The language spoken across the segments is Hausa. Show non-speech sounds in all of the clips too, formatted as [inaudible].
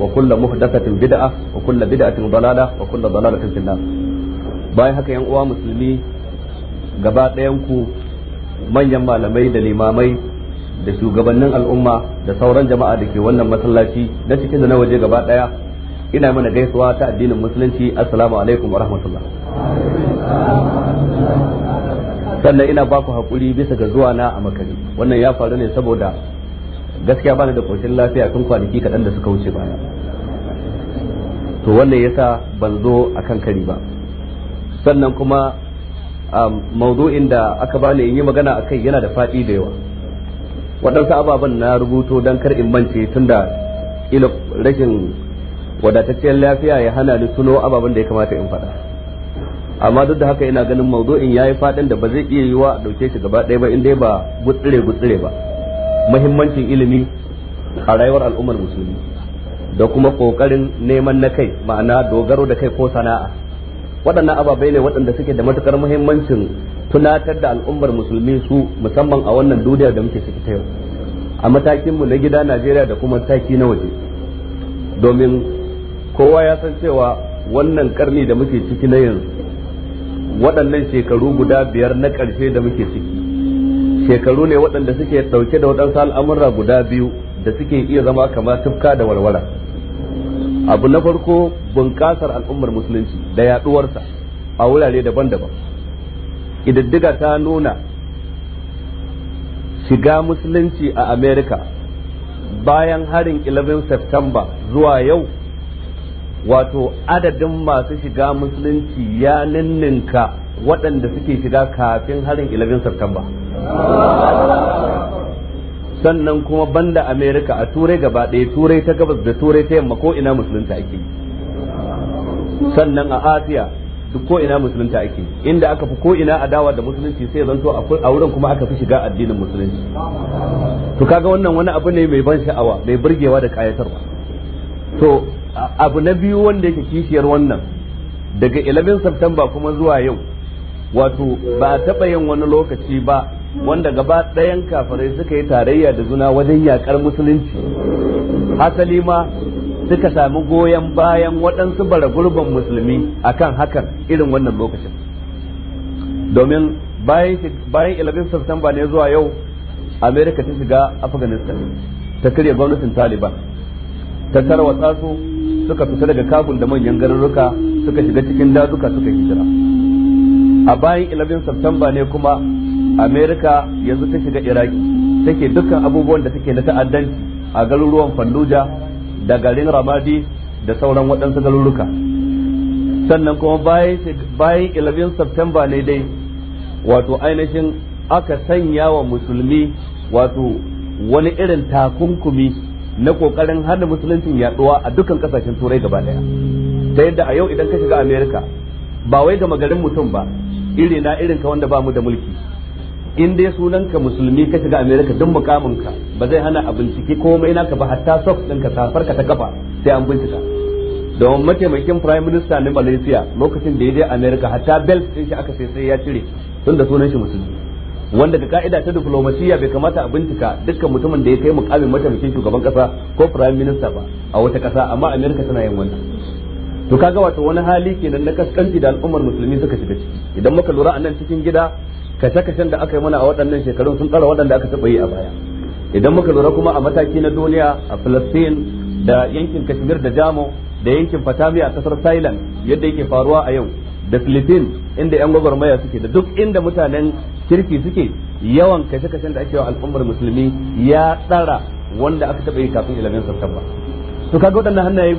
وكل محدثة بدعة وكل بدعة ضلالة وكل ضلالة في النار bayan haka yan uwa musulmi gaba ku manyan malamai da limamai da shugabannin al'umma da sauran jama'a da ke wannan masallaci na cikin da na waje gaba ɗaya ina mana gaisuwa ta addinin musulunci assalamu alaikum wa sannan ina baku haƙuri bisa ga zuwa na a makare wannan ya faru ne saboda gaskiya bani da koshin lafiya tun kwanaki kaɗan da suka wuce baya to wannan yasa ban zo a kan kari ba sannan kuma um, maudu'in da aka bani in yi magana a kai yana da faɗi da yawa waɗansu ababen na rubuto don kar in mance tunda ila rashin wadatacciyar lafiya ya hana ni tuno ababen da ya kamata in faɗa amma duk da haka ina ganin maudu'in ya yi faɗin da ba zai iya yi wa ɗauke shi gaba ɗaya ba in dai ba gutsire gutsire ba muhimmancin ilimi a rayuwar al'ummar musulmi da kuma kokarin neman na kai ma'ana dogaro da kai ko sana'a waɗannan ababai ne waɗanda suke da matukar muhimmancin tunatar da al'ummar musulmi su musamman a wannan duniya da muke ciki ta yau a matakin mu na gida Najeriya da kuma taki na waje domin kowa ya san cewa wannan karni da muke ciki na yanzu waɗannan shekaru guda biyar na ƙarshe da muke ciki shekaru ne waɗanda suke ɗauke da waɗansu al'amurra guda biyu da suke iya zama kamar tufka da walwala abu na farko bunƙasar al'ummar musulunci da yaɗuwarsa a wurare daban-daban ƙididdiga ta nuna shiga musulunci a america bayan harin 11 september zuwa yau wato adadin masu shiga musulunci ya ninninka waɗanda suke shiga kafin harin 11 september sannan kuma banda Amerika a turai gaba ɗaya turai ta gabas da turai ta yamma ko ina musulunta ake sannan a asiya duk ko ina musulunta ake inda aka fi ko ina adawa da musulunci sai zanto a wurin kuma aka fi shiga addinin musulunci to kaga wannan wani abu ne mai ban sha'awa mai burgewa da kayatarwa to abu na biyu wanda yake kishiyar wannan daga 11 September kuma zuwa yau wato ba taɓa yin wani lokaci ba wanda gaba ɗayan kafirai suka yi tarayya da zuna wajen yakar musulunci hasali ma suka sami goyon bayan waɗansu bara gurban musulmi akan hakan irin wannan lokacin domin bayan 11 Satumba ne zuwa yau Amerika ta shiga Afghanistan ta karya gwamnatin Taliban ta tarwatsa su suka fita daga kabul da manyan garuruka suka shiga cikin dazuka suka hijira a bayan 11 Satumba ne kuma amerika yanzu ta shiga iraki take dukkan abubuwan da take na ta'addanci a garuruwan fanduja da garin ramadi da sauran waɗansu garuruka sannan kuma bayan 11 september ne dai wato ainihin aka sanya wa musulmi wato wani irin takunkumi na kokarin hana musulunci yaduwa a dukkan kasashen turai gaba daya ta yadda a yau idan ka shiga america ba wai gama garin mutum ba irina na wanda ba mu da mulki in dai sunanka musulmi ka shiga america duk mukamin ka ba zai hana a bincike komai naka ba hatta soft ɗinka safar ka ta kafa sai an bincika domin mataimakin prime minister na malaysia lokacin da ya je america hatta belt ɗin shi aka sai sai ya cire tun da sunan shi musulmi wanda ga ka'ida ta diplomasiya bai kamata a bincika dukkan mutumin da ya kai mukamin mataimakin shugaban kasa ko prime minister ba a wata kasa amma america tana yin wannan to kaga wato wani hali kenan na kaskanci da al'ummar musulmi suka shiga ciki idan muka lura a nan cikin gida kashe-kashen da aka yi mana a waɗannan shekarun sun tsara waɗanda aka taɓa yi a baya idan muka lura kuma a mataki na duniya a filistin da yankin Kashmir da Jamo da yankin Fatami a kasar Thailand yadda yake faruwa a yau da filistin inda yan gwagwarmaya suke da duk inda mutanen kirki suke yawan kashe-kashen da ake wa al'ummar musulmi ya tsara wanda aka taɓa yi kafin ilimin Satumba to kaga waɗannan hannaye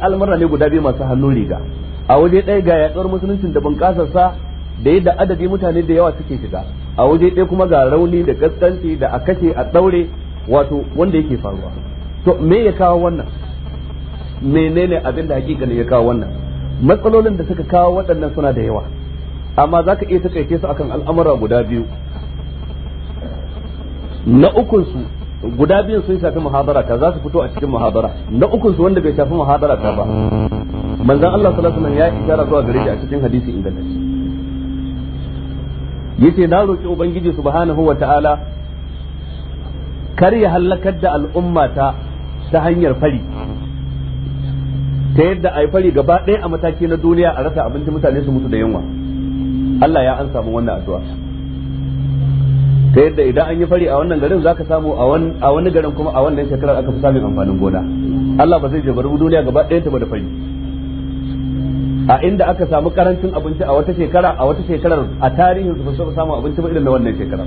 al'amura ne guda biyu masu hannu riga a waje ɗaya ga yaɗuwar musuluncin da sa. da yadda adadi mutane da yawa suke shiga a waje ɗaya kuma ga rauni da gaskanci da a kashe a ɗaure wato wanda yake faruwa to me ya kawo wannan menene abin da hakikalin ya kawo wannan matsalolin da suka kawo waɗannan suna da yawa amma za ka iya takaice su akan al'amura guda biyu na ukunsu guda biyun sun shafi muhadara ta za su fito a cikin muhadara na ukunsu wanda bai shafi muhadara ta ba manzon Allah sallallahu alaihi wasallam ya isharar zuwa gare shi a cikin hadisi ingantacce yace na roki ubangiji subhanahu wataala kar ya halakar da al'ummata ta hanyar fari ta yadda ai fari gaba ɗaya a mataki na duniya a rasa abinci mutane su mutu da yunwa Allah ya an samu wannan addu'a ta yadda idan an yi fari a wannan garin zaka samu a wani garin kuma a wannan shekarar aka fi samun amfanin gona Allah ba zai jabaru duniya gaba ɗaya ta da fari a inda aka samu karancin abinci a wata shekara a wata shekarar a tarihin su ba samu abinci ba irin na wannan shekara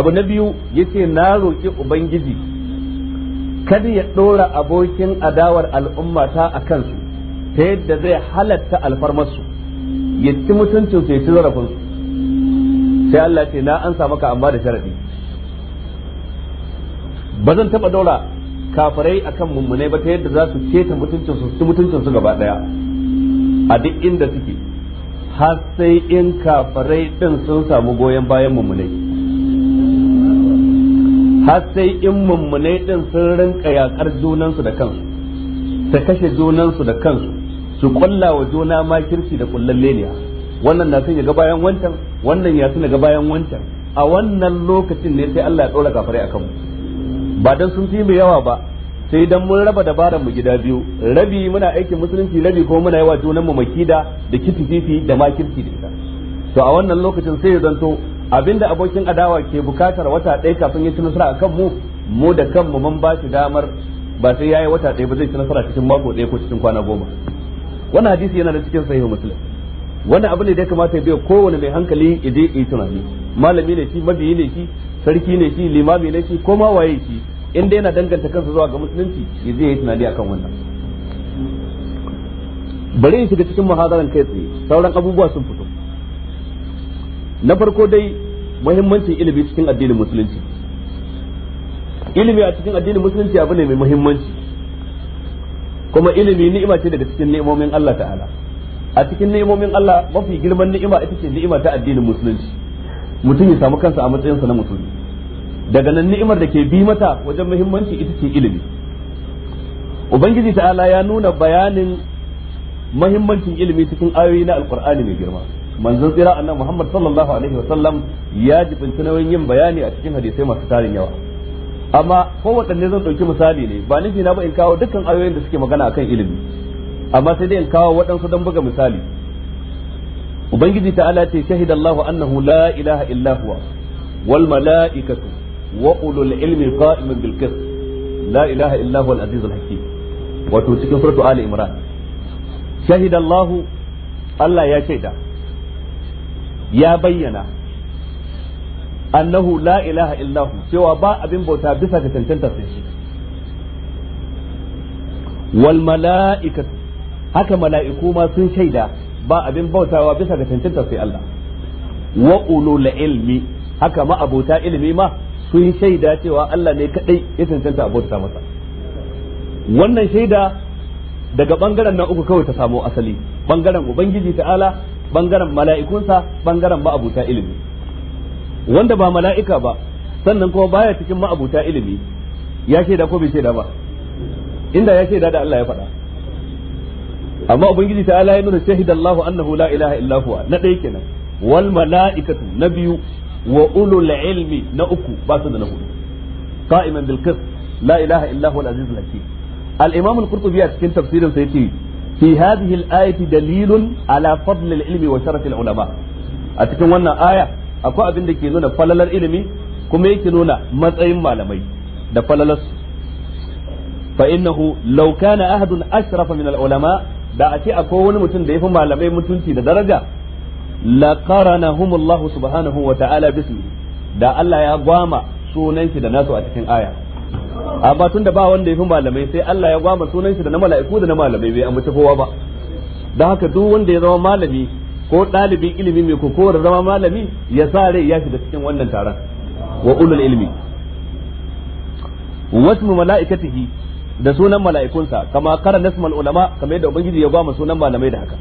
abu na biyu yace na roki ubangiji kada ya dora abokin adawar al'umma ta a kansu ta yadda zai halatta alfarmarsu ya ci mutuncin su ya ci zarafinsu sai Allah ce na an samu ka amma da sharadi ba zan taba ɗora kafirai akan mummunai ba ta yadda za su keta mutuncin su ci mutuncin su gaba ɗaya. a duk inda suke har sai in kafarai din sun samu goyon bayan mummunai har sai in mummunai din sun rinka yakar junansu da kansu su kashe junansu da kansu su kulla wa juna makirci da kullalle ne wannan na sun ga bayan wancan wannan ya suna ga bayan wancan a wannan lokacin ne sai Allah ya ɗora kafarai a mu ba don sun fi mai yawa ba sai dan mun raba dabaran mu gida biyu rabi muna aikin musulunci rabi kuma muna yawa wa junan mu makida da kitififi da makirci da ita to a wannan lokacin sai ya zanto abinda abokin adawa ke bukatar wata ɗaya kafin ya ci nasara a kanmu mu da kanmu mun ba shi damar ba sai yayi wata ɗaya ba zai ci nasara cikin mako ɗaya ko cikin kwana goma wannan hadisi yana da cikin sahihu muslim wannan abu ne da ya kamata ya biya kowane mai hankali ya je yi tunani malami ne shi mabiyi ne shi sarki ne shi limami ne shi ko ma waye shi in dai yana danganta kansa zuwa ga musulunci ya zai yi tunani akan wannan bari in shiga cikin muhadaran kai tsaye sauran abubuwa sun fito na farko dai muhimmancin ilimi cikin addinin musulunci ilimi a cikin addinin musulunci abu ne mai muhimmanci kuma ilimi ni'ima ce daga cikin ni'imomin Allah ta'ala a cikin ni'imomin Allah mafi girman ni'ima ita ce ni'ima ta addinin musulunci mutum ya samu kansa a matsayinsa na musulmi daga nan ni'imar da ke bi mata wajen muhimmanci ita ce ilimi ubangiji ta'ala ya nuna bayanin muhimmancin ilimi cikin ayoyi na alqur'ani mai girma manzon tsira annabi Muhammad sallallahu alaihi wa sallam ya jibinci nauyin yin bayani a cikin hadisai masu tarin yawa amma kowaɗanne zan ɗauki misali ne ba nufi na ba in kawo dukkan ayoyin da suke magana akan ilimi amma sai dai in kawo waɗansu don buga misali ubangiji ta'ala ce shahidallahu annahu la ilaha illa huwa wal mala'ikatu wa ilmi qa'iman bil qist la ilaha illa huwa al aziz wato cikin suratu ali imran shahidallahu Allah ya shaida ya bayyana annahu la ilaha illahu cewa ba abin bauta bisa ga haka mala'iku ma sun shaida ba abin bautawa bisa ga tantanta sai Allah wa ulul ilmi haka ma abota ilmi ma sun shaida cewa Allah ne kadai ya cancanta a bauta masa wannan shaida daga bangaren na uku kawai ta samo asali bangaren ubangiji ta'ala bangaren mala'ikunsa bangaren ma'abuta ilimi wanda ba mala'ika ba sannan kuma baya cikin ma'abuta ilimi ya shaida ko bai shaida ba inda ya shaida da Allah ya faɗa amma ubangiji ta'ala ya nuna shahidallahu annahu la ilaha illa huwa na ɗaya kenan wal mala'ikatu na biyu wa ulul ilmi na uku ba su da na hudu qa'iman bil qist la ilaha illa huwa al aziz al hakim al imam al qurtubi a cikin tafsirin sa yace fi hadhihi al ayati dalilun ala fadl al ilmi wa sharaf al ulama a cikin wannan aya akwai abin da ke nuna falalar ilimi kuma yake nuna matsayin malamai da falalar fa innahu law kana ahadun ashrafa min al ulama da a ce akwai wani mutum da fi malamai mutunci da daraja la qaranahum Allah subhanahu wa ta'ala bismi da Allah ya gwama sunan shi da nasu a cikin aya amma tunda ba wanda yafi malamai sai Allah ya gwama sunan shi da na mala'iku da na malamai bai amince kowa ba da haka duk wanda ya zama malami ko ɗalibin ilimi mai da zama malami ya sa rai ya shiga cikin wannan taron wa ulul ilmi wasmu mala'ikatihi da sunan mala'ikunsa kama karan nasmal ulama kamar yadda ubangiji ya gwama sunan malamai da haka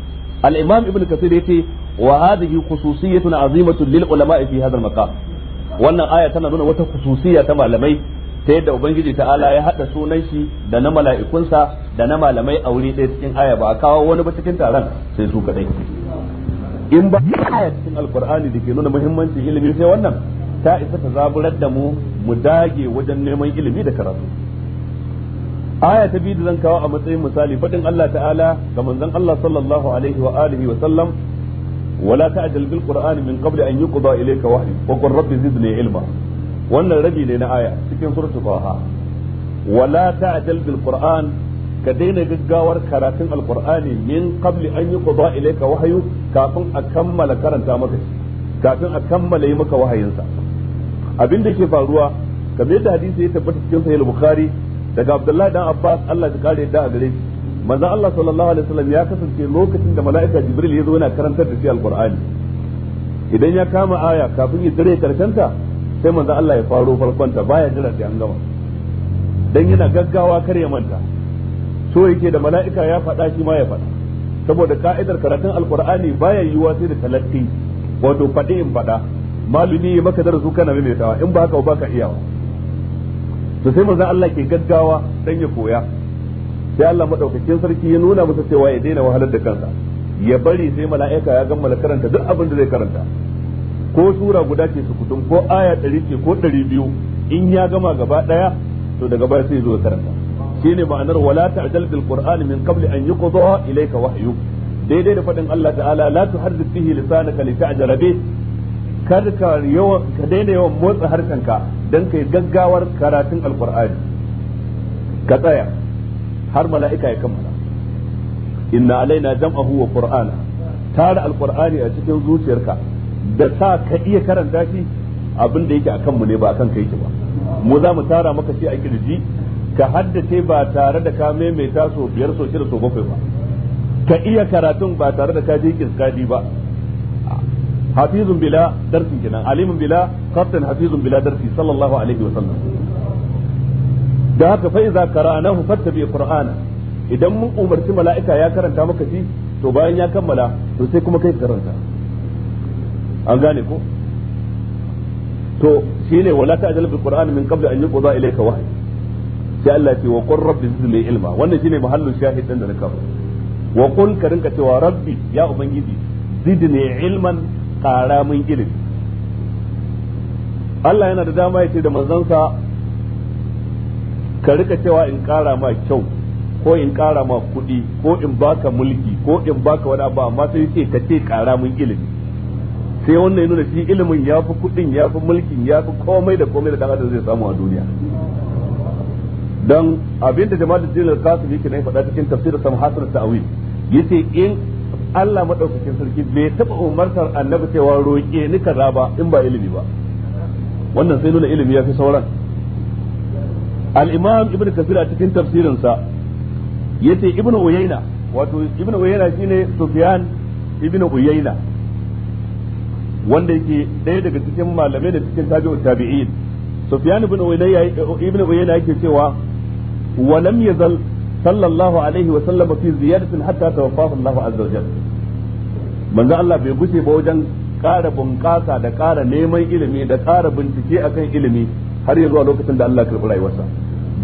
al-imam ibnu kasir yace wa hadhihi khususiyyatun azimatun lil ulama fi hadha al-maqam wannan aya tana nuna wata khususiyya ta malamai ta yadda ubangiji ta'ala ya haɗa sunan shi da na mala'ikunsa da na malamai a wuri daya cikin ayaba a kawo wani ba cikin taron sai su kadai in ba cikin alqur'ani da ke nuna muhimmancin ilimi sai wannan ta isa ta zaburar da mu mu dage wajen neman ilimi da karatu aya ta biyu da zan kawo a matsayin misali faɗin Allah ta'ala ga manzon Allah sallallahu alaihi wa alihi wa sallam wala a bil qur'ani min qabli an yuqda ilayka wahyi wa qur rabbi zidni ilma wannan rabi ne na aya cikin suratul taha wala ta'jal bil qur'an ka daina gaggawar karatun alqur'ani min qabli an yuqda ilayka wahyu kafin a kammala karanta maka kafin a kammala yi maka wahayinsa abin da ke faruwa kamar yadda hadisi ya tabbata cikin sahih al-bukhari daga abdullahi dan abbas Allah ya kare da a manzo Allah sallallahu alaihi wasallam ya kasance lokacin da mala'ika Jibril ya zo yana karantar da shi alqur'ani idan ya kama aya kafin ya dare karkanta sai manzo Allah ya faro farkonta baya jira sai an gama dan yana gaggawa kar ya manta so yake da mala'ika ya faɗa shi ma ya faɗa saboda ka'idar karatun alqur'ani baya yiwuwa sai da talatti wato faɗi in faɗa malumi maka darasu kana maimaitawa in ba haka ba ka iyawa to sai manzo Allah ke gaggawa dan ya koya sai Allah madaukakin sarki ya nuna masa cewa ya daina wahalar da kansa ya bari sai mala'ika ya gammala karanta duk abin da zai karanta ko sura guda ce su kutun ko aya ɗari ce ko ɗari biyu in ya gama gaba ɗaya to daga baya sai zo karanta ne ma'anar wala ta'jal bil qur'ani min qabl an yuqda ilayka wahyu daidai da faɗin Allah ta'ala la tuharrik bihi lisanaka li ta'jala bi kada ka yawan ka daina yawan motsa harkanka dan kai gaggawar karatun alqur'ani ka tsaya har mala'ika ya kammala inna alaina jam'ahu wa qur'ana tara alqur'ani a cikin zuciyarka da sa ka iya karanta shi abin da yake akan mu ne ba akan kai shi ba mu za mu tara maka shi a kirji ka haddace ba tare da ka maimaita so biyar so shida so bakwai ba ka iya karatun ba tare da ka je kiskadi ba hafizun bila darsin kenan alimun bila kaftan hafizun bila darsi sallallahu alaihi wa sallam da haka fa iza qara'nahu fattabi qur'ana idan mun umarci mala'ika ya karanta maka shi to bayan ya kammala to sai kuma kai karanta an gane ko to shine wala ta'jal bil qur'ani min qabl an yuqda ilayka wahyi sai Allah ya ce wa qur rabbi zidni ilma wannan shine mahallu shahid din da na kawo wa qul ka rinka cewa rabbi ya ubangiji zidni ilman qara min ilmi Allah yana da dama ya da manzansa ka rika cewa in kara ma kyau ko in kara ma kuɗi ko in baka mulki ko in baka wani abu amma sai ce ka ce kara mun ilimi sai wannan ya nuna shi ilimin ya fi kuɗin ya fi mulkin ya fi komai da komai da dan zai samu a duniya dan abinda jama'atul din al-qasim yake nan faɗa cikin tafsirin sam hasan ta'wil yace in Allah madaukakin sarki bai taba umartar annabi cewa roƙe ni kaza ba in ba ilimi ba wannan sai nuna ilimi ya fi sauran al Ibn ibnu kasir a cikin tafsirinsa ya ce Ibn uyayna wato ibnu uyayna shine sufyan Ibn uyayna wanda yake ɗaya daga cikin malamai da cikin tabi'u tabi'in sufyan ibn uyayna ibn uyayna yake cewa wa lam yazal sallallahu alaihi wa sallam fi ziyadatin hatta tawaffahu Allah azza wa jalla manzo Allah bai gushe ba wajen ƙara bunƙasa da ƙara neman ilimi da ƙara bincike akan ilimi har ya zuwa lokacin da Allah karɓi rayuwarsa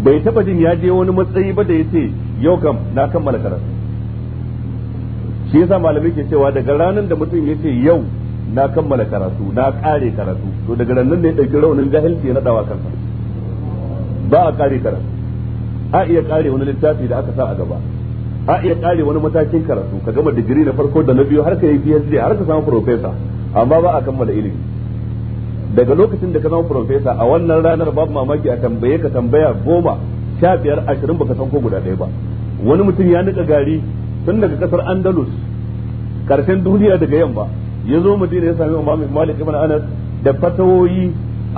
bai taɓa jin ya je wani matsayi ba da ya ce yau kam na kammala karatu shi yasa malamai ke cewa daga ranar da mutum ce yau na kammala karatu na kare karatu to daga ranar ne ya ɗauki raunin jahilci ya naɗawa kansa ba a ƙare karatu a iya kare wani littafi da aka sa a gaba a iya kare wani matakin karatu ka gama digiri na farko da na biyu har ka yi PhD har ka samu professor amma ba a kammala ilimi daga lokacin da ka zama profesa a wannan ranar babu mamaki a tambaye ka tambaya goma sha biyar ashirin baka san ko guda ɗaya ba wani mutum ya nika gari tun daga kasar andalus karshen duniya daga yamma ya zo madina ya sami imam malik ibn anas da fatawoyi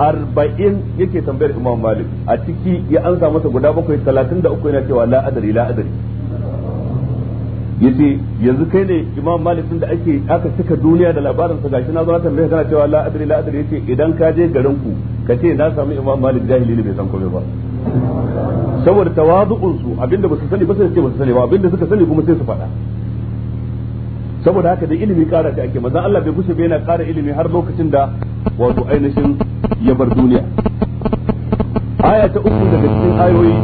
arba'in yake tambayar imam malik a ciki ya ansa masa guda bakwai talatin da uku yana cewa la'adari la'adari. yace yanzu kai ne imam malik din da ake aka cika duniya da labarin sa gashi na zo ta mai kana cewa la adri la adri yace idan ka je garin ku ka ce na samu imam malik jahili ne bai san komai ba saboda tawadu'un su abinda ba su sani ba sai ce ba su sani ba abinda suka sani kuma sai su faɗa saboda haka da ilimi ƙara ta ake maza Allah bai bushe bai yana ƙara ilimi har lokacin da wato ainihin ya bar duniya aya ta uku daga cikin ayoyi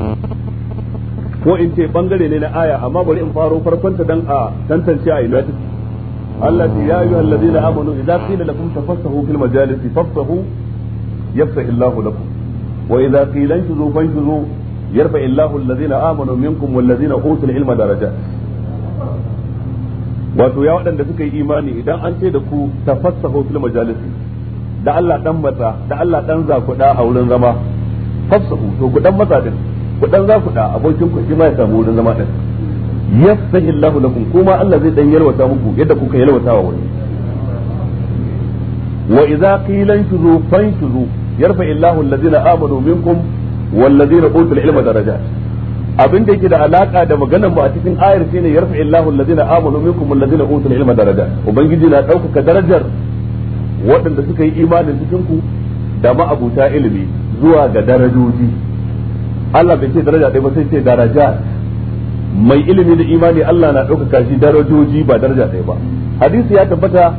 ko in ce bangare ne na aya amma bari in faro farkonta dan a tantance a ina take Allah ya yi ayu allazina amanu idza qila lakum tafassahu fil majalisi fafsahu yafsah Allahu lakum wa idza qila inshuzu fanshuzu yarfa Allahu allazina amanu minkum wallazina utul ilma darajat wato ya waɗanda suka yi imani idan an ce da ku tafassahu fil majalisi da Allah dan mata da Allah dan zakuda a wurin zama fafsahu to ku dan mata din kudan za ku da abokin ku shi ma ya samu wurin zama din yafsahi Allahu lakum kuma Allah zai dan yalwata muku yadda kuka yalwata wa wani wa idza qila inshuzu fanshuzu yarfa Allahu alladhina amanu minkum walladhina utul ilma darajat abin da yake da alaka da maganar mu a cikin ayar shine yarfa Allahu alladhina amanu minkum walladhina utul ilma darajat ubangiji na ɗaukaka darajar waɗanda suka yi imanin cikin ku da ma'abuta ilimi zuwa ga darajoji Allah bai ce daraja ɗaya ba sai ce daraja mai ilimi da imani Allah na ɗaukaka shi darajoji ba daraja ɗaya ba hadisi ya tabbata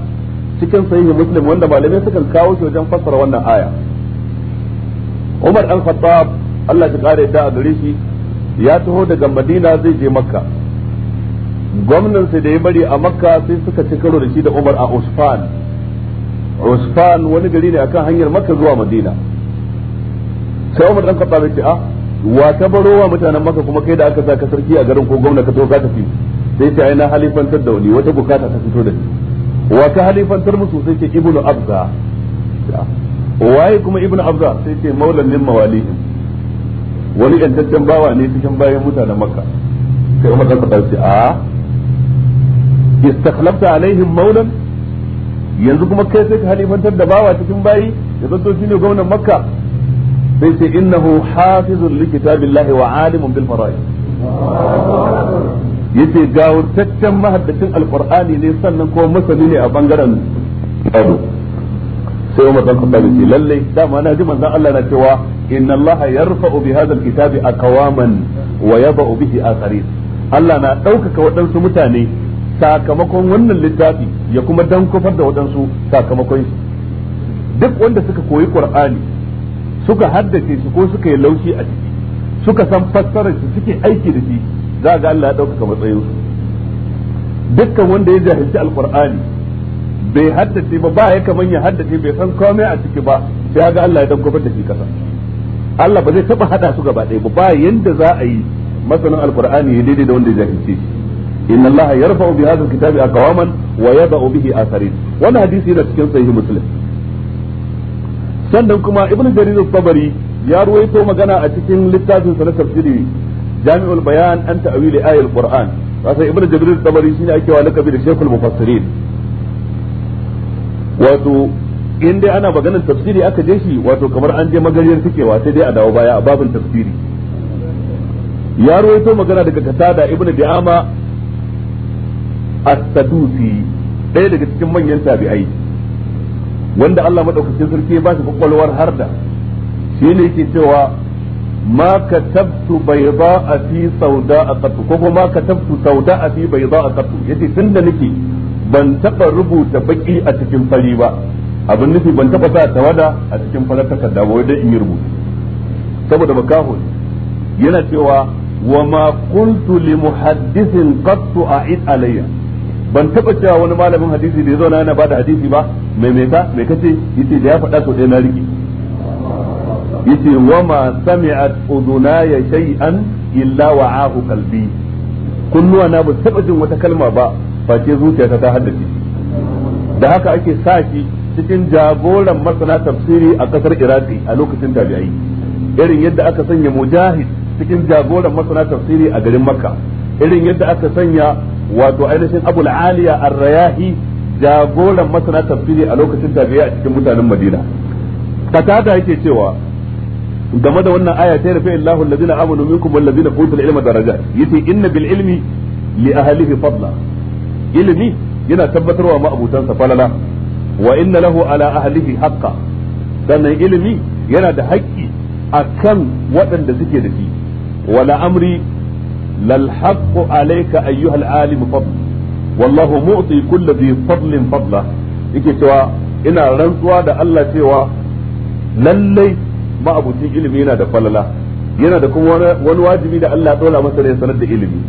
cikin sahihin muslim wanda malamai sukan kawo shi wajen fassara wannan aya Umar dan Khattab Allah ya kare da a gare shi ya taho daga Madina zai je Makka gwamnan sai da ya bari a Makka sai suka ci karo da shi da Umar a Usfan Usfan wani gari ne akan hanyar Makka zuwa Madina sai Umar dan Khattab ya ce ah wa ta baro wa mutanen maka kuma kai da aka sa ka sarki a garin ko gwamna ka to ka tafi sai ce ai na halifantar da wani wata bukata ta fito da ni wa ta halifantar musu sai ce ibnu abza waye kuma ibnu abza sai ce maulan min mawalihim wani yantaccen bawa ne cikin bayan mutanen makka sai umar ka fada ce a istakhlafta alaihim maulan yanzu kuma kai sai ka halifantar da bawa cikin bayi ya to shine gwamnan makka sai ce innahu hafizun li kitabillahi wa alimun bil fara'id yace gawurtaccen mahaddacin alqur'ani ne sannan kuma masani ne a bangaren ado sai Umar dan Khattab ce lalle dama na ji manzon Allah na cewa inna Allah yarfa'u bi hadha alkitabi aqwaman wa yaba'u bihi akharin Allah na ɗaukaka waɗansu mutane sakamakon wannan littafi ya kuma dan kufar da waɗansu sakamakon duk wanda suka koyi Qur'ani suka haddace shi ko suka yi laushi a ciki suka san fassarar shi suke aiki da shi za ga Allah ya ɗaukaka matsayin su dukkan wanda ya jahilci alqur'ani bai haddace ba ba ya kaman ya haddace bai san komai a ciki ba sai ga Allah ya dankofar da shi kasa Allah ba zai taba hada su gaba ɗaya ba ba yanda za a yi masanin alqur'ani ya daidai da wanda ya jahilce shi inna Allah yarfa'u bi hadha alkitabi aqwaman wa yada'u bihi akharin wannan hadisi yana cikin sahih muslim sannan kuma ibnu jarir al-tabari ya ruwaito magana a cikin littafin sa na tafsiri jami'ul bayan an ta'wili ayatul qur'an wato ibnu jarir tabari shine ake wa lakabi da shaykhul mufassirin wato in dai ana maganar tafsiri aka je shi wato kamar an je magariyar fikewa sai dai a dawo baya a babin tafsiri ya ruwaito magana daga katada ibnu bi'ama as tadusi ɗaya daga cikin manyan tabi'ai wanda Allah madaukakin sarki ba shi kwakwalwar harda shi ne yake cewa ma bai ba a fi sauda a qattu ko ma katabtu sauda a fi bai ba a qattu yace tunda nake ban taba rubuta baki a cikin fari ba abin nufi ban taba sa tawada a cikin farar takarda ba wai dan in yi rubutu saboda makaho yana cewa wa ma qultu li muhaddisin qattu a'id alayya ban taba cewa wani malamin hadisi da ya zauna yana bada hadisi ba mai mai ka mai kace yace da ya faɗa sau ɗaya na rike yace wa ma sami'at udunaya shay'an illa wa'ahu qalbi kunnuwa na ba taba jin wata kalma ba face zuciyata ta haddace da haka ake sa shi cikin jagoran masana tafsiri a kasar iraki a lokacin tabi'ai irin yadda aka sanya mujahid cikin jagoran masana tafsiri a garin makka irin yadda aka sanya wato ainihin abul aliya ar jagoran masana tafsiri a lokacin tafiya a cikin mutanen madina qatada yake cewa game da wannan aya ta rafi Allahu alladhina amanu minkum walladhina utul ilma darajat yace inna bil ilmi li ahlihi fadla ilmi yana tabbatarwa ma abutansa falala wa inna lahu ala ahlihi haqqa sannan ilmi yana da haƙƙi akan waɗanda suke da shi wala amri lal haqqu alayka ayyuhal alim fadl wallahu mu'ti kulli dhi fadlin yake cewa ina rantsuwa da Allah cewa lallai ma'abucin ilimi yana da falala yana da kuma wani wajibi da Allah ya dora masa ne sanar da ilimi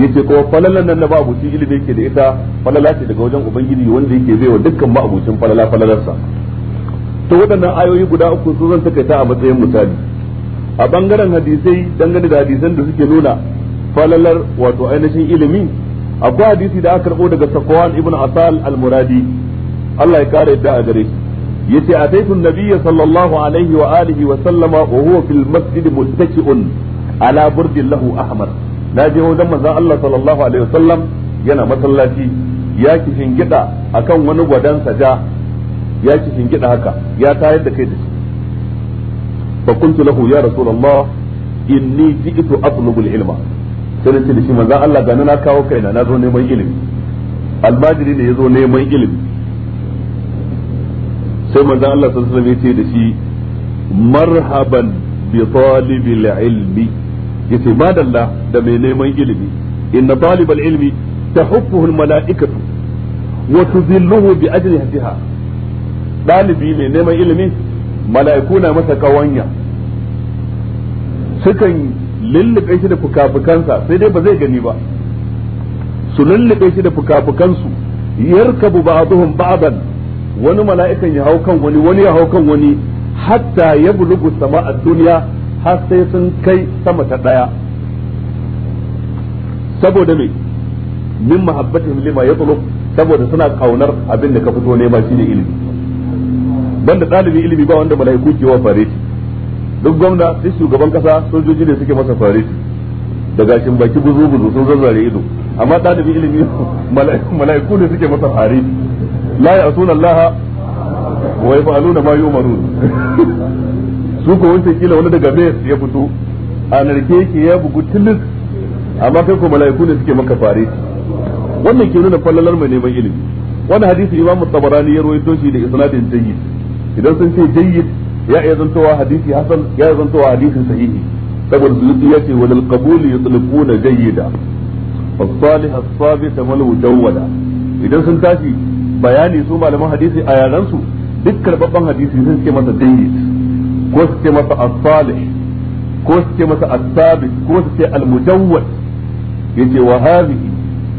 yace kuma falalan nan na ma'abucin ilimi yake da ita falala ce daga wajen ubangiji wanda yake baiwa dukkan ma'abucin falala falalarsa to waɗannan ayoyi guda uku su zan takaita a matsayin misali a bangaren hadisai dangane da hadisan da suke nuna falalar wato ainihin ilimi akwai hadisi da aka karbo daga Safwan ibn Asal al-Muradi Allah ya kare yadda a gare shi yace ataitu nabiyya sallallahu alaihi wa alihi wa sallama wa huwa fil masjid muttaki'un ala burdin lahu ahmar na je wajen manzon Allah sallallahu alaihi wa sallam yana masallaci ya kishin gida akan wani gwadan saja ya kishin gida haka ya tayar da kai da shi fa kuntu lahu ya rasulullah inni ji'tu atlubu al-ilma sai ce da shi manzon Allah gani na kawo kaina na zo neman ilimi almajiri ne ya zo neman ilimi sai manzon Allah sallallahu alaihi ce da shi marhaban bi talibil ilmi yace madalla da mai neman ilimi inna talibal ilmi tahuffuhu al mala'ikatu wa tudhilluhu bi ajlihatiha dalibi mai neman ilimi mala'iku na masa kawanya sukan lullube shi da fukafukansa sai dai ba zai gani ba su lullube shi da fukafukansu yarkabu ba'dhum ba'dan wani mala'ikan ya hau kan wani wani ya hau kan wani hatta ya bulugu sama a duniya har sai sun kai sama ta daya saboda me min mahabbatihim lima yatlub saboda suna kaunar abin da ka fito nema shine ilimi banda dalibi ilimi ba wanda mala'iku ke wa fareti duk gwamna su shugaban kasa sojoji ne suke masa fareti da gashin baki buzu buzu sun zazzare ido amma bi ilimi [laughs] mala'iku ne suke masa fareti la ya'tuna Allah wa yaf'aluna ma yu'marun [laughs] su ko wancan kila wani daga Mes ya fito a narke yake ya bugu tilis amma kai ko mala'iku ne suke maka fareti wannan ke nuna fallalar mai neman ilimi wannan hadisi imamu Tabarani ya rawaito shi da isnadin jayyid idan sun ce jayyid ya iya zantowa hadisi hasan ya iya zantowa hadisin sahihi saboda suyuti ya ce walal qabuli yutlquna jayyida as-salih as-sabit mal idan sun tashi bayani su malaman hadisi a yaran su duk karbabban hadisi sun ce masa jayyid ko su ce masa as ko su ce masa as ko su ce al-mujawwad yace wa hadhihi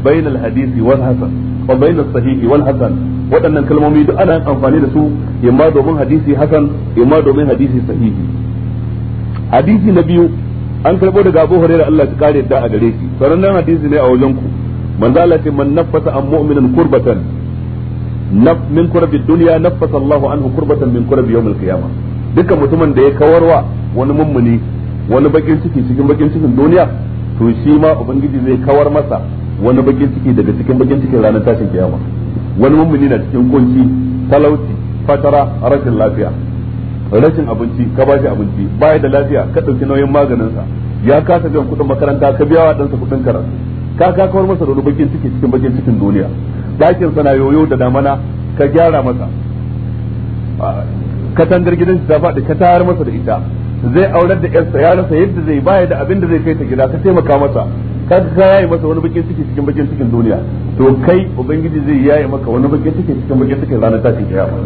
bayna al-hadisi wal hasan wa bayna as-sahihi wal hasan waɗannan kalmomi duk ana amfani da su imma domin hadisi hasan imma domin hadisi sahihi hadisi na biyu an karbo daga Abu Hurairah Allah ya kare da a gare shi sanannen hadisi ne a wajen ku manzo Allah ce man nafasa an mu'minin kurbatan naf min kurbi dunya nafasa Allahu anhu kurbatan min kurbi yawm al-qiyamah dukkan mutumin da ya kawarwa wani mummuni wani bakin ciki cikin bakin cikin duniya to shi ma ubangiji zai kawar masa wani bakin ciki daga cikin bakin cikin ranar tashin kiyama wani mummuni na cikin kunci talauci fatara rashin lafiya rashin abinci ka bashi abinci baya da lafiya ka ɗauki nauyin maganinsa ya kasa biyan kuɗin makaranta ka biya wa ɗansa kuɗin karatu ka ka kawar masa da bakin ciki cikin bakin cikin duniya ɗakin sana yoyo da damana ka gyara masa katangar gidan ta faɗi ka tayar masa da ita zai aurar da yarsa ya rasa yadda zai baya da abin da zai kai ta gida ka taimaka masa ya yi masa wani bakin ciki cikin bakin cikin duniya to kai ubangiji zai yayi maka wani bakin ciki cikin bakin cikin ranar tashin kiyama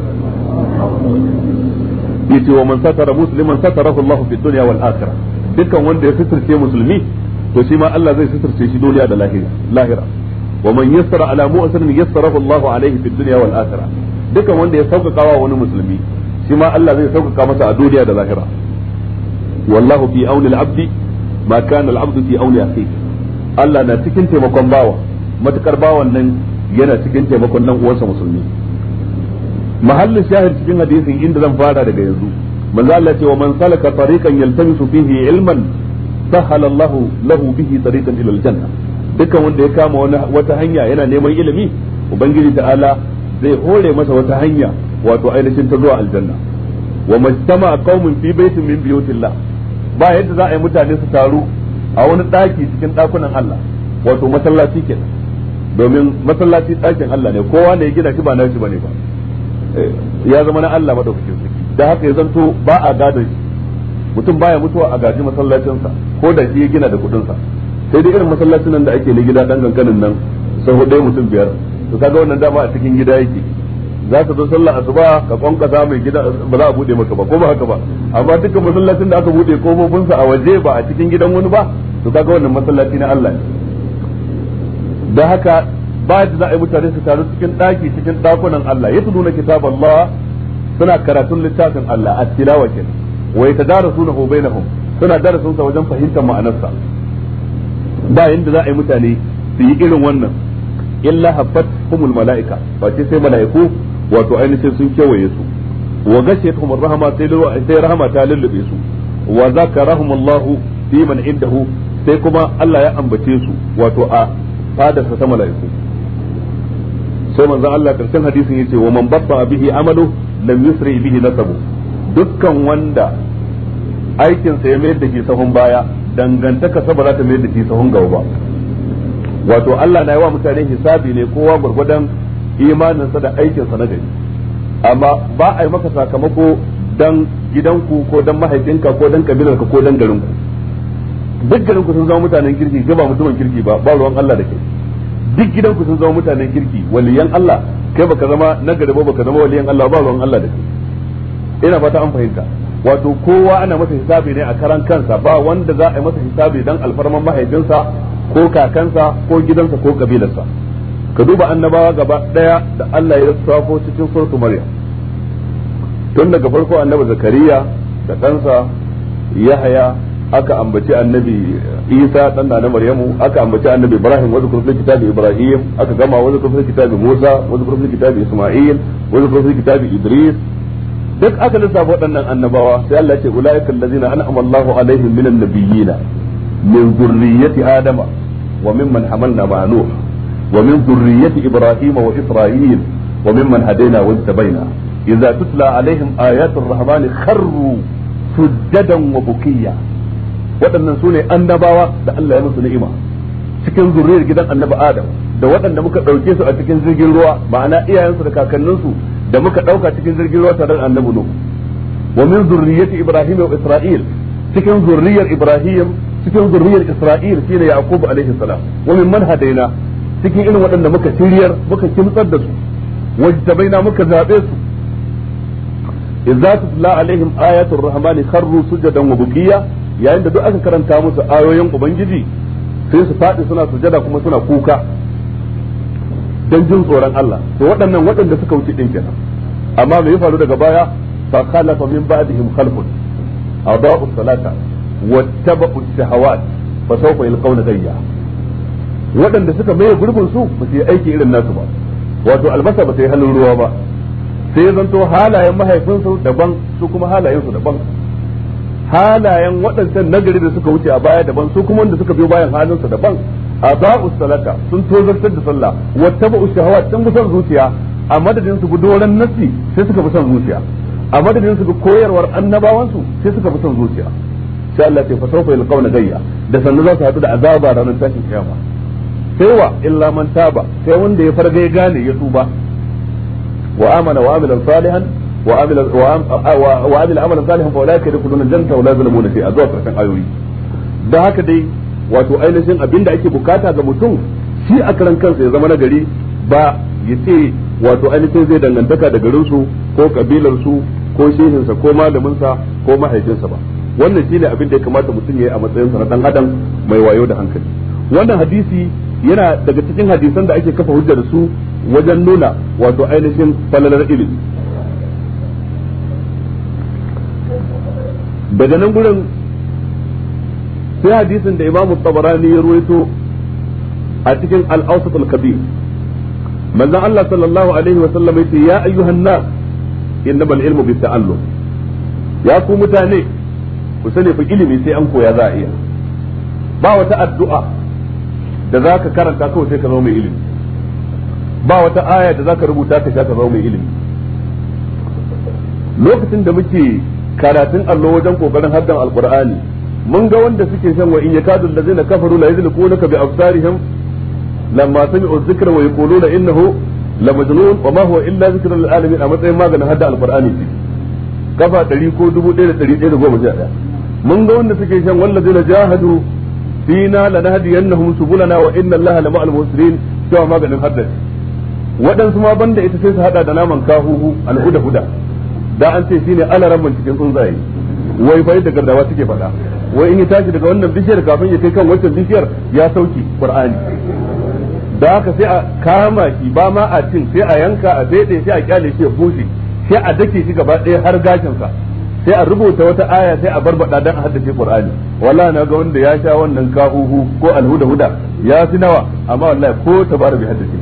yace wa man satara musliman satarahu Allah fi dunya wal akhirah dukkan wanda ya suturce musulmi to shi ma Allah zai suturce shi duniya da lahira lahira wa man yassara ala mu'sirin yassarahu Allah alaihi fi dunya wal akhirah dukkan wanda ya sauƙaƙa wa wani musulmi shi ma Allah zai sauƙaƙa masa a duniya da lahira wallahu fi auni al-abdi ma kana al-abdu fi auni akhihi Allah na cikin taimakon bawa matukar bawan nan yana cikin taimakon nan uwarsa musulmi mahallin shahid cikin hadisin inda zan fara daga yanzu manzo Allah ce wa man salaka tariqan yaltamisu fihi ilman sahala lahu bihi tariqan ila aljanna dukkan wanda ya kama wata hanya yana neman ilimi ubangiji ta'ala zai hore masa wata hanya wato ainihin ta zuwa aljanna wa majtama qaumun fi baitin min buyutillah ba yadda za a yi mutane su taru a wani daki cikin dakunan Allah wato masallaci kenan domin masallaci dakin Allah ne kowa ne ya gina shi ba na shi bane ba eh, ya zama na Allah madaukakin sarki da haka ya zanto ba a gadon shi mutum baya mutuwa a gaji masallacinsa ko da shi ya gina da kudinsa sai dai irin masallacin nan da ake na gida ɗan nan sai hudai mutum biyar to kaga wannan dama a cikin gida yake za ka zo sallar asuba ka kwankasa mai gida ba za a bude maka ba ko ba haka ba amma dukkan masallacin da aka bude kofofinsa a waje ba a cikin gidan wani ba to kaga wannan masallaci na Allah ne da haka ba da za a yi mutane su taru cikin daki cikin dakunan Allah ya nuna kitab Allah suna karatun littafin Allah a tilawa kenan wa yatadarasunahu bainahum suna darasin sa wajen fahimtar ma'anarsa ba yanda za a yi mutane su yi irin wannan illa habbat humul mala'ika ba sai mala'iku wato ainihin sun kewaye su wa gashiyatuhum rahama sai sai rahama ta lullube su wa zakarahum Allah fi man indahu sai kuma Allah ya ambace su wato a fadarsa ta mala'iku sai manzon Allah karshen hadisin yace wa man babba bihi amalu lam yusri bihi nasabu dukkan wanda aikinsa ya mayar da shi sahun baya dangantaka sa ba za ta mayar da shi sahun gaba ba wato Allah na yi wa mutane hisabi ne kowa gurgudan imaninsa da aikinsa na gari amma ba a yi maka sakamako dan gidanku ko dan mahaifinka ko dan kabilarka ko dan garinku duk garinku sun zama mutanen kirki ga ba mutumin kirki ba ba ruwan Allah da ke duk gidanku sun zama mutanen kirki waliyan Allah kai baka zama na gari ba baka zama waliyan Allah ba ruwan Allah da ke ina fata an fahimta wato kowa ana masa hisabi ne a karan kansa ba wanda za a yi masa hisabi dan alfarman mahaifinsa ko kakansa ko gidansa ko kabilarsa ka duba annabawa gaba daya da Allah ya safo cikin surtu maryam tun daga farko annabi zakariya da ɗansa yahaya aka ambaci annabi isa dan da maryamu aka ambaci annabi ibrahim wa zikru fil kitabi ibrahim aka gama wa zikru fil kitabi musa wa zikru fil kitabi isma'il wa zikru fil kitabi idris duk aka lissafa waɗannan annabawa sai Allah ya ce ulaika allazina an'ama Allahu alaihim minan nabiyina min zurriyyati adama wa mimman hamalna ma nuh ومن ذرية إبراهيم وإسرائيل وممن هدينا واجتبينا إذا تتلى عليهم آيات الرحمن خروا سجدا وبكيا waɗannan su ne annabawa da Allah ya musu ni'ima cikin zuriyar gidan annabi Adam da waɗanda muka ɗauke su a cikin jirgin ruwa ma'ana iyayensu da kakanninsu da muka ɗauka cikin jirgin ruwa tare da annabi Nuhu wa min zurriyyati Ibrahim wa Isra'il cikin zurriyar Ibrahim cikin zurriyar Isra'il shine Yaqub alaihi salam wa min man hadaina cikin irin waɗanda muka shiryar muka kimtsar da su wajtabaina muka zaɓe su idza tutla alaihim ayatul rahmani kharru sujadan wa bukiya yayin da duk aka karanta musu ayoyin ubangiji sai su faɗi suna sujada kuma suna kuka don jin tsoron Allah to waɗannan waɗanda suka wuce din kenan amma me ya faru daga baya fa khalafa min ba'dihim khalfun adaa'u salata wattaba'u shahawat fa sawfa yalqawna ghayya waɗanda suka maye gurbin su ba su yi aiki irin nasu ba wato albasa ba su yi halin ruwa ba sai ya zanto halayen mahaifinsu daban su kuma halayen su daban halayen waɗancan nagari da suka wuce a baya daban su kuma wanda suka biyo bayan halin su daban a ba'u salata sun tozartar da sallah wata ba'u shahawa sun bi son zuciya a madadin su bi doran nasi sai suka bi son zuciya a madadin su bi koyarwar annabawansu sai suka bi son zuciya sai Allah ya fa gayya da sannan za su haɗu da azaba ranar tashin kiyama sai wa illa man taba sai wanda ya farga ya gane ya tuba wa amana wa amila salihan wa amila wa amila amalan salihan fa ulaika yadkhuluna al wa la yuzlamuna zuwa karshen ayoyi da haka dai wato ainihin abinda ake bukata ga mutum shi a karan kansa ya zama nagari ba ya ce wato ainihin zai dangantaka da garinsu ko kabilarsu ko shehinsa ko malaminsa ko mahaifinsa ba wannan shine abin da ya kamata mutum ya yi a matsayinsa na dan adam mai wayo da hankali wannan hadisi yana daga cikin hadisan da ake kafa hujja da su wajen nuna wato ainihin falalar ilimi daga nan gurin sai hadisin da imamu tabarani ya ruwaito a cikin al-awsat al-kabir manzon Allah sallallahu alaihi wa sallam yace ya ayyuhan nas innamal ilmu bis-ta'allum ya ku mutane ku sani fa ilimi sai an koya za a iya ba wata addu'a da za ka karanta kawai sai ka zama mai ilimi ba wata aya da za ka rubuta ka sha ka zama mai ilimi lokacin da muke karatun allo wajen kokarin haddan alqur'ani mun ga wanda suke shan wa in yakadu allazina kafaru la yuzliqunaka bi absarihim lamma sami'u dhikra wa yaquluna innahu la majnun wa ma huwa illa dhikrun lil alamin a matsayin maganin hadda alqur'ani ce kafa 100 ko 1111 mun ga wanda suke shan wallazina jahadu dina lanahdiyannahum subulana wa inna allaha lama'al muslimin cewa maganin haddari waɗansu ma banda ita sai su haɗa da naman kahuhu alhuda huda da an ce shine alaramman cikin tsuntsaye wai fa da gardawa suke faɗa wai in ya tashi daga wannan bishiyar kafin ya kai kan wancan bishiyar ya sauki qur'ani da haka sai a kama shi ba ma a cin sai a yanka a daidai sai a kyale shi ya bushe sai a dake si gaba ɗaya har gashin sa sai a rubuta wata aya sai a barbada dan a haddace qur'ani wallahi na ga wanda ya sha wannan kahuhu ko alhuda huda ya fi nawa amma wallahi ko tabaru bai haddace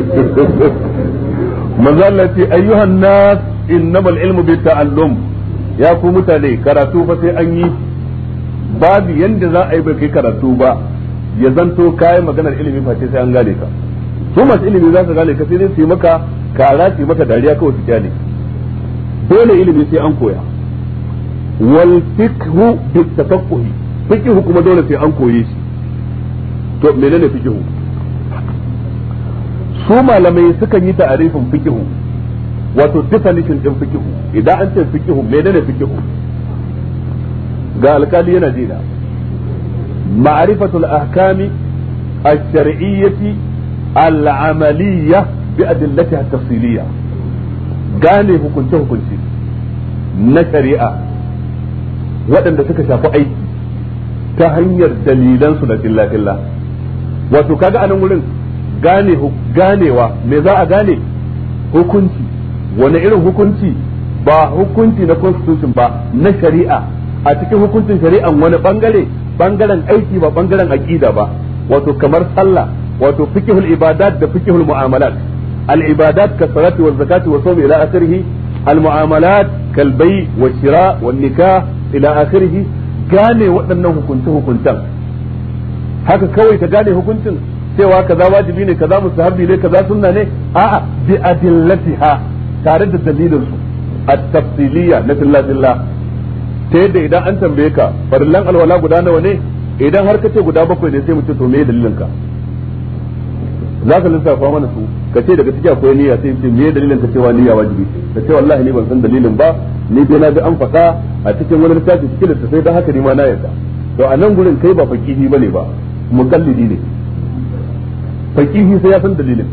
[laughs] manzo Allah ce ayyuhan nas innamal ilmu bi ta'allum ya ku mutane karatu fa sai an yi babu yanda za a yi bai kai karatu ba ya zanto kai maganar ilimi fa sai an gane ka su masu ilimi za su gane ka sai dai su yi maka kara su yi maka dariya kawai su kyale dole ilimi sai an koya wal fiqhu bi tafaqquhi fiqhu kuma dole sai an koye shi to menene fiqhu su malamai suka yi ta'arifin fiqhu wato definition din fiqhu idan an ce fiqhu menene fiqhu ga alkali yana jina ma'rifatul ahkami a العملية بأدلتها tafsiriyya. gane hukunce hukunce na shari'a waɗanda suka shafi aiki ta hanyar dalilansu na filla-filla wato kaga anan wurin gane ganewa me za a gane hukunci wani irin hukunci ba hukunci na constitution ba na shari'a a cikin hukuncin shari'an wani bangare bangaren aiki ba bangaren aqida ba wato kamar sallah wato fiqhul ibadat da fiqhul mu'amalat العبادات كالصلاة والزكاة والصوم إلى آخره المعاملات كالبيع والشراء والنكاح إلى آخره gane waɗannan hukunce hukuntan. haka kawai ka gane hukuncin cewa kaza wajibi ne kaza mustahabbi ne kaza sunna ne a'a bi adillatiha tare da dalilin su at-tafsiliyya na billah ta yadda idan an tambaye ka farillan alwala guda nawa ne idan har kace guda bakwai ne sai mu ce to me dalilin ka za ka lissafa mana su ka ce daga cikin akwai niyya sai ce me dalilin ka cewa niyya wajibi ka ce wallahi ni ban san dalilin ba ni dai na ga an faɗa a cikin wani littafi cikin da sai da haka ni ma na yarda to a nan gurin kai ba fakihi bane ba mukallidi ne fakihi sai ya san dalilin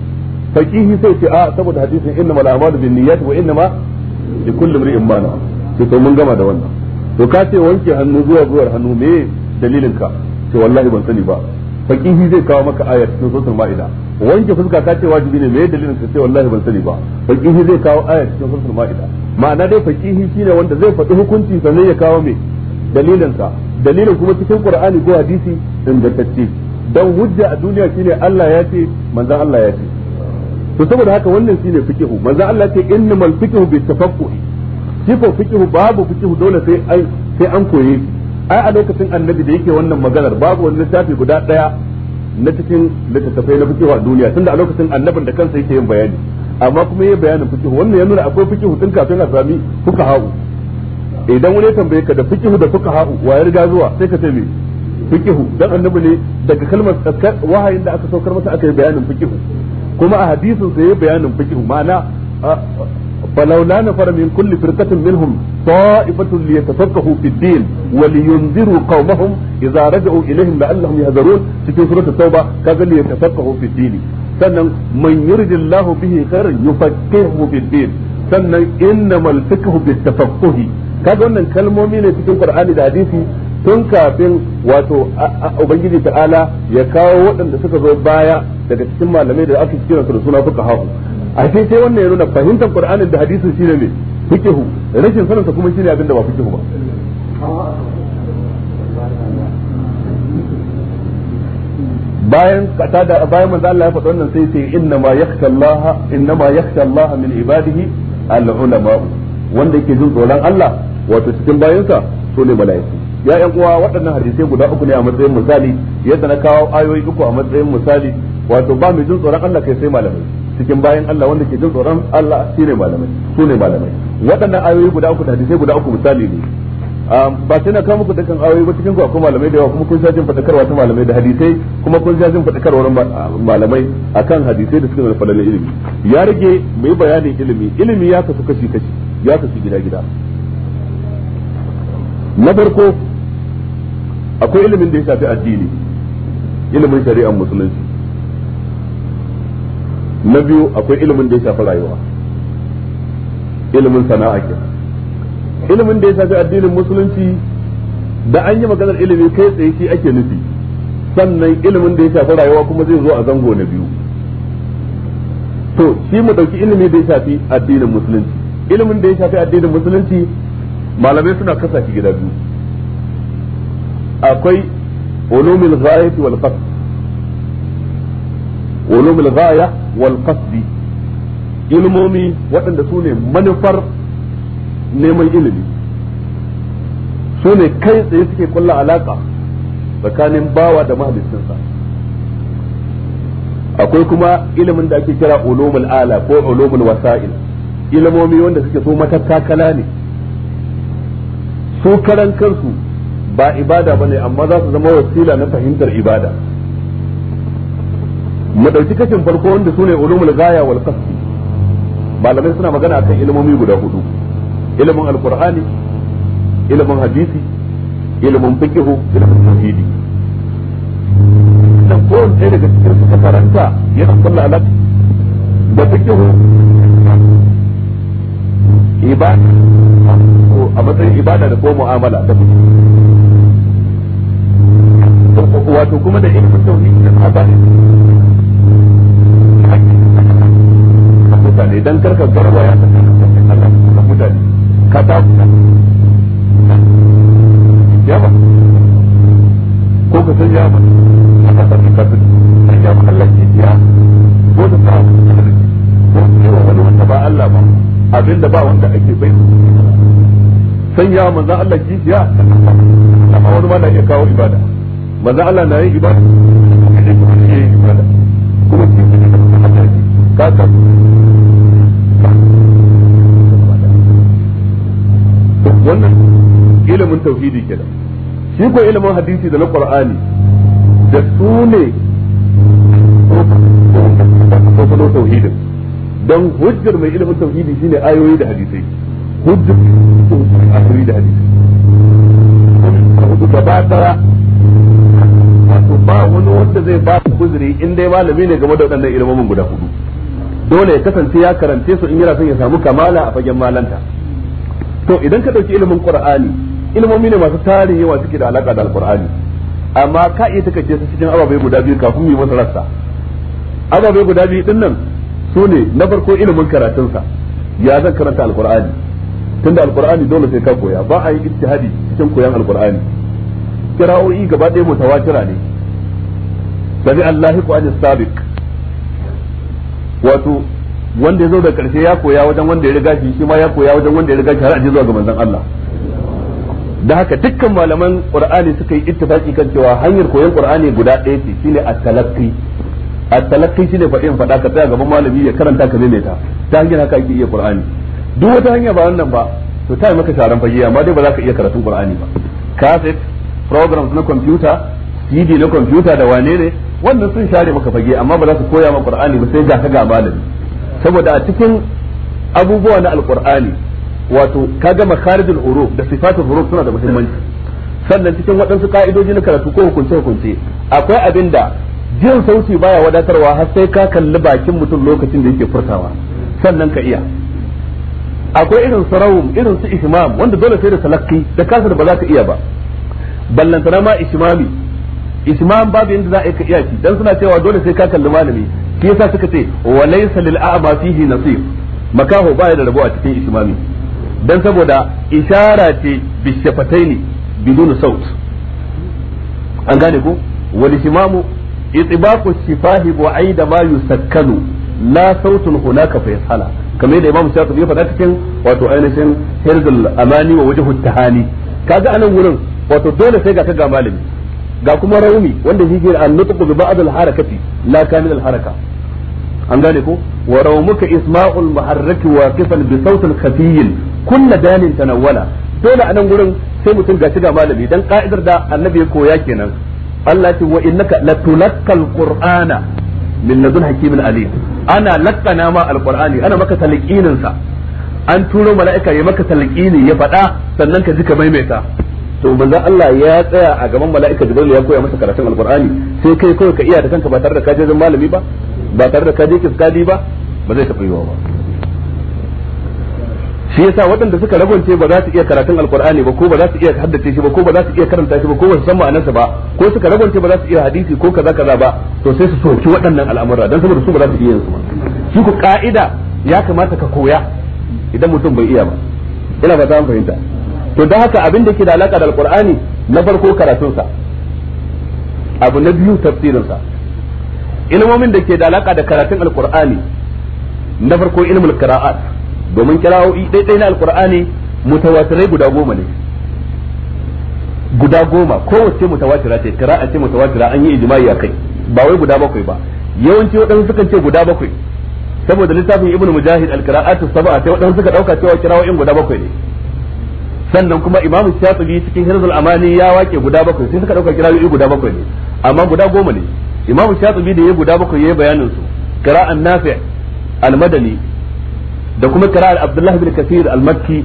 fakihi sai ce a saboda hadisin mal a'malu niyyati wa li kulli imrin ma nawa sai to mun gama da wannan to ka ce wanke hannu zuwa zuwar hannu me dalilin ka to wallahi ban sani ba fakihi zai kawo maka aya cikin suratul ma'ida wanke fuska ka ce wajibi ne me dalilin ka ce wallahi ban sani ba fakihi zai kawo aya cikin sulhul maida ma'ana dai fakihi shine wanda zai faɗi hukunci sannan ya kawo me dalilin sa dalilin kuma cikin qur'ani ko hadisi ingantacce dan hujja a duniya shine Allah ya ce manzon Allah ya ce to saboda haka wannan shine fiqhu manzon Allah ya ce innamal fiqhu bitafaqquh shi ko fiqhu babu fiqhu dole sai ai sai an koye ai a lokacin annabi da yake wannan maganar babu wani littafi guda daya na cikin littattafai na fikihu a duniya da a lokacin annabin da kansa yake yin bayani amma kuma yayi bayanin fikihu wannan ya nuna akwai fikihu tun kafin a sami fuqaha'u idan wani ya tambaye ka da fikihu da fuqaha'u wa ya riga zuwa sai ka ce me fikihu dan annabi ne daga kalmar wahayin da aka saukar masa aka yi bayanin fikihu kuma a hadisin sa yayi bayanin fikihu ma'ana فلولا نفر من كل فرقة منهم طائفة ليتفقهوا في الدين ولينذروا قومهم إذا رجعوا إليهم لعلهم يهذرون في سورة التوبة كذا ليتفقهوا في الدين سنن من يرد الله به خيرا يفقهه في الدين سنن إنما الفقه بالتفقه kaga wannan kalmomi ne cikin Qur'ani da hadisi tun kafin wato ubangiji ta'ala ya kawo waɗanda suka zo baya daga cikin malamai da aka kira su da suna fuka haku a sai sai wannan ya nuna fahimtar qur'anin da hadisin shine ne fiqhu rashin sanin sa kuma shine abin da ba fiqhu ba bayan kata da bayan manzo Allah ya faɗa wannan sai sai inna ma yakhsha Allah inna ma yakhsha Allah min ibadihi al ulama wanda yake jin tsoron Allah wato cikin bayansa so ne mala'iku ya yan uwa waɗannan hadisai guda uku ne a matsayin misali yadda na kawo ayoyi uku a matsayin misali wato ba mai jin tsoron Allah kai sai malamai cikin bayan Allah wanda ke jin tsoron Allah ne malamai su ne malamai waɗannan ayoyi guda uku da hadisai guda uku misali ne ba sai na kawo muku dukkan ayoyi ba cikin ku malamai da yawa kuma kun sha jin fadakarwa ta malamai da hadisai kuma kun sha jin fadakarwar malamai akan hadisai da suke da fadalin ilimi ya rage mai bayanin ilimi ilimi ya kasu kashi kashi ya kasu gida gida na farko akwai ilimin da ya shafi addini ilimin shari'ar musulunci na biyu akwai ilimin da ya shafi rayuwa ilimin sana'a ke ilimin da ya shafi addinin musulunci da an yi maganar ilimi kai tsaye shi ake nufi sannan ilimin da ya shafi rayuwa kuma zai zo a zango na biyu to shi mu dauki ilimi da ya shafi addinin musulunci ilimin da ya shafi addinin musulunci malamai suna kasa shi gida biyu akwai ulumul ghayat wal qasd ulumul wal qasd ilmomi waɗanda su ne manufar neman ilimi su ne kai tsaye suke kulla alaka tsakanin bawa da mahaliccinsa akwai kuma ilimin da ake kira ulumul ala ko ulumul wasa'il ilmomi wanda suke so matakakala ne su karan kansu ba ibada bane amma za su zama wasila na fahimtar ibada madauki kashin farko wanda sune ulumul ghaya wal qasd malamai suna magana akan ilmomi guda hudu ilimin alqur'ani ilimin hadisi ilimin fiqh ilimin tauhidi dan kowanne ɗaya daga cikin su karanta yana kulla alaƙa da fiqh ibada ko a matsayin ibada da ko mu'amala da fiqh wato kuma da ilimin tauhidi da haka mutane dan karka garba ya san Allah ka mutane ka ta ya ba ko ka san ya ba ka san ka san ya ba Allah ke ya ko da ta ko da wani wanda ba Allah ba abinda ba wanda ake bai san ya manzo Allah ke kishiya amma wani ma da ya kawo ibada manzo Allah na yin ibada kada ku kuma wannan ilimin tauhidi kenan shi ko ilimin hadisi da na qur'ani da su ne ko tauhidin don hujjar mai ilimin tauhidi shine ayoyi da hadisai hujjar da hadisai gaba daya ba wani wanda zai ba kuzuri in dai malami ne game da waɗannan ilmomin guda hudu dole ya kasance ya karante su in yana son ya samu kamala a fagen malanta to idan ka ɗauki ilimin qur'ani ilmomi ne masu tarin yawa suke da alaka da alqur'ani amma ka iya takaice su cikin ababe guda biyu kafin mu yi masa rassa ababai guda biyu din nan su ne na farko ilimin karatun sa ya zan karanta alqur'ani tunda alqur'ani dole sai ka koya ba a yi ijtihadi cikin koyan alqur'ani kira'o'i gaba ɗaya mutawatira ne sami Allahi ku anis sabiq wato wanda ya zo da karshe ya koya wajen wanda ya riga shi shi ma ya koya wajen wanda ya riga shi har aje zuwa ga manzon Allah da haka dukkan malaman qur'ani suka yi ittifaki kan cewa hanyar koyon qur'ani guda ɗaya ce shine at-talaqqi at-talaqqi shine faɗi in faɗa ka tsaya gaban malami ya karanta ka maimaita ta hanyar haka ake iya qur'ani duk wata hanya ba wannan ba to ta maka sharan fage amma dai ba za ka iya karatun qur'ani ba cassette programs na computer cd na kwamfuta da wane ne wannan sun share maka fage amma ba za su koya ma qur'ani ba sai ga ka ga malami saboda a cikin abubuwa na alqur'ani wato ka gama makharijul huruf da sifatul huruf suna da muhimmanci sannan cikin waɗansu ka'idoji na karatu ko hukunce hukunce akwai abin da jin sauti baya wadatarwa har sai ka kalli bakin mutum lokacin da yake furtawa sannan ka iya akwai irin sarawun irin su ishimam wanda dole sai da talakki da kasar ba za ka iya ba ballantana ma ishimami. Isma'an babu inda za a yi iyaki dan suna cewa dole sai ka kalli malami shi yasa suka ce wa laysa lil a'ma fihi nasib makaho baya da rabuwa cikin ismami dan saboda ishara ce bishafataini bidun saut an gane ko wal shimamu itibaqu shifahi wa aida ma yusakkanu la sautun hunaka fa yasala kamar yadda imam shafi ya faɗa cikin wato ainihin hirzul amani wa wajhu tahani kaga anan wurin wato dole sai ga ka ga malami ga kuma ra'umi wanda shi ke annutqu bi ba'd al-harakati la kamil al-haraka an gane ko wa raumuka isma'ul muharraki waqifan bi sautin khafiyyin kullu danin tanawwala dole a nan gurin sai mutum ga shiga malami dan ka'idar da annabi ya koya kenan Allah ce wa innaka latulakkal qur'ana min ladun hakimin alim ana lakkana ma alqur'ani ana maka talqinin sa an turo mala'ika ya maka talqini ya faɗa sannan ka ji ka maimaita to manzon Allah ya tsaya a gaban mala'ika Jibril ya koya masa karatun alqur'ani sai kai kawai ka iya da kanka ba tare da kaje je malami ba ba tare da kaje je kiskali ba ba zai tafi yawa ba shi yasa waɗanda suka ragwance ba za su iya karatun alqur'ani ba ko ba za su iya haddace shi ba ko ba za su iya karanta shi ba ko ba su san ma'anarsa ba ko suka ragwance ba za su iya hadisi ko kaza kaza ba to sai su soki waɗannan al'amura dan saboda su ba za su iya yin ba shi ku ka'ida ya kamata ka koya idan mutum bai iya ba ina ba za mu fahimta to da haka abin da ke da alaka da alqur'ani na farko karatun sa abu na biyu tafsirin sa ilmomin da ke da alaka da karatun alqur'ani na farko ilmul qira'at domin kira'o'i dai na alqur'ani mutawatirai guda goma ne guda goma kowace mutawatira ce qira'a ce mutawatira an yi ijma'i kai ba wai guda bakwai ba yawanci waɗansu sukan ce guda bakwai saboda littafin ibnu mujahid alqira'atu sab'a sai waɗansu suka dauka cewa kira'o'in guda bakwai ne sannan kuma imam shafi'i cikin hirzul amani ya wake guda bakwai sai suka dauka kirayoyi guda bakwai ne amma guda goma ne imam shafi'i da ya guda bakwai yayi bayanin su qira'an nafi' al-madani da kuma qira'ar abdullah bin kathir al-makki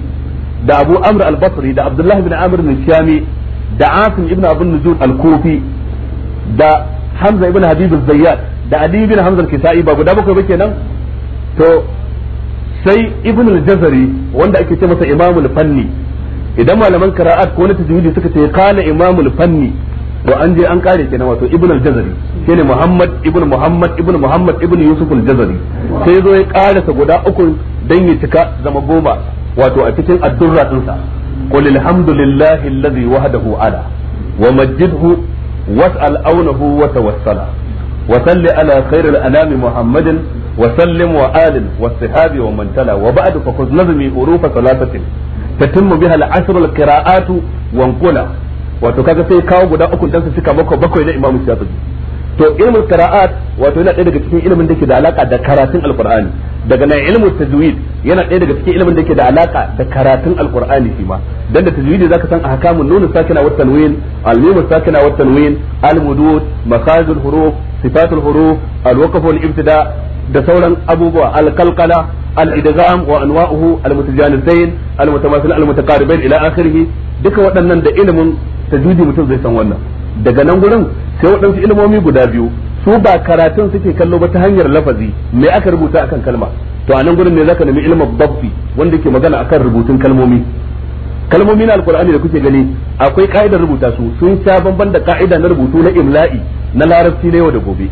da abu amr al-basri da abdullah bin amr bin shami da asim ibn abun nuzul al-kufi da hamza ibn habib az-zayyad da ali ibn hamza al-kisai ba guda bakwai ba nan to sai ibn al-jazari wanda ake ce masa imamul fanni idan malaman qira'at ko na tajwidi suka ce qala imamul fanni to an je an kare kenan wato ibn al-jazari shine muhammad ibn muhammad ibn muhammad ibn yusuf al-jazari sai zo ya karasa guda uku dan ya cika zama goma wato a cikin addurra din sa qul alhamdulillahi alladhi wahdahu ala wa majjidhu was'al awnahu wa tawassala wa salli ala khairil anami muhammadin wa sallim wa alin wa sahabi wa man tala wa ba'du fa khudh nazmi urufa salatatin tatimmu biha bi asr al-qira'atu wa wato kaga sai kawo guda uku dan su suka bakwai bakwai na imamu shafi'i to ilmul qira'at wato yana ɗaya daga cikin ilimin da ke da alaka da karatun alqur'ani daga nan ilmul tajwid yana ɗaya daga cikin ilimin da ke da alaka da karatun alqur'ani shi ma dan da tajwidi zaka san ahkamun nun sakina wat tanwin al mim sakina wat tanwin al mudud huruf sifatul huruf al wal ibtida da sauran abubuwa alkalkala al-idgham wa anwa'uhu al-mutajanizain al ila akhirih duka waɗannan da ilimin tajwidi mutum zai san wannan daga nan gurin sai waɗansu ilimomi guda biyu su ba karatun suke kallo ba ta hanyar lafazi me aka rubuta akan kalma to a nan gurin ne zaka nemi ilimin babbi wanda ke magana akan rubutun kalmomi kalmomi na alkur'ani da kuke gani akwai ka'idar rubuta su sun sha bamban da ka'ida na rubutu na imla'i na larabci na yau da gobe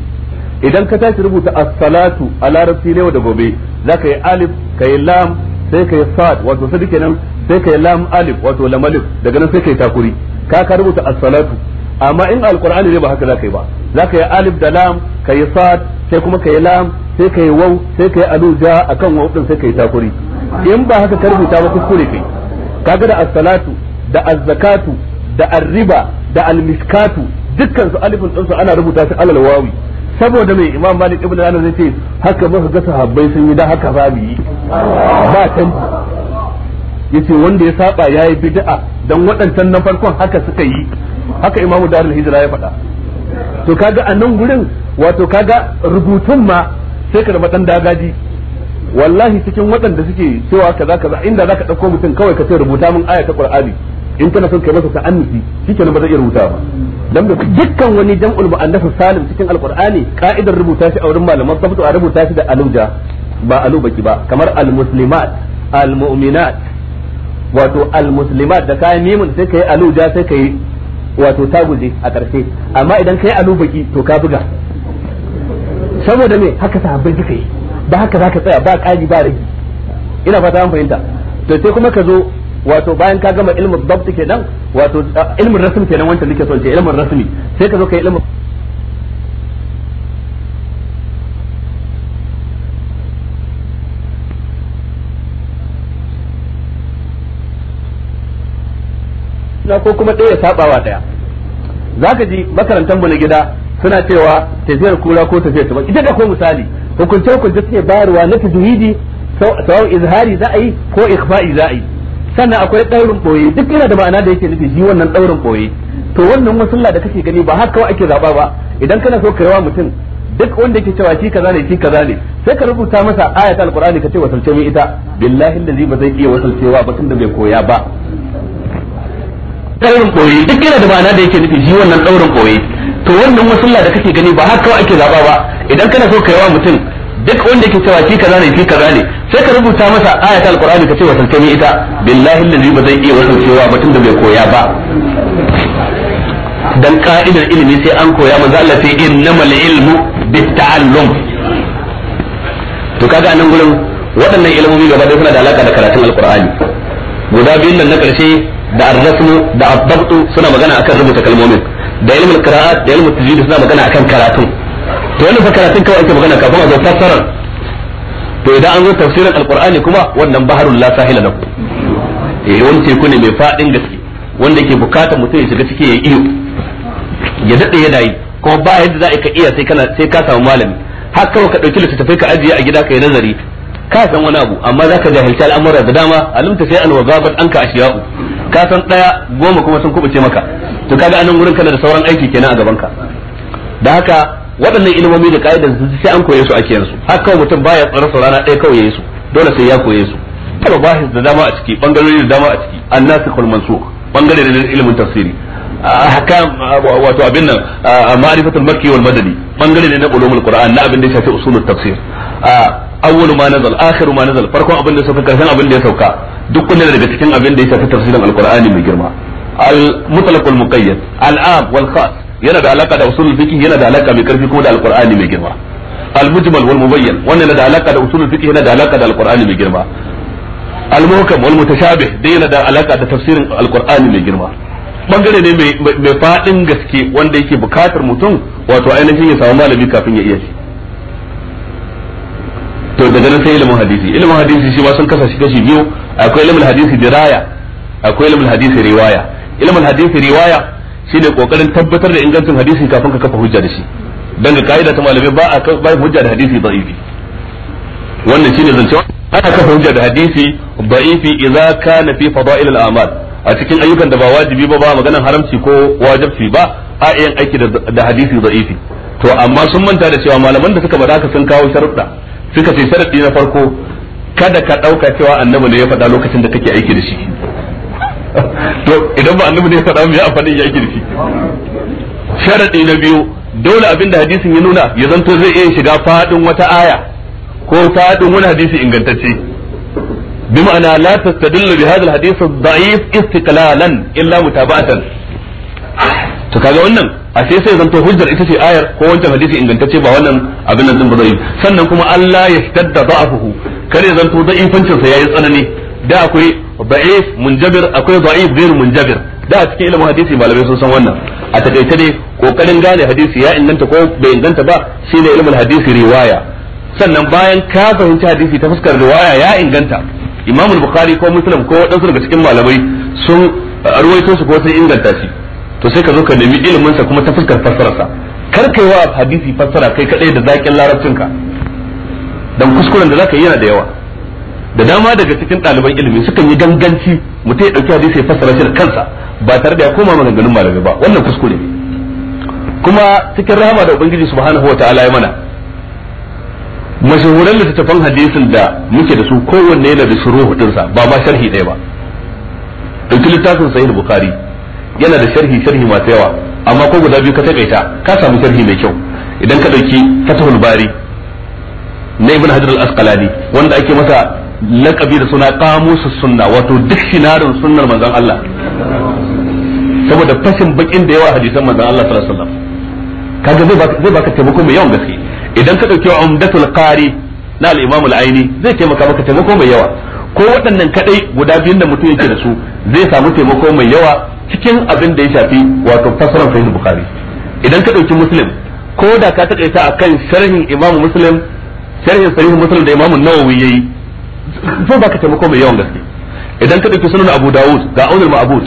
idan ka tashi rubuta as-salatu a larabci ne da gobe zaka yi alif kai lam sai kai sad wato sadi kenan sai kai lam alif wato lam alif daga nan sai kai takuri ka ka rubuta as-salatu amma in alqur'ani ne ba haka zaka yi ba zaka yi alif da lam kai sad sai kuma kai lam sai kai waw sai kai aluja akan waw din sai kai takuri in ba haka ka rubuta ba kuskure kai kaga da as-salatu da az-zakatu da ar-riba da al-miskatu dukkan su alifin din ana rubuta shi alal wawi saboda mai imam malik ibn anas zai ce haka muka ga sahabbai sun yi da haka ba mu yi ba can yace wanda ya saba yayi bid'a dan waɗancan na farkon haka suka yi haka imamu darul hijra ya faɗa to kaga a nan gurin wato kaga rubutun ma sai ka raba dan dagaji wallahi cikin waɗanda suke cewa kaza kaza inda zaka dauko mutum kawai ka ce rubuta min ayatul qur'ani in kana son kai masa ta'annufi shikenan ba zai iya rubuta ba dan da dukkan wani jam'ul mu'annas salim cikin alqur'ani ka'idar rubuta shi a wurin malaman sabtu a rubuta shi da aluja ba alubaki ba kamar almuslimat almu'minat wato almuslimat da kayan mimun sai kai aluja sai kai wato taguje a karshe amma idan kai alubaki to ka buga saboda me haka sahabbai suka yi ba haka zaka tsaya ba kaji ba rigi ina fata an fahimta to sai kuma ka zo wato bayan ka gama ilmin dabt kenan wato ilmin rasmi kenan wanda nake son ce ilmin rasmi sai ka zo kai ilmin na ko kuma ɗaya sabawa ɗaya zaka ji makarantar mu na gida suna cewa tafiyar kura ko tafiyar tuba ita da ko misali hukunce hukunce suke bayarwa na tajwidi sau izhari za a yi ko ikhfa'i za a yi sannan akwai daurin boye duk yana da ma'ana da yake nufi shi wannan daurin boye to wannan wasulla da kake gani ba haka ake zaba ba idan kana so ka rawa mutum duk wanda yake cewa shi kaza ne shi kaza ne sai ka rubuta masa ayat alqur'ani ka ce wasalce min ita billahi allazi ba zai iya wasalcewa ba tunda bai koya ba daurin boye duk yana da ma'ana da yake nufi shi wannan daurin boye to wannan wasulla da kake gani ba haka ake zaba ba idan kana so ka rawa mutum duk wanda yake cewa shi kaza ne shi kaza ne sai ka rubuta masa ayata alqur'ani ka ce wa tantani ita billahi allazi ba zai iya wasu cewa mutum da bai koya ba dan ka'idar ilimi sai an koya manzo Allah sai innamal ilmu bitta'allum to kaga nan gurin waɗannan ilmomi gaba da suna da alaka da karatun alqur'ani guda biyun nan na karshe da al-rasmu da abdabtu suna magana akan rubuta kalmomin da ilmul qira'at da ilmul tajwid suna magana akan karatun to wannan fa karatun kawai ake magana kafin a zo fassarar to idan an zo tafsirin alqur'ani kuma wannan baharul la sahila lahu eh wani teku ne mai fadin gaske wanda yake bukatar mutum ya shiga ciki ya iyo ya dade ya yi kuma ba yadda za ka iya sai kana sai ka samu malami har kawai ka dauki littattafai ka ajiye a gida ka yi nazari ka san wani abu amma zaka jahilci al'amura da dama alimta sai an wagabat anka ashiya'u ka san daya goma kuma sun kubuce maka to kaga anan gurin kana da sauran aiki kenan a gaban ka da haka waɗannan ilimomi da ka'idan su sai an koye su ake yansu haka kawai mutum baya tsara su rana ɗaya kawai yayi su dole sai ya koye su taba bahis da dama a ciki bangarori da dama a ciki annasikul mansukh bangare na ilimin tafsiri haka wato abin nan ma'rifatul makki wal madani bangare ne na ulumul qur'an na abin da ya shafi usulut tafsir awwalu ma nazal akhiru ma nazal farkon abin da ya sauka karshen abin da ya sauka duk kunne daga cikin abin da ya shafi tafsirin alqur'ani mai girma al mutlaqul muqayyad al am wal khas yana da alaka da usulul fiqh yana da alaka mai karfi kuma da alqur'ani mai girma al-mujmal wal mubayyan wannan yana da alaka da usulul fiqh yana da alaka da alqur'ani mai girma al-muhkam wal mutashabih dai yana da alaka da tafsirin alqur'ani mai girma bangare ne mai fadin gaske wanda yake bukatar mutum wato ainihin ya samu malami kafin ya iya shi to daga nan sai ilimin hadisi ilimin hadisi shi ma sun kasa shi kashi biyu akwai ilimin hadisi diraya akwai ilimin hadisi riwaya ilimin hadisi riwaya shine kokarin tabbatar da ingancin hadisi kafin ka kafa hujja da shi dan ga kaida ta malamai ba a ba hujja da hadisi ba ifi. wannan shine zance ana kafa hujja da hadisi ba ifi idza kana fi fada'il al-a'mal a cikin ayyukan da ba wajibi ba ba maganan haramci ko wajibi ba a yin aiki da hadisi ifi. to amma sun manta da cewa malaman da suka bada ka sun kawo sharuɗa suka ce sharaɗi na farko kada ka ɗauka cewa annabi ne ya faɗa lokacin da kake aiki da shi to idan ba annabi ne ya faɗa mu ya faɗin ya girfi sharadi na biyu dole abin hadisin ya nuna ya zanto zai iya shiga fadin wata aya ko fadin wani hadisi ingantacce bi ma'ana la tastadillu bi hadha al daif istiqlalan illa mutaba'atan to kaga wannan ashe sai zanto hujjar ita ce ayar ko wancan hadisi ingantacce ba wannan abin nan din ba zai sannan kuma Allah ya shtadda da'afuhu kare zanto da'ifancin sa yayi tsanani da akwai da'if munjabir akwai da'if gairu munjabir da a cikin ilimin hadisi malamai sun san wannan a takaice ne kokarin gane hadisi ya inganta ko bai inganta ba shine ilimin hadisi riwaya sannan bayan ka fahimci hadisi ta fuskar riwaya ya inganta imam bukhari ko muslim ko wadansu daga cikin malamai sun arwaito uh, su ko sun inganta shi to sai ka zo ka nemi ilimin sa kuma ta fuskar fassararsa kar kai wa hadisi fassara kai kadai da zakin larabcinka dan kuskuren da zaka yi yana da yawa da dama daga cikin ɗaliban ilimi sukan yi ganganci mutum ya ɗauki hadisi ya fassara shi da kansa ba tare da ya koma maganganun malami ba wannan kuskure kuma cikin rahama da ubangiji subhanahu wa ta'ala ya mana mashahuran littattafan hadisin da muke da su kowanne yana da shuruhu sa ba ma sharhi ɗaya ba ɗauki littafin sahih bukhari yana da sharhi sharhi masu yawa amma ko guda biyu ka taƙaita ka samu sharhi mai kyau idan ka ɗauki fatahul bari na ibn hajar al wanda ake masa lakabi da suna kamusu sunna wato duk shinarin sunnar manzon Allah saboda fashin bakin da yawa hadisan manzon Allah sallallahu alaihi wasallam kaga zai baka taimako mai yawan gaske idan ka dauki umdatul qari na al-imam al-aini zai taimaka maka taimako mai yawa ko waɗannan kadai guda biyun da mutum yake da su zai samu taimako mai yawa cikin abin da ya shafi wato fasaran sahih bukhari idan ka dauki muslim ko da ka a akan sharhin imam muslim sharhin sahih muslim da imam an-nawawi yayi zo baka taimako mai yawan gaske idan ka dauki sunan Abu Dawud ga Aunul Ma'bud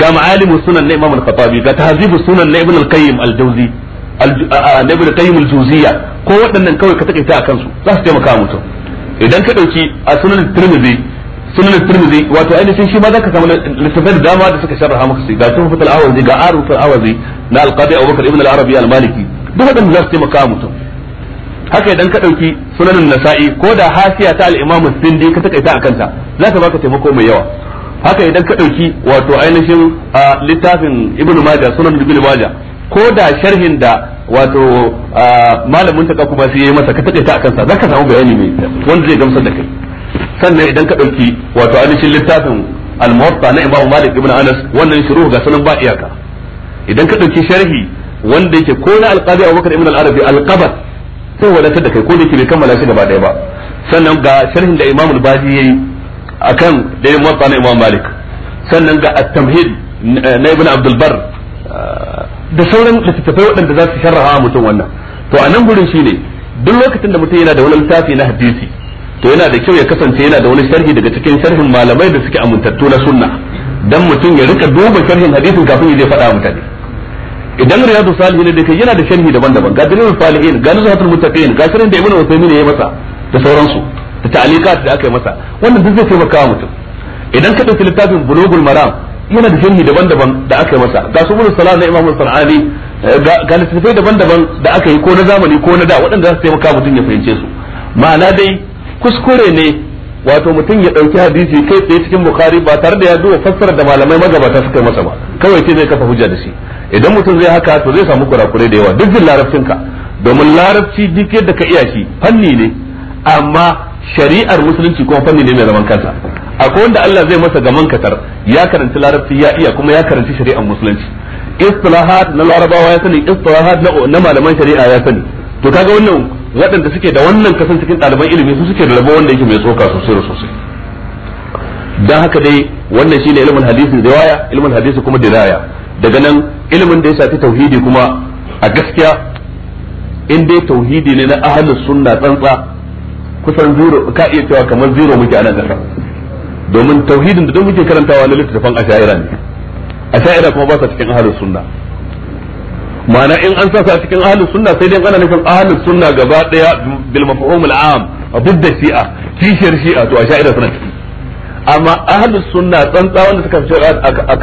ga ma'alimu sunan na Imam Al-Khattabi ga tahzibu sunan na Ibn Al-Qayyim Al-Jawzi na Ibn Al-Qayyim Al-Juziyya ko waɗannan kawai ka ta akan su za su taimaka mutu. idan ka dauki a sunan Tirmidhi sunan Tirmidhi wato ainihin shi ma zaka samu littafin da dama da suka sharha maka sai ga Tuhfatul Awazi ga Aruful Awazi na Al-Qadi Abubakar Ibn Al-Arabi Al-Maliki duk waɗannan za su taimaka mutu. haka idan ka ɗauki sunanin nasa'i ko da hasiya ta al'imamu sindi ka taƙaita a kanta za ta baka taimako mai yawa haka idan ka ɗauki wato ainihin littafin ibn maja sunan ibn maja ko da sharhin da wato malamin ta kuma sai yayi masa ka taƙaita a kansa za ka samu bayani mai wanda zai gamsar da kai sannan idan ka ɗauki wato ainihin littafin al-muwatta na imamu malik ibn anas wannan shiru ga sunan ba iyaka idan ka ɗauki sharhi wanda yake ko na alqadi abubakar ibn al-arabi al-qabas sai wadatar da kai ko da ke bai kammala shi gaba daya ba sannan ga sharhin da Imam baji yayi akan da Imam Tsana Imam Malik sannan ga at-tamhid na Ibn Abdul ah, da sauran littattafai waɗanda za su sharraha mutum wannan to a nan gurin shine duk lokacin da mutum yana da wani littafi na hadisi to yana da kyau ya kasance yana da wani sharhi daga cikin sharhin malamai da suke amintattu na sunna dan mutum ya rika duba sharhin hadisin kafin ya je faɗa mutane idan riyadu salihin da kai yana da sharhi daban-daban ga dalilul salihin ga nuzhatul muttaqin ga shirin da ibnu usaymin ya masa da sauransu da ta'alikat da aka yi masa wannan duk zai taimaka mutum idan ka dauki littafin bulugul maram yana da sharhi daban-daban da aka yi masa ga subul salam na imamu sanani ga littafai daban-daban da aka yi ko na zamani ko na da waɗanda za su taimaka mutum ya fahimce su ma'ana dai kuskure ne wato mutum ya ɗauki hadisi kai tsaye cikin bukhari ba tare da ya duba fassara da malamai magabata suka masa ba kawai sai zai kafa hujja da shi idan mutum zai haka to zai samu kurakurai da yawa duk jin larabcinka domin larabci duk yadda ka iya shi fanni ne amma shari'ar musulunci kuma fanni ne mai zaman kansa akwai wanda Allah zai masa gaman katar ya karanci larabci ya iya kuma ya karanci shari'ar musulunci istilahat na larabawa ya sani istilahat na malaman shari'a ya sani to kaga wannan waɗanda suke da wannan kasan cikin ɗaliban ilimi su suke da rabo wanda yake mai tsoka sosai da sosai dan haka dai wannan shine ilimin hadisi waya ilimin hadisi kuma dinaya daga nan ilimin da ya shafi tauhidi kuma a gaskiya in dai tauhidi ne na ahalus sunna tsantsa kusan zero ka iya cewa kamar zero muke ana nan domin tauhidin da duk muke karantawa na littattafan asha'ira ne asha'ira kuma ba sa cikin ahalus sunna ma'ana in an sa cikin ahlus sunna sai dai ana nufin ahlus sunna gaba daya bil mafhum al am duk da shi'a kishiyar shi'a to a sha'ira suna ciki amma ahlus sunna tsantsa wanda suka ce akan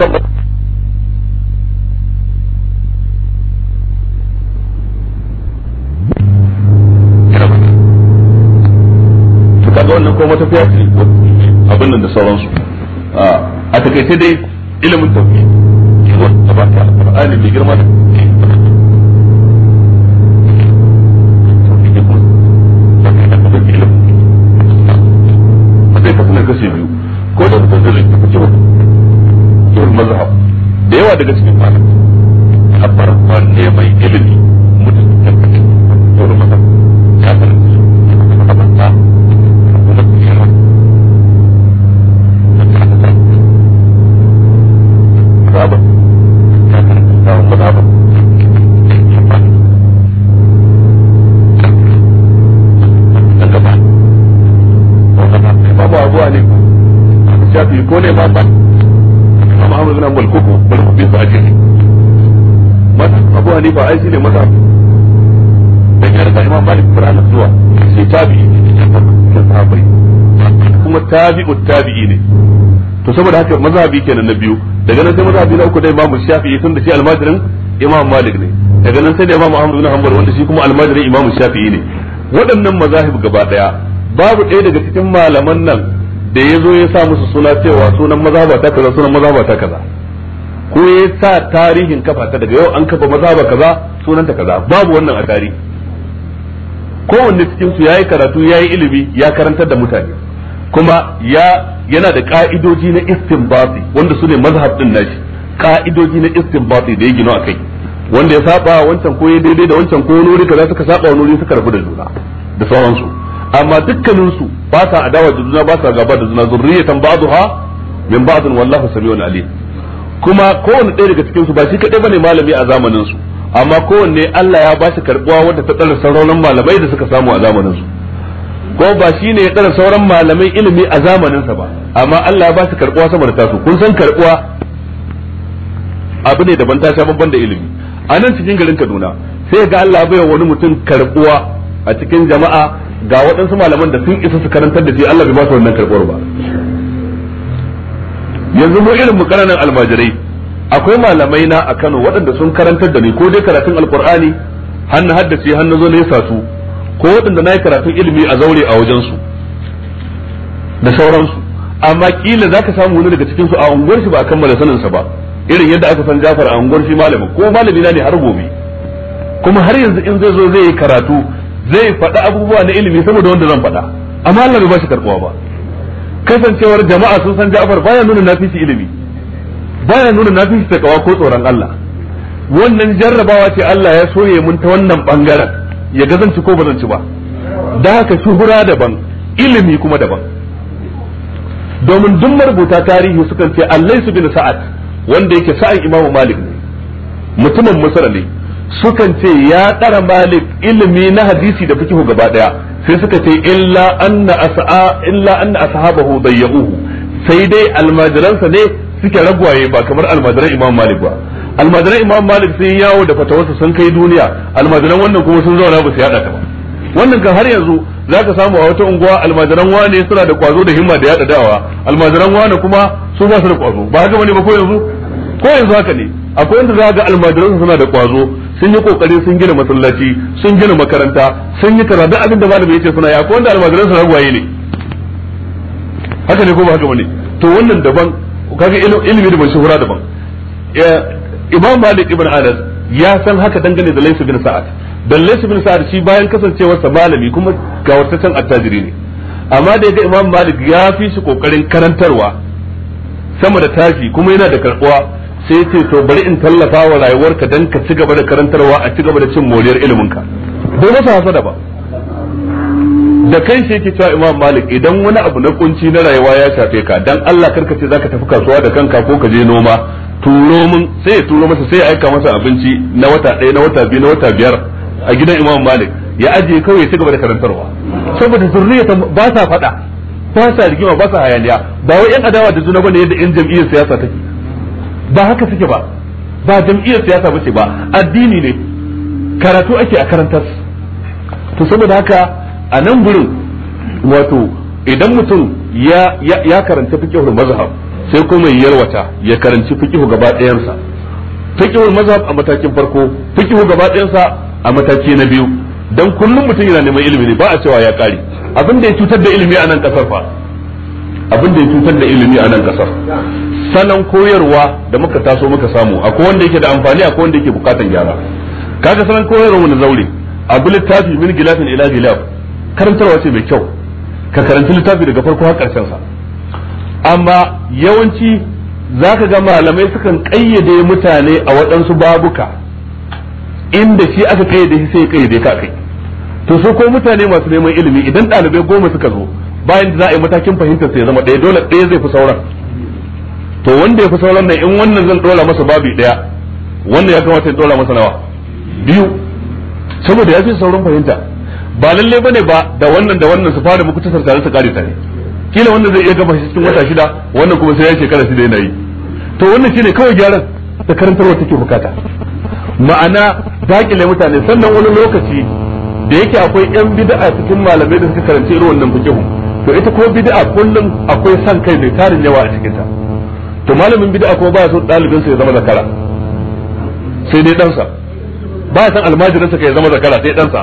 kaga wannan ko fiya ce abin nan da sauransu a takaice dai ilimin ta ba ta alqur'ani mai girma da yawa daga cikin Hanifa ai shine masa da ya Imam Malik Qur'an zuwa shi tabi'i ne sahabbai kuma tabi'u tabi'i ne to saboda haka mazhabi kenan na biyu daga nan sai mazhabi na uku da Imam Shafi'i tun da shi almajirin Imam Malik ne daga nan sai da Imam Ahmad na Hanbal wanda shi kuma almajirin Imam Shafi'i ne waɗannan mazahib gaba daya babu ɗaya daga cikin malaman nan da ya zo ya sa musu suna cewa sunan mazhaba ta kaza sunan mazhaba ta kaza ko ya sa tarihin kafa ta daga yau an kafa maza ba kaza sunanta kaza babu wannan a tarihi kowanne cikin su yayi karatu yayi ilimi ya karantar da mutane kuma ya yana da ka'idoji na istinbati wanda su ne mazhab din nashi ka'idoji na istinbati da ya gino kai. wanda ya saba wancan ko ya daidai da wancan ko nuri kaza suka saba wani suka rabu da juna da sauransu amma dukkanin su ba sa adawa da juna ba sa gaba da juna zurriyatan ba'dha min ba'd wallahu samiun alim kuma kowanne ɗaya daga cikin su ba shi kaɗai bane malami a zamanin su amma kowanne Allah ya ba shi karbuwa wanda ta tsara sauran malamai da suka samu a zamaninsu. su ko ba shi ne ya tsara sauran malamai ilimi a zamaninsa ba amma Allah ya ba shi karbuwa sama da tasu kun san karbuwa abu ne daban ta sha babban da ilimi a nan cikin garin Kaduna sai ga Allah bai wani mutum karbuwa a cikin jama'a ga waɗansu malaman da sun isa su karantar da shi Allah bai ba su wannan karbuwar ba yanzu mu irin mu karanan almajirai akwai malamai na a Kano waɗanda sun karantar da ni ko dai karatun alkur'ani hannu haddace hannu zo ne su ko waɗanda na yi karatun ilimi a zaure a wajensu da sauransu amma kila zaka samu wani daga cikinsu a unguwar shi ba a kammala saninsa ba irin yadda aka san Jafar a unguwar shi malami ko malami na ne har gobe kuma har yanzu in zai zo zai yi karatu zai faɗa abubuwa na ilimi saboda wanda zan faɗa amma Allah bai ba shi karɓuwa ba kasancewar jama'a sun san Ja'far baya nuna nafisi ilimi baya nuna nafishi takawa ko tsoron Allah wannan jarrabawa ce Allah ya soye mun ta wannan bangaren ya gazanci ko bazanci ba da haka shuhura daban ilimi kuma daban domin duk marubuta tarihi sukan ce su bin Sa'ad wanda yake sa'an Imam Malik ne mutumin Misra ne sukan ce ya tsara Malik ilimi na hadisi da fikihu gaba daya sai suka ce illa anna as'a illa anna ashabahu dayyuhu sai dai almajiransa ne suke ragwaye ba kamar almajiran imam malik ba almajiran imam malik sun yawo da fatawarsa sun kai duniya almajiran wannan kuma sun zauna ba su yada ta ba wannan kan har yanzu zaka samu a wata unguwa almajiran wane suna da kwazo da himma da yada dawa almajiran wane kuma su ba su da kwazo ba haka bane ba ko yanzu ko yanzu haka ne akwai wanda za ga almajiran suna da kwazo sun yi kokari sun gina masallaci sun gina makaranta sun yi kaza duk abin da malami yake suna ya ko wanda almajiran sa ragwaye ne haka ne ko ba haka bane to wannan daban kaga ilimi da ban shuhura daban imam malik ibn anas ya san haka dangane da laysa bin sa'ad dan laysa bin sa'ad shi bayan kasancewar sa malami kuma wataccen attajiri ne amma da ga imam malik ya fi shi kokarin karantarwa sama da tashi kuma yana da karbuwa sai ce to bari in tallafa wa rayuwarka dan ka ci gaba da karantarwa a ci gaba da cin moriyar ka bai masa da ba da kai sai yake cewa Imam Malik idan wani abu na kunci na rayuwa ya shafe ka dan Allah karka ce zaka tafi kasuwa da kanka ko ka je noma turo mun sai ya turo masa sai ya aika masa abinci na wata ɗaya na wata biyu na wata biyar a gidan Imam Malik ya ajiye kawai ya ci gaba da karantarwa saboda zurriya ba sa faɗa ba sa rigima ba sa hayaniya ba wai yan adawa da juna bane yadda yan jam'iyyar siyasa take ba haka suke ba ba jam'iyyar siyasa ce ba addini ne karatu ake a karantar to saboda haka a nan gurin wato idan mutum ya ya karanta fiqhul mazhab sai kuma yarwata ya karanci fiqhu gaba ɗayansa fiqhul mazhab a matakin farko fiqhu gaba ɗayansa a mataki na biyu dan kullum mutum yana neman ilimi ne ba a cewa ya kare abin da ya cutar da ilimi a nan kasar fa abin da ya cutar da ilimi a nan kasar salon koyarwa da muka taso muka samu akwai wanda yake da amfani akwai wanda yake bukatan gyara kaga sanan koyarwa na zaure abu littafi min gilafin ila gilaf karantarwa ce mai kyau ka karanta littafi daga farko har karshen sa amma yawanci zaka ga malamai sukan kayyade mutane a waɗansu babuka inda shi aka kayyade shi sai ya kayyade ka kai to su ko mutane masu neman ilimi idan ɗalibai goma suka zo bayan da za a yi matakin fahimtar sai zama ɗaya dole ɗaya zai fi sauran to wanda ya fi sauran nan in wannan zan dora masa babi daya wannan ya kamata ya dora masa nawa biyu saboda ya fi sauran fahimta ba lalle bane ba da wannan da wannan su fara muku tasar tare su kare tare kila wannan zai iya gama shi cikin wata shida wannan kuma sai ya shekara shida yana yi to wannan shine kawai gyaran da karantarwa take bukata ma'ana dakile mutane sannan wani lokaci da yake akwai yan bid'a cikin malamai da suka karanci irin wannan fikihu to ita ko bid'a kullum akwai san kai mai tarin yawa a cikin ta. to malamin bid'a kuma ba son dalibin sa ya zama zakara sai dai dansa ba san almajirin sa ya zama zakara sai dansa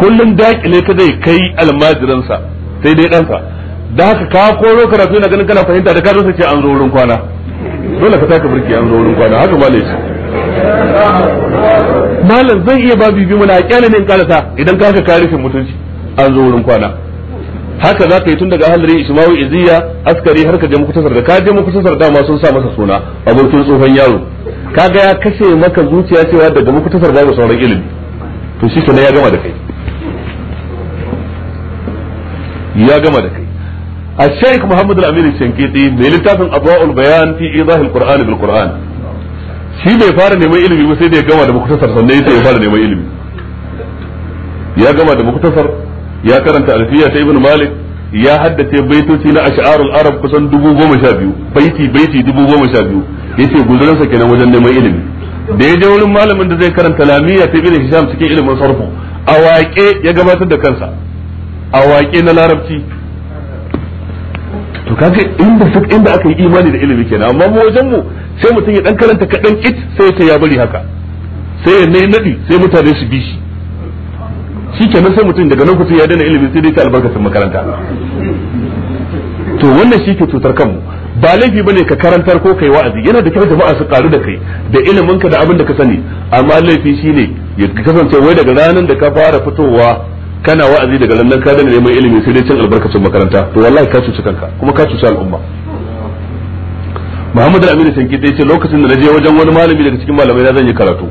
kullun dakile ka dai kai almajirin sa sai dai dansa dan haka ka koro karatu na ganin kana fahimta da karatu sai an zo wurin kwana dole ka taka burki an zo wurin kwana haka malai shi malam zai iya babu biyu mana kyale ne in karata idan ka ka karifin mutunci an zo wurin kwana haka za ka yi tun daga ahalari ismawi iziya askari har ka je tasar da ka je mukutasar dama sun sa masa suna abokin tsohon yaro ka kaga ya kashe maka zuciya cewa daga mukutasar babu sauran ilimi to shi kenan ya gama da kai ya gama da kai الشيخ محمد الأمير الشنكيطي من لتاف أضواء البيان في إيضاح القرآن بالقرآن shi bai fara neman ilimi ba sai da ya gama da mukutasar sannan ya ya fara neman ilimi ya gama da mukutasar ya karanta alfiya ta ibn malik ya haddace baitoci na ash'arul arab kusan dubu goma sha biyu baiti baiti dubu goma sha biyu ce guzurinsa kenan wajen neman ilimi da ya je wurin malamin da zai karanta lamiya ta ibn hisham cikin ilimin sarfu a waƙe ya gabatar da kansa a waƙe na larabci to kaga inda duk inda aka yi imani da ilimi kenan amma mu wajen mu sai mutum ya dan karanta kadan it sai ya ya bari haka sai ya nai nadi sai mutane su bi Shi nan sai mutum daga nan kutu ya dana ilimi sai dai ta albarkacin makaranta to wannan shi ke cutar kanmu ba laifi bane ka karantar ko kai wa'azi yana da kyau jama'a su karu da kai da ilimin ka da abin da ka sani amma laifi shine ya kasance wai daga ranar da ka fara fitowa kana wa'azi daga nan ka dana neman ilimi sai dai cin albarkacin makaranta to wallahi ka cuci kanka kuma ka cuci al'umma Muhammad Al-Amin Sanki dai ce lokacin da na je wajen wani malami daga cikin malamai na zan yi karatu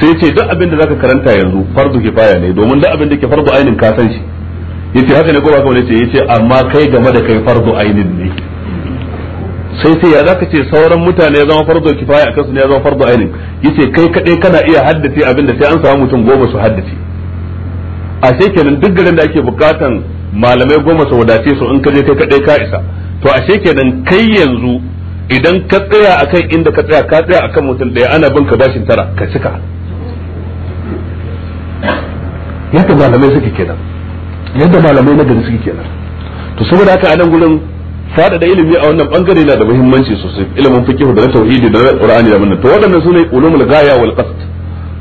sai ce duk abin da zaka karanta yanzu fardu kifaya ne domin duk abin da ke fardu ainin ka san shi yace haka ne ko ba wani ce yace amma kai game da kai fardu ainin ne sai sai ya zaka ce sauran mutane ya zama fardu kifaya akan su ne ya zama fardu ainin yace kai kadai kana iya haddace abin da sai an samu mutum goma su haddace sai kenan duk garin da ake bukatan malamai goma su wadace su in ka je kai kadai ka isa to sai kenan kai yanzu idan ka tsaya akan inda ka tsaya ka tsaya akan mutum daya ana bin ka bashin tara ka cika yadda malamai suke kenan yadda malamai na gari suke kenan to saboda haka a nan gurin faɗaɗa ilimi a wannan bangare na da muhimmanci sosai ilimin fiqh da na tauhidi da na qur'ani da wannan to waɗannan sune ulumul ghaya wal qasd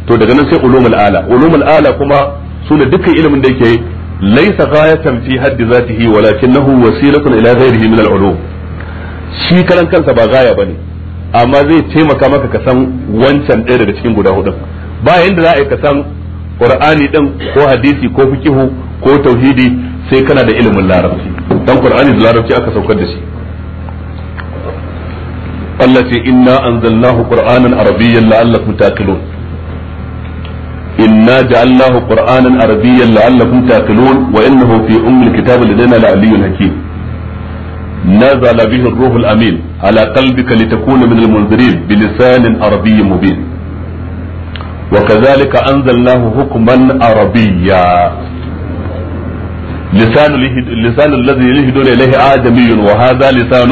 to daga nan sai ulumul ala ulumul ala kuma sune dukkan ilimin da yake laysa ghayatan fi haddi zatihi walakinahu wasilatun ila ghayrihi min al ulum shi karan kansa ba gaya bane amma zai taimaka maka ka san wancan ɗaya daga cikin guda hudu ba yanda za a yi ka san qur'ani din ko hadisi ko fikihu ko tauhidi sai kana da ilimin larabci dan qur'ani da larabci aka saukar da shi Allah ce inna anzalnahu qur'anan arabiyyan la'allakum taqilun inna ja'alnahu qur'anan arabiyyan la'allakum taqilun wa innahu fi ummil kitabi ladaina la'aliyyun hakim نزل به الروح الأمين على قلبك لتكون من المنذرين بلسان عربي مبين وكذلك أنزلناه حكما عربيا لسان لسان الذي يلهدون إليه آدمي وهذا لسان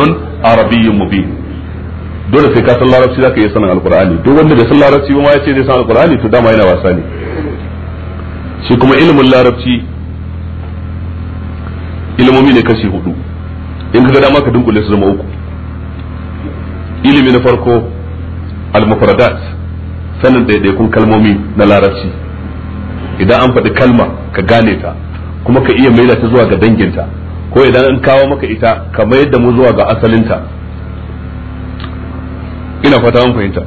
عربي مبين dole sai ka san larabci zaka iya sanin alqur'ani duk wanda bai san larabci ba ma yace zai san alqur'ani to dama yana wasa ne shi kuma ilimin larabci ilimomi ne kashi hudu in kaga dama ka dunkule su zama uku ilimi na farko al-mufradat sanin daidaikun kalmomi na larabci idan an faɗi kalma ka gane ta kuma ka iya maida ta zuwa ga danginta ko idan an kawo maka ita ka mayar da mu zuwa ga asalinta ina fata an fahimta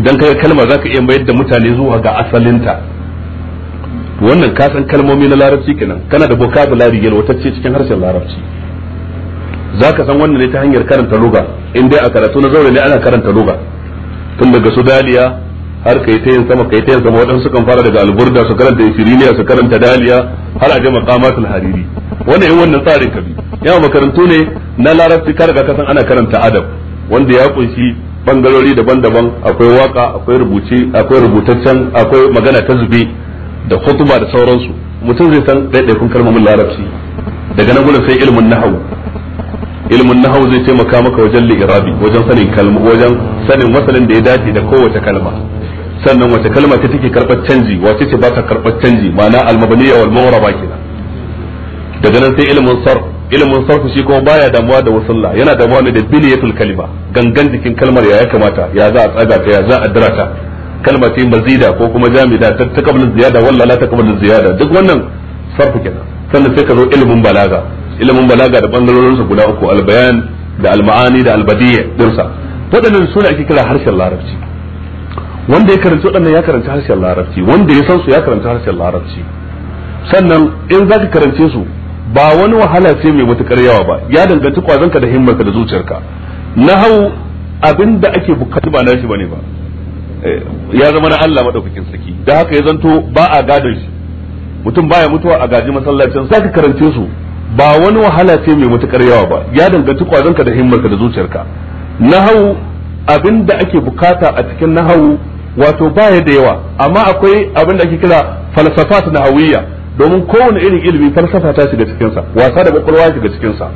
idan ka kalma za ka iya mayar da mutane zuwa ga asalinta wannan ka san kalmomi na larabci kenan kana da vocabulary ce cikin harshen larabci za ka san wannan ne ta hanyar karanta luga in dai a karatu na zaure ne ana karanta luga tun daga su daliya har kai ta yin sama kai ta yin sama waɗansu sukan fara daga alburda su karanta isiriliya su karanta daliya har a jama qamatul hariri wannan yin wannan tsarin kabi yawan makarantu ne na larabci ka ga kasan ana karanta adab wanda ya kunshi bangarori daban-daban akwai waka akwai rubuce akwai rubutaccen akwai magana ta zube da hutuba da sauransu mutum zai san ɗaiɗaikun kalmomin larabci daga nan gudun sai ilimin nahawu ilmin nahawu zai taimaka maka wajen li'irabi wajen sanin kalma wajen sanin wasalin da ya dace da kowace kalma sannan wace kalma ce take karɓar canji wace ce ba ta karɓar canji ma'ana almabaniya wal mawraba kenan daga nan sai ilmin sarf ilmin sarf shi kuma baya damuwa da wasulla yana damuwa ne da biniyatul kalima gangan jikin kalmar ya ya kamata ya za a tsaga ta ya za a dira ta kalma ce mazida ko kuma jamida ta taqabalin ziyada walla ta taqabalin ziyada duk wannan sarf kenan sannan sai ka zo ilmin balaga ilimin balaga da bangarorinsa guda uku albayan da alma'ani da albadiyya dinsa waɗannan su ne ake kira harshen larabci wanda ya karanci waɗannan ya karanci harshen larabci wanda ya san su ya karanci harshen larabci sannan in zaka karance su ba wani wahala ce mai matukar yawa ba ya danganci kwazonka da himmarka da zuciyarka hau abin da ake bukatu ba shi bane ba eh, ya zama na Allah madaukakin saki da haka ya zanto ba a gadon shi mutum baya mutuwa a gaji masallacin sai ka karance su ba wani wahala ce mai matukar yawa ba ya danganci kwazonka da himmarka da zuciyarka nahau abin da ake bukata a cikin nahau wato baya da yawa amma akwai abin da ake kira falsafat nahawiyya domin kowane irin ilimi falsafa ta shiga cikin sa wasa da kwakwalwa shiga cikin sa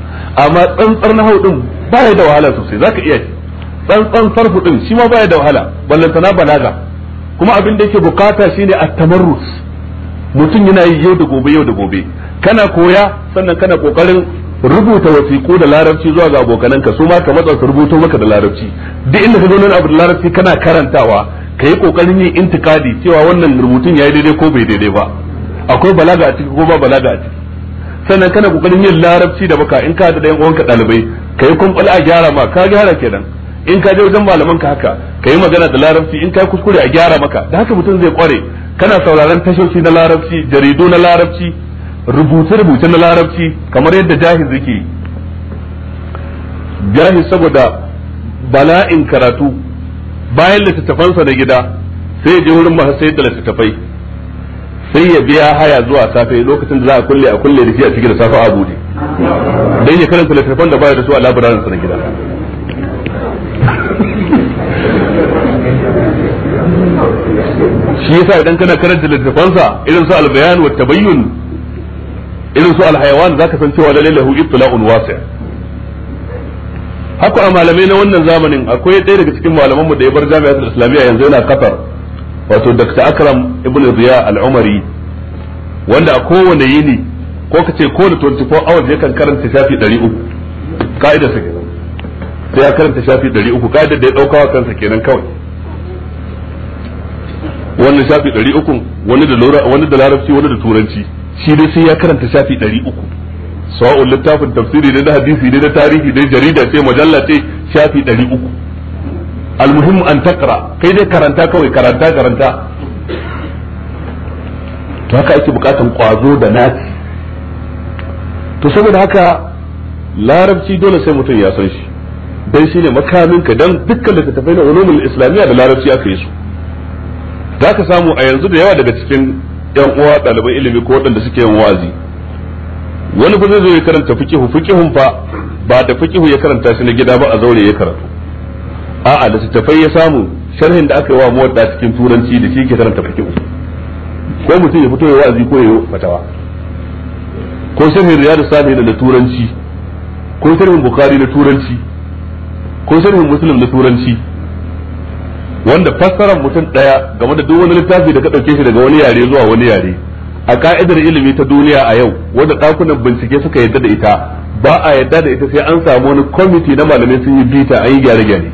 amma tsantsar nahau din baya da wahala sosai zaka iya tsantsan sarfu din shi ma baya da wahala ballantana balaga kuma abin da yake bukata shine at-tamarrus mutum yana yi yau da gobe yau da gobe kana koya sannan kana kokarin rubuta wasiƙo da larabci zuwa ga abokananka su ma ka matsa su rubuto maka da larabci duk inda ka zo nan abu da larabci kana karantawa ka yi kokarin yin intikadi cewa wannan rubutun ya yi daidai ko bai daidai ba akwai balaga a ciki ko ba balaga a ciki sannan kana kokarin yin larabci da baka in ka da ɗayan uwanka ɗalibai ka yi kumɓul a gyara ma ka gyara kenan in ka je wajen malaman ka haka ka yi magana da larabci in ka yi kuskure a gyara maka da haka mutum zai kware kana sauraron tashoshi na larabci jaridu na larabci rubuce-rubuce na larabci kamar yadda jahiz yake yi jahiz saboda bala'in karatu bayan littattafansa na gida sai ya je wurin masu sayar da littattafai sai ya biya haya zuwa safe lokacin da za a kulle a kulle da shi a cikin da safe a bude dan ya karanta littattafan da bayar da su a labirarinsa na gida shi yasa idan kana karanta littattafansa irin su albayan wa tabayyun irin su alhayawan zaka san cewa lalle lahu ibtila'un wasi' haka a malamai na wannan zamanin akwai ɗaya daga cikin malaman mu da ya bar jami'a jami'atul islamiyya yanzu yana Qatar wato Dr. Akram Ibn Riya Al-Umari wanda a kowane yini ko ka ce kowane 24 hours kan karanta shafi 300 ka'ida sa kenan sai ya karanta shafi 300 ka'ida da ya dauka wa kansa kenan kawai wannan shafi 300 wani wani da larabci wani da turanci shi dai sai ya karanta shafi ɗari uku sawa'un littafin tafsiri ne na hadisi ne na tarihi ne jarida ce mujalla ce shafi ɗari uku almuhim an takara kai dai karanta kawai karanta karanta to haka ake bukatan kwazo da naci to saboda haka larabci dole sai mutum ya san shi dan ne makamin ka dan dukkan littattafai na ulumul islamiyya da larabci aka yi su Za ka samu a yanzu da yawa daga cikin yan uwa ɗaliban ilimi ko waɗanda suke yin wazi wani ba zai zo ya karanta fikihu fikihun fa ba da fikihu ya karanta shi na gida ba a zaure ya karatu a'a da tafai ya samu sharhin da aka yi wa muwadda cikin turanci da shi ke karanta fikihu ko mutum ya fito ya wazi ko ya fatawa ko sharhin riyadu salihin da turanci ko sharhin bukhari na turanci ko sharhin muslim na turanci wanda fassarar mutum daya game da duk wani littafi da ka dauke shi daga wani yare zuwa wani yare a ka'idar ilimi ta duniya a yau wanda dakunan bincike suka yadda da ita ba a yadda da ita sai an samu wani kwamiti na malamai sun yi bita an yi gyare-gyare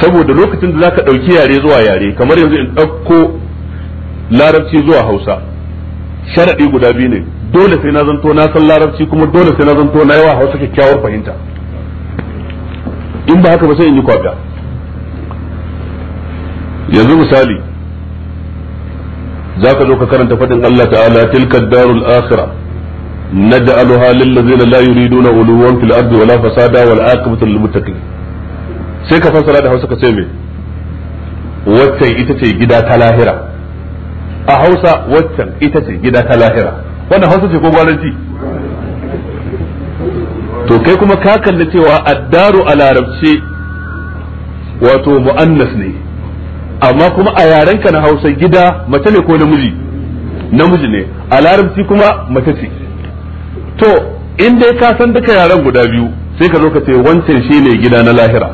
saboda lokacin da zaka dauki yare zuwa yare kamar yanzu in ɗauko larabci zuwa hausa sharadi guda biyu ne dole sai na zanto na san larabci kuma dole sai na zanto na yawa hausa kyakkyawar fahimta in ba haka ba sai in yi kwabda yanzu misali za ka zo ka karanta faɗin Allah ta'ala tilka darul akhira naj'aluha lil ladzina la yuriduna uluwan fil ardi wala fasada wal aqibatu lil muttaqin sai ka fassara da Hausa ka ce me waccan ita ce gida ta lahira a Hausa waccan ita ce gida ta lahira wannan Hausa ce ko gwaranci to kai kuma ka kalli cewa addaru a larabce wato mu'annas ne amma kuma a yarenka na hausa gida mace ne ko namiji namiji ne a larabci kuma mace ce to in dai ka san duka yaren guda biyu sai ka zo ka ce wancan shine gida na lahira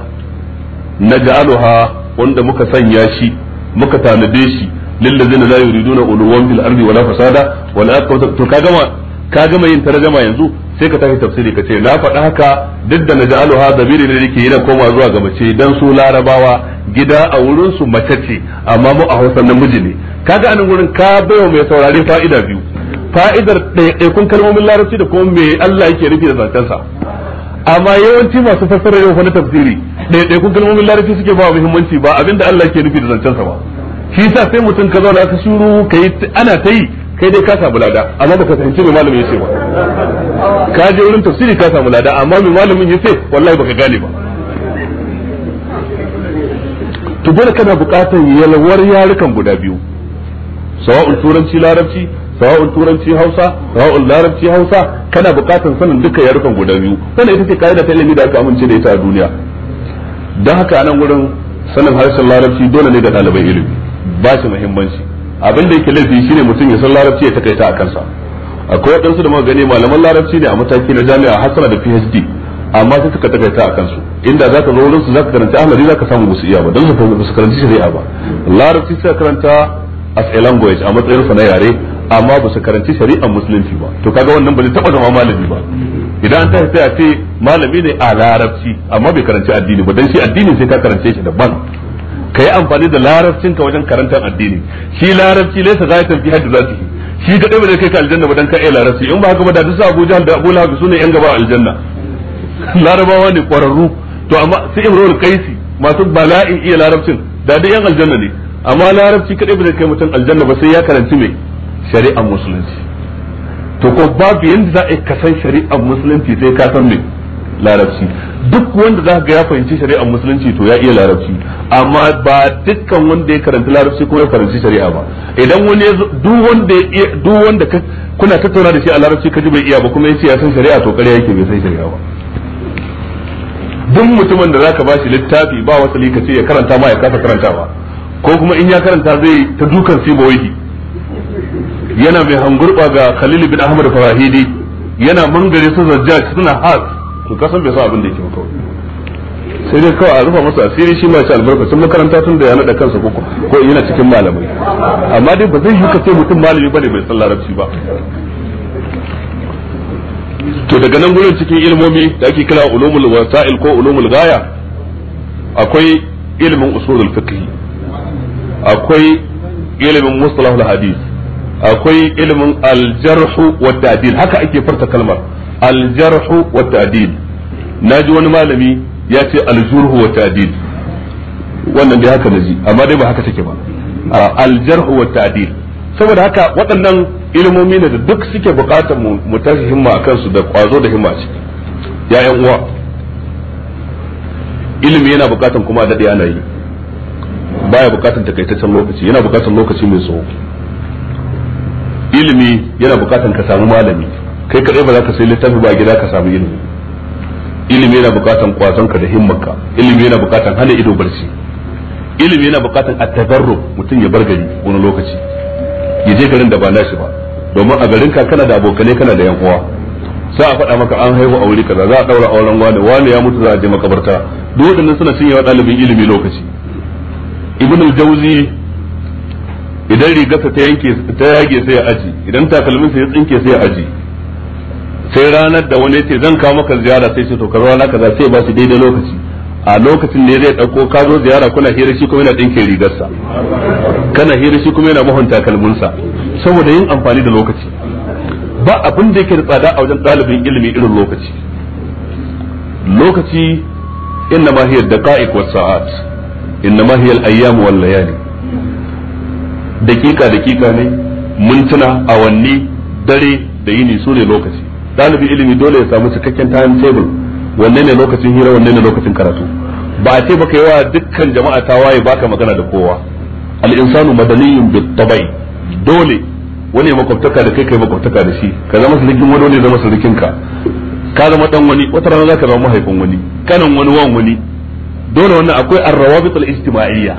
na ja'aluha wanda muka sanya shi muka tanade shi lillazina la yuriduna uluwan fil ardi wala fasada wala to ka gama ka gama yin tarjama yanzu sai ka tafi tafsiri ka ce na faɗa haka duk da na naj'alu ha zamiri ne yake yana koma zuwa ga mace dan su larabawa gida a wurin su mace ce amma mu a Hausa namiji ne kaga anan gurin ka bayo mai saurare fa'ida biyu fa'idar ɗaiɗaikun kalmomin larabci da kuma me Allah yake nufi da zancensa amma yawanci masu fassara yau fa na tafsiri ɗaiɗaikun kalmomin larabci suke ba muhimmanci ba abinda Allah yake nufi da zancensa ba shi yasa sai mutum ka zauna ka shuru kai ana ta yi kai dai ka samu lada amma baka fahimci me malamin ya ce ba ka je wurin tafsiri ka samu lada amma mai malamin ya ce wallahi baka gane ba to dole kana bukatar yalwar yarukan guda biyu sawa'un turanci larabci sawa'un turanci hausa sawa'un larabci hausa kana bukatar sanin duka yarukan guda biyu wannan ita ce kaida ta ilimi da aka amince da ita a duniya Dan haka anan wurin sanin harshen larabci dole ne da ɗalibai ilimi ba shi muhimmanci abin da yake laifi shine mutum ya san larabci ya takaita a kansa akwai waɗansu da muka gani malaman larabci ne a mataki na jami'a har suna da PhD amma sai suka takaita a kansu inda zaka zo wurin su zaka karanta za zaka samu musu iya ba don su su karanta shari'a ba larabci suka karanta as a language a matsayin sa na yare amma ba su karanci shari'a musulunci ba to kaga wannan ba zai taba zama malami ba idan an tafi sai a ce malami ne a larabci amma bai karanci addini ba dan shi addini sai ka karance shi daban ka yi amfani da larabcinka wajen karantar addini shi larabci laisa zai tafi hadda zai shi kadai ba kai ka aljanna ba dan ka iya larabci in ba haka ba da duk Abu Jahl da Abu Lahab sune yan gaba aljanna larabawa ne kwararru to amma su Imrul Qaisi masu bala'in iya larabcin da duk yan aljanna ne amma larabci kadai ba zai kai mutum aljanna ba sai ya karanci mai shari'ar musulunci to ko babu yanda za a kasan shari'ar musulunci sai ka san mai larabci duk wanda za ga ya fahimci shari'ar musulunci to ya iya larabci amma ba dukkan wanda ya karanta larabci ko ya fahimci shari'a ba idan wani duk wanda duk wanda kuna tattauna da shi a larabci kaji bai iya ba kuma yace ya san shari'a to kare yake bai san shari'a ba duk mutumin da zaka ba shi littafi ba wasali ka ce ya karanta ma ya kasa karantawa ko kuma in ya karanta zai ta dukan sai sibawai yana mai hangurba ga Khalil bin Ahmad Farahidi yana mangare su zajjaj suna has to ka san bai san abin da yake ba kawai sai dai kawai a rufa masa asiri shi ma shi albarkacin makaranta tun da ya naɗa kansa ko ko yana cikin malamai amma dai ba zai yi ka ce mutum malami bane bai san larabci ba to daga nan gurin cikin ilmomi da ake kira ulumul wasa'il ko ulumul gaya akwai ilimin usulul fiqh akwai ilimin mustalahul hadith akwai ilimin aljarh wa ta'dil haka ake farta kalmar aljarh wa ta'dil Na ji wani malami ya ce aljurhu wa ta'dil wannan dai haka naji amma dai ba haka take ba al wa ta'dil saboda haka waɗannan ilimomi ne da duk suke buƙatar mu tashi himma a kansu da ƙwazo da himma ce ya uwa ilimi yana buƙatar kuma daɗe ana yi baya buƙatar takaitaccen lokaci yana buƙatar lokaci mai tsawo ilimi yana buƙatar ka samu malami kai kaɗai ba za ka sai littafi ba gida ka samu ilimi ilimi yana bukatan kwazonka da himmarka ilimi yana bukatan hana ido barci ilimi yana bukatan at-tadarrub mutum ya bar gari wani lokaci ya je garin da ba nashi ba domin a garin ka kana da abokanai kana da yan uwa sai a faɗa maka an haihu a wuri kaza za a daura auren wani wani ya mutu za a je makabarta duk waɗannan suna cinye wa ɗalibin ilimi lokaci ibnu jauzi jawzi idan rigarsa ta yanke ta yage sai ya aji idan takalminsa ya tsinke sai ya aji sai ranar da wani ce zan kawo maka ziyara sai ce to ka rana kaza sai ba shi daidai lokaci a lokacin ne zai dauko ka zo ziyara kuna hira shi kuma yana dinke rigarsa kana hira shi kuma yana mahunta kalmunsa saboda yin amfani da lokaci ba abin da yake da tsada a wajen ɗalibin ilimi irin lokaci lokaci inna ma hiya daqa'iq wa sa'at inna ma hiya al-ayyam al layali daƙiƙa daƙiƙa ne mintuna awanni dare da yini su ne lokaci dalibi ilimi dole ya samu cikakken time table wanne ne lokacin hira wanne ne lokacin karatu ba a ce baka yawa dukkan jama'a ta waye baka magana da kowa al insanu madaniyyun bi tabai dole wani ya makwabtaka da kai kai makwabtaka da shi ka zama surikin wani wani zama surikin ka ka zama dan wani wata rana zaka zama mahaifin wani kanan wani wan wani dole wannan akwai arrawabit al ijtima'iyya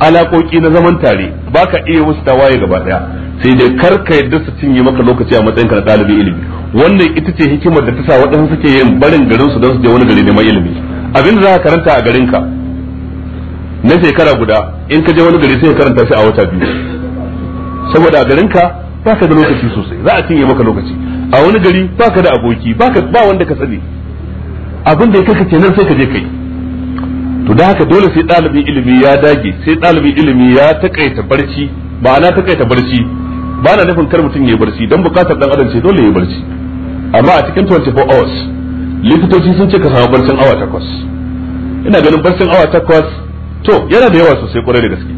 alaƙoƙi na zaman tare baka iya wasu tawaye gaba daya sai dai kar ka yadda su cinye maka lokaci a ka na ɗalibin ilimi wannan ita ce hikimar da ta sa waɗansu suke yin barin garin su don su je wani gari neman ilimi abin da za ka karanta a garin ka na shekara guda in ka je wani gari sai ka karanta shi a wata biyu saboda a garin ka ba ka da lokaci sosai za a cinye maka lokaci a wani gari ba ka da aboki ba wanda ka sani abin da ya kai kenan sai ka je kai to da haka dole sai ɗalibin ilimi ya dage sai ɗalibin ilimi ya takaita barci ba na takaita barci ba na nufin kar mutum ya barci don bukatar dan adam ce dole ya yi barci amma a cikin 24 hours likitoci sun ce ka samu barcin awa takwas ina ganin barcin awa takwas to yana da yawa sosai kwarai da gaske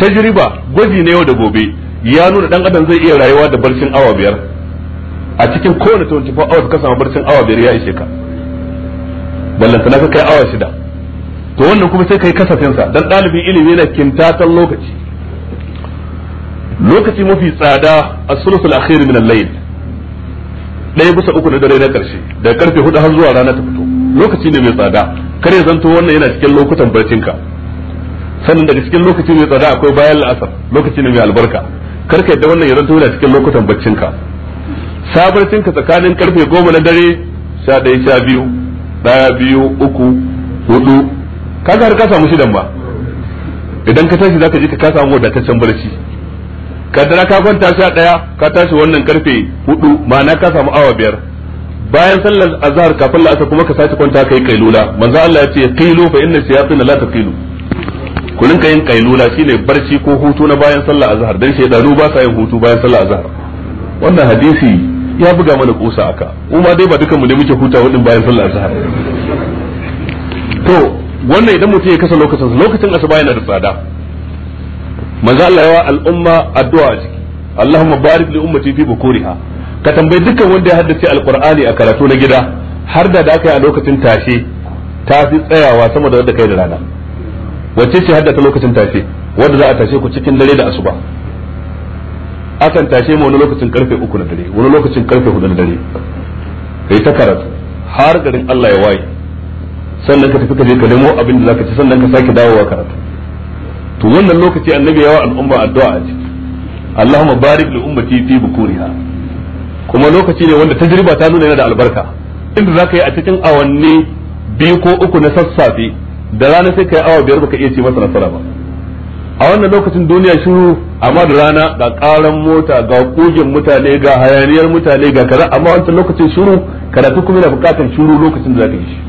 tajriba gwaji na yau da gobe ya nuna dan adam zai iya rayuwa da barcin awa biyar a cikin kowane 24 hours ka samu barcin awa biyar ya ishe ka ballantana ka kai awa shida to wannan kuma sai ka kai sa dan ɗalibin ilimi na kintatan lokaci lokaci mafi tsada a sulusul akhir min al-layl ɗaya bisa uku na dare na ƙarshe daga karfe hudu har zuwa rana ta fito lokaci ne mai tsada kar ya zanto wannan yana cikin lokutan barcinka sannan daga cikin lokaci mai tsada akwai bayan la'asar lokaci ne mai albarka kar ka yadda wannan ya zanto yana cikin lokutan barcinka cinka tsakanin karfe goma na dare sha ɗaya sha biyu ɗaya biyu uku hudu kaga har ka samu shidan ba idan ka tashi zaka je ka ka samu wadataccen barci kaddara ka kwanta sha daya ka tashi wannan karfe hudu ma'ana ka samu awa biyar bayan sallar azhar kafin la'asar kuma ka sace kwanta kai kailula manzo Allah ya ce qilu fa inna shayatin la taqilu kulin kai yin kailula shine barci ko hutu na bayan sallar azhar dan shaydanu ba sa yin hutu bayan sallar azhar wannan hadisi ya buga mana kusa aka kuma dai ba dukan mu ne muke huta wadin bayan sallar azhar to wannan idan mutum ya kasa lokacin lokacin asuba yana da tsada manzo Allah wa al'umma addu'a a ciki Allahumma barik li ummati fi bukuriha ka tambayi dukkan wanda ya haddace alqur'ani a karatu na gida har da da aka yi a lokacin tashe ta fi tsayawa sama da wanda kai da rana wacce ce haddace lokacin tashe wanda za a tashe ku cikin dare da asuba akan tashe mu wani lokacin karfe uku na dare wani lokacin karfe hudu na dare kai ta karatu har garin Allah ya waye sannan ka tafi ka je ka nemo abin da zaka ci sannan ka sake dawowa karatu to wannan lokaci annabi yawa al'umma addu'a a ciki Allahumma barik li ummati fi bukuriha kuma lokaci ne wanda tajriba ta nuna yana da albarka inda zaka yi a cikin awanni biyu ko uku na sassafe da rana sai kai awa biyar baka iya ci masa nasara ba a wannan lokacin duniya shiru amma da rana ga karan mota ga kugin mutane ga hayaniyar mutane ga kaza amma wancan lokacin shiru karatu kuma yana bukatar shiru lokacin da zaka yi shi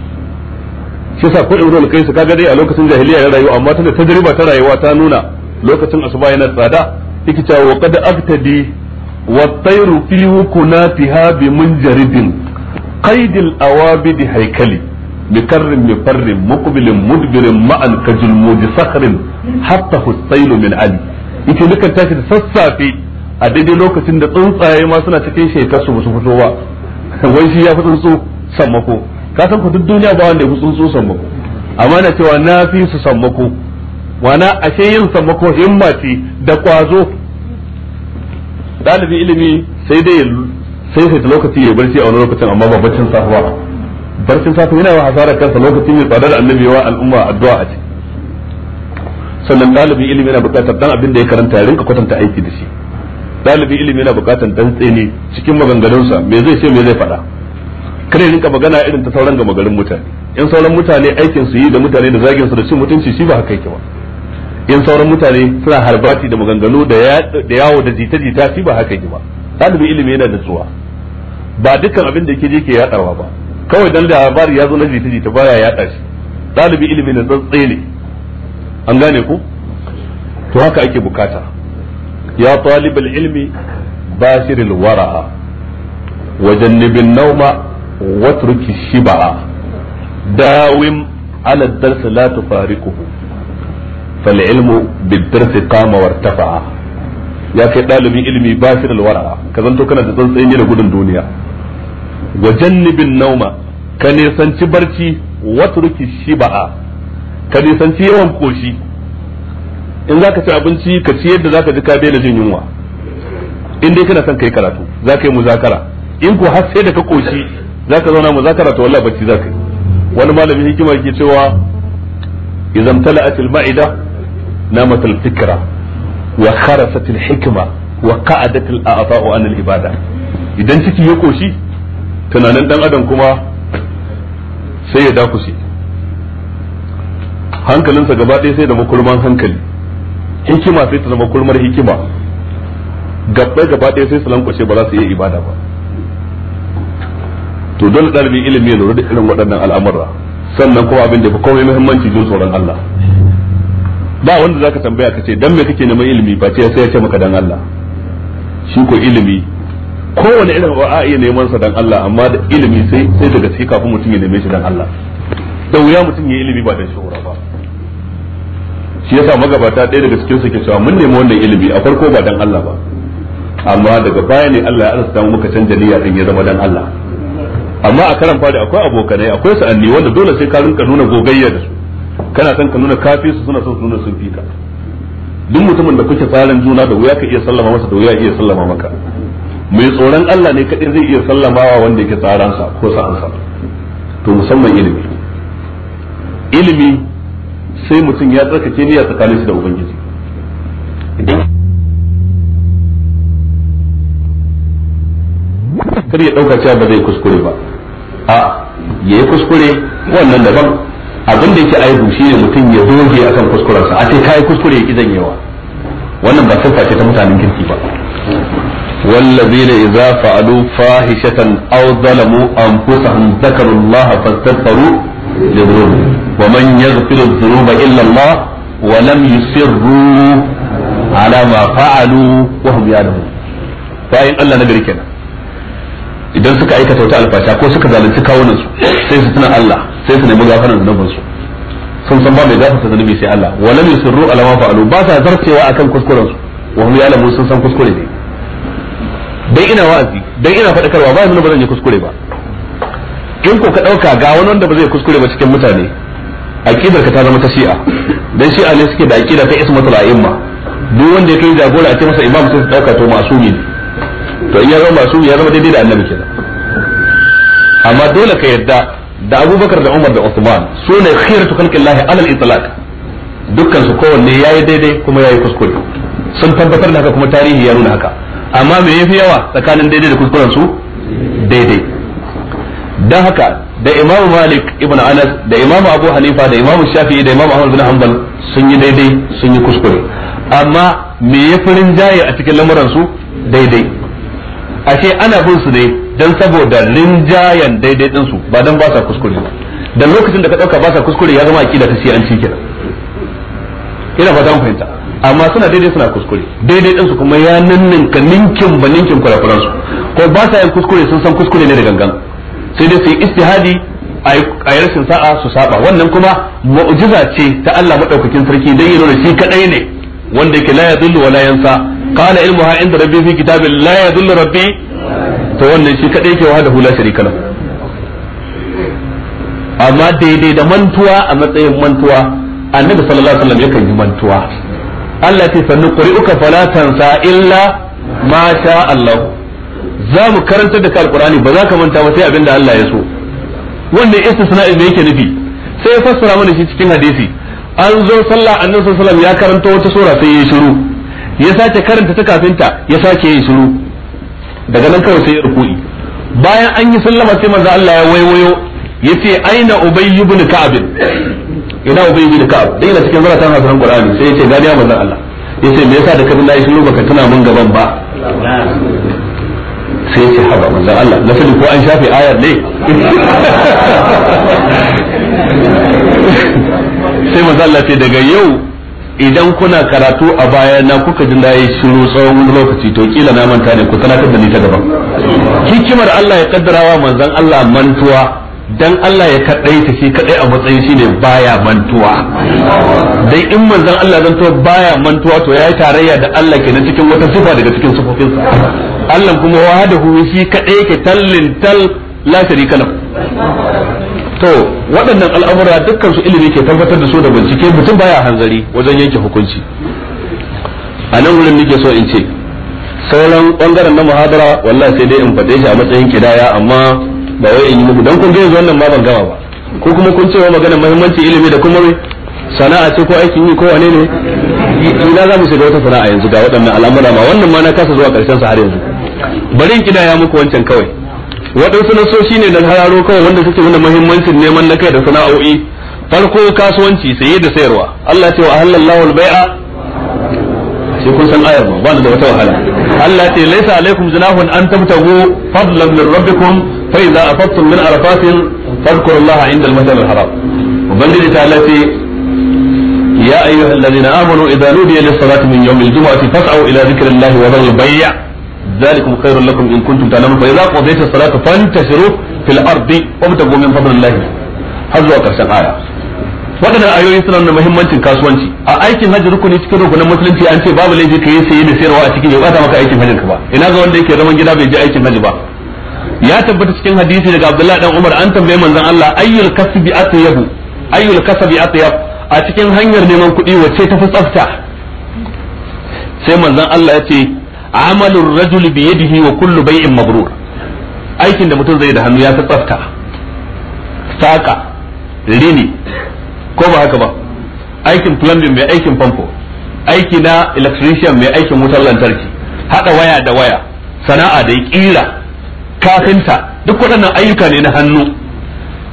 shi yasa ko imrul kais kaga dai a lokacin jahiliya ya rayu amma tunda tajriba ta rayuwa ta nuna lokacin asuba yana tsada yake cewa wa qad aktadi wa tayru fi wukunatiha bi munjaridin qaid al awabid haykali مفر مقبل مدبر صخر حتى من علي da sassafe a daidai lokacin da tsuntsaye ma suna cikin shekar su fito ba wai shi ya fi tsuntsu ka san ku duk duniya ba wanda ya fi tsuntsu sammako amma na cewa na fi su sammako wana ashe yin sammako himma ce da kwazo dalibi ilimi sai dai sai sai lokaci ya barci a wani lokacin amma ba baccin safe barcin safe yana wa hasara kansa lokacin mai tsada da annabi wa al'umma addu'a a ce sannan dalibi ilimi yana buƙatar dan abin da ya karanta ya rinka kwatanta aiki da shi dalibi ilimi yana buƙatar dan tsene cikin maganganunsa me zai ce me zai faɗa kada ya rinka magana irin ta sauran gama garin mutane in sauran mutane aikin su yi da mutane da zagin su da cin mutunci shi ba haka yake ba in sauran mutane suna harbati da maganganu da yawo da jita-jita shi ba haka yake ba ɗalibin ilimi yana da tsuwa ba dukkan abin da ke je ke yadawa ba kawai dan labari ya zo na jita-jita baya yada shi ɗalibin ilimi na tsantsaye ne an gane ku to haka ake bukata ya talibal ilmi bashiril wara'a wajannibin nauma watruki shiba'a dawim ala ad-dars la tufariquhu fal ilmu bid-dars qama wartafa'a ya kai dalibin ilimi bashir al-wara'a ka zanto kana da tsantsayin da gudun duniya wa jannibin nauma ka nisanci barci watruki shiba'a ka nisanci yawan koshi in zaka ci abinci ka ci yadda zaka ji ka daina jin yunwa in dai kana son kai karatu zaka yi muzakara in ko har sai da ka koshi Za ka zauna muzakara to wallahi bacci ka yi wani malamin hikima ke cewa idan tala'at al-ma'ida na al-fikra wa kharasat al hikima wa qa'adat al-a'dha'u an al-ibada idan ciki ya koshi tunanin dan adam kuma sai ya dakushe hankalinsa gaba ɗaya sai da makulman hankali hikima sai ta zama kulmar hikima gabbai gaba ɗaya sai su lankwashe ba za su iya ibada ba to dole ɗalibin ilimi ya lura da irin waɗannan al'amura sannan kuma abin da fi muhimmanci jin tsoron Allah ba wanda zaka tambaya ka ce dan me kake neman ilimi ba ce sai ya ce maka dan Allah shi ko ilimi kowane irin ba a iya neman sa dan Allah amma da ilimi sai sai daga cikin kafin mutum ya neme shi dan Allah da wuya mutum ya ilimi ba dan shura ba shi yasa magabata ɗaya daga cikin su ke cewa mun nemi wannan ilimi a farko ba dan Allah ba amma daga baya ne Allah ya arzuta mu muka canja niyya din ya zama dan Allah amma a karan fari akwai abokanai akwai sa'anni wanda dole sai ka rinka nuna gogayya da su kana son ka nuna kafin su suna son su nuna sun fi ka duk mutumin da kuke tsarin juna da wuya ka iya sallama masa da wuya iya sallama maka mai tsoron Allah ne kadai zai iya sallamawa wanda yake tsaransa ko sa'ansa to musamman ilimi ilimi sai mutum ya tsarkake niyya tsakanin shi da ubangiji idan kar ya dauka cewa ba zai kuskure ba a yayi kuskure wannan daban abin da yake aibu shine mutum ya doge akan kuskurensa a ce kai kuskure ya yawa. wannan ba sifa ce ta mutanen kirki ba والذين إذا فعلوا فاحشة أو ظلموا أنفسهم ذكروا الله فاستغفروا لذنوبهم ومن يغفر الذنوب إلا الله ولم يصروا على ما فعلوا وهم يعلمون فإن الله نبري كنا idan suka aikata wata alfasha ko suka zalunci kawunan su sai su tuna Allah sai su nemi gafaran zunubin su sun san ba mai gafarta zunubi sai Allah walam yusirru ala ma fa'alu ba sa zartewa akan kuskuren su wa hum ya'lamu sun san kuskure ne dan ina wa'azi dan ina fadakarwa ba mun ba zan yi kuskure ba in ko ka dauka ga wani wanda ba zai kuskure ba cikin mutane aqidar ka ta zama ta shi'a dan shi'a ne suke da aqida ta ismatul a'imma duk wanda ya kai jagora a ce masa imam sai su dauka to masumi ne to in ya zama masu ya zama daidai da annabi kenan amma dole ka yarda da abubakar da umar da usman su ne khiyaratu khalqillahi alal itlaq dukkan su kowanne yayi daidai kuma yayi kuskure sun tabbatar da haka kuma tarihi ya nuna haka amma me yafi yawa tsakanin daidai da kuskuren su daidai dan haka da imamu malik ibn anas da imamu abu hanifa da imamu shafi'i da imamu ahmad bin hanbal sun yi daidai sun yi kuskure amma me ya farin jaye a cikin lamuran su daidai ashe ana bin su ne don saboda linjayan daidai ba don ba kuskure ba da lokacin da ka ɗauka ba sa kuskure ya zama akida ta siyanci kira ina fata mun fahimta amma suna daidai suna kuskure daidai din kuma ya ka ninkin ba ninkin kurakuran su ko ba sa yin kuskure sun san kuskure ne da gangan sai dai su yi istihadi a yi rashin sa'a su saba wannan kuma mu'jiza ce ta Allah maɗaukakin sarki dan yi nuna shi kadai ne wanda yake la yadhillu wa yansa qala ilmuha inda rabbi fi kitabin la yadullu rabbi to wannan shi kadai yake wahada hula sharika lahu amma daidai da mantuwa a matsayin mantuwa annabi sallallahu alaihi wasallam yakan yi mantuwa Allah ya ce sanuqri'uka fala tansa illa ma sha Allah za mu karanta da alqur'ani ba za ka manta ba sai abinda Allah ya so wannan istisna'i me yake nufi sai ya fassara mana shi cikin hadisi an zo sallah annabi sallallahu alaihi wasallam ya karanta wata sura sai ya shiru ya sace karanta ta kafinta ya sace yin shiru daga nan kawai sai ya ruku'i bayan an yi sallama sai manzo Allah ya waiwayo yace aina ubayy ibn ka'ab ina ubayy ibn ka'ab dai ina cikin zaratan hadisan qur'ani sai yace gani ya manzo Allah yace me yasa da kabin da shiru baka tuna mun gaban ba sai yace haba manzo Allah na sani ko an shafe ayar ne [laughs] sai manzo Allah ce daga yau idan kuna karatu a baya na kuka ji na shiru tsawon wani lokaci to kila na manta ne ku tunatar da ni ta gaban hikimar Allah ya kaddarawa manzon Allah mantuwa dan Allah ya ta shi kadai a matsayin shine baya mantuwa dan in manzon Allah to baya mantuwa to yayi tarayya da Allah kenan cikin wata sifa daga cikin sifofinsa Allah kuma wahadahu shi kadai yake tallin tal la sharika lahu to waɗannan al'amura dukkan su ilimi ke tabbatar da su da bincike mutum baya hanzari wajen yanke hukunci a nan wurin nake so in ce sauran ɓangaren na muhadara wallahi sai dai in faɗe shi a matsayin kidaya amma ba wai in yi muku dan kun ga yanzu wannan ma ban gama ba ko kuma kun cewa magana muhimmanci ilimi da kuma sana'a ce ko aikin yi ko wane ne ina za mu shiga wata sana'a yanzu ga waɗannan al'amura ma wannan ma na kasa zuwa ƙarshen sa har yanzu bari in kidaya muku wancan kawai waɗansu shi ne da hararo kawai wanda suke wanda muhimmancin neman na kai da sana'o'i farko kasuwanci saye da sayarwa Allah ce wa halallahu al-bai'a sai kun san ayar ba ba da wata wahala Allah ce laisa alaikum junahun an tabtagu fadlan min rabbikum fa idza afattum min arafatin fadhkurullaha inda al-masjid al-haram ubangiji ta Allah ce يا أيها الذين آمنوا إذا نودي للصلاة من يوم الجمعة فاسعوا إلى ذلكم خير لكم إن كنتم تعلمون فإذا قضيت الصلاة فانتشروا في الأرض وابتغوا من فضل الله har zuwa ƙarshen aya waɗannan ayoyi suna nuna muhimmancin kasuwanci a aikin hajji rukuni cikin rukunin musulunci an ce babu laifi ka yi saye da sayarwa a cikin ya bata maka aikin hajjin ka ba ina ga wanda yake zaman gida bai je aikin hajji ba ya tabbata cikin hadisi daga Abdullahi dan Umar an tambaye manzon Allah ayyul kasbi atyabu ayyul kasbi atyab a cikin hanyar neman kuɗi wacce tafi tsafta sai manzon Allah ya ce amalur rajul bi yadihi wa kullu bay'in mabrur aikin da mutum zai da hannu ya tsafta saka rini ko ba haka ba aikin plumbing mai aikin famfo aiki na electrician mai aikin wutar lantarki hada waya da waya sana'a da kira kafinta duk waɗannan ayyuka ne na hannu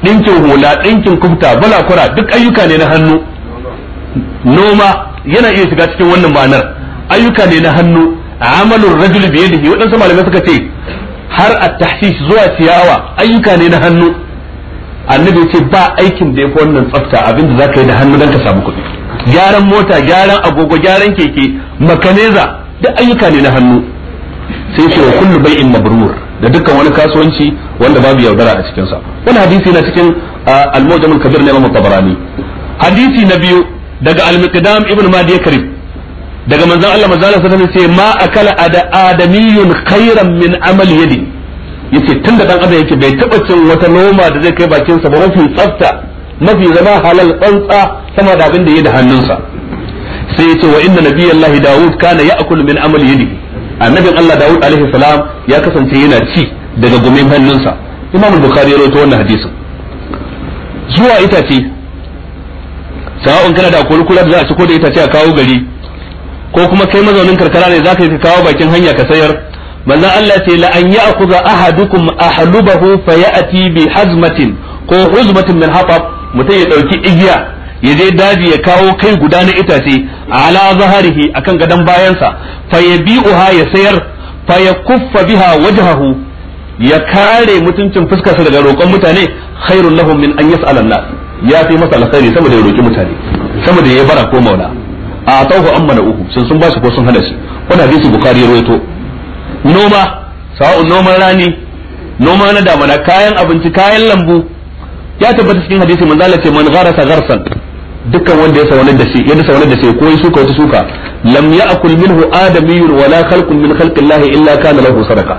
ɗinkin hula ɗinkin kufta balakura duk ayyuka ne na hannu noma yana iya shiga cikin wannan ma'anar ayyuka ne na hannu amalur rajul bi yadihi waɗansu malamai suka ce har at-tahshish zuwa ciyawa ayyuka ne na hannu annabi ce ba aikin da yafi wannan tsafta abinda zaka yi da hannu dan ka samu kuɗi gyaran mota gyaran agogo gyaran keke makaneza da ayyuka ne na hannu sai ce wa kullu bai'in mabrur da dukkan wani kasuwanci wanda babu yaudara a cikin sa wannan hadisi na cikin al-mujam al-kabir na Imam hadisi na biyu daga al-Miqdam ibn Madi Karib daga manzan Allah manzon Allah sai ce ma akala adamiyun khairan min amal yadi yace tunda dan adam yake bai taba cin wata noma da zai kai bakin sa ba mafi tsafta mafi zama halal tsantsa sama da abin da yake da hannunsa sai yace wa inna nabiyallahi daud kana ya'kul min amal yadi annabin Allah daud alaihi salam ya kasance yana ci daga gumin hannunsa imam bukhari ya rawaito wannan hadisin zuwa itace sawa'un kana da kula da za a ko da itace a kawo gari ko kuma kai mazaunin karkara ne zaka yi ka kawo bakin hanya ka sayar manzo Allah ce la an ya'khudha ahadukum ahlubahu ya'ti bi hazmatin ko huzmatin min hatab mutum ya dauki igiya ya je daji ya kawo kai guda na itace ala zaharihi akan gadan bayansa fa yabi'uha ya sayar fa yakuffa biha wajhahu ya kare mutuncin fuskarsa daga roƙon mutane khairul lahum min an yas'al Allah ya fi masa alkhairi saboda ya roki mutane saboda ya bara ko maula a atahu amma na uku sun sun bashi ko sun hana shi wani hadisi bukari ya rawaito noma sawa'un noman rani noma na damana kayan abinci kayan lambu ya tabbata cikin hadisi manzo Allah ce man gharasa gharsan dukkan wanda ya sawanar da shi ya sawanar da shi ko ya suka wata suka lam ya'kul minhu adamiyyun wala khalqun min khalqillahi illa kana lahu sadaqa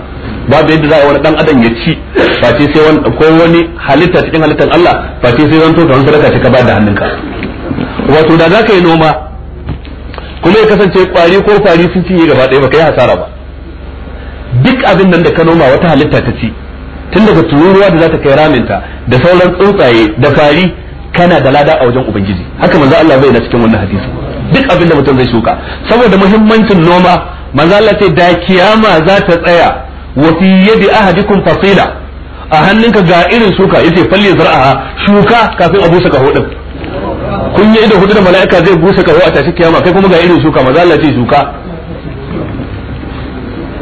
babu yadda za a wani dan adam ya ci face sai wani ko wani halitta cikin halittar Allah face sai to ka wani sadaka ta ka da hannunka wato da zaka yi noma kuma ya kasance kwari ko fari sun cinye gaba ɗaya baka yi hasara ba duk abin nan da ka noma wata halitta ta ci tun daga tururuwa da za ta kai raminta da sauran tsuntsaye da fari kana da lada a wajen ubangiji haka manzo Allah bai na cikin wannan hadisi duk abin da mutum zai shuka saboda muhimmancin noma manzo Allah sai da kiyama za ta tsaya wa fi yadi ahadikum fasila a hannunka ga irin shuka yace falle zar'a shuka kafin a busa kaho kun yi ido hudu da mala'ika zai busa kawo a tashi kiyama kai kuma ga irin suka maza Allah ce suka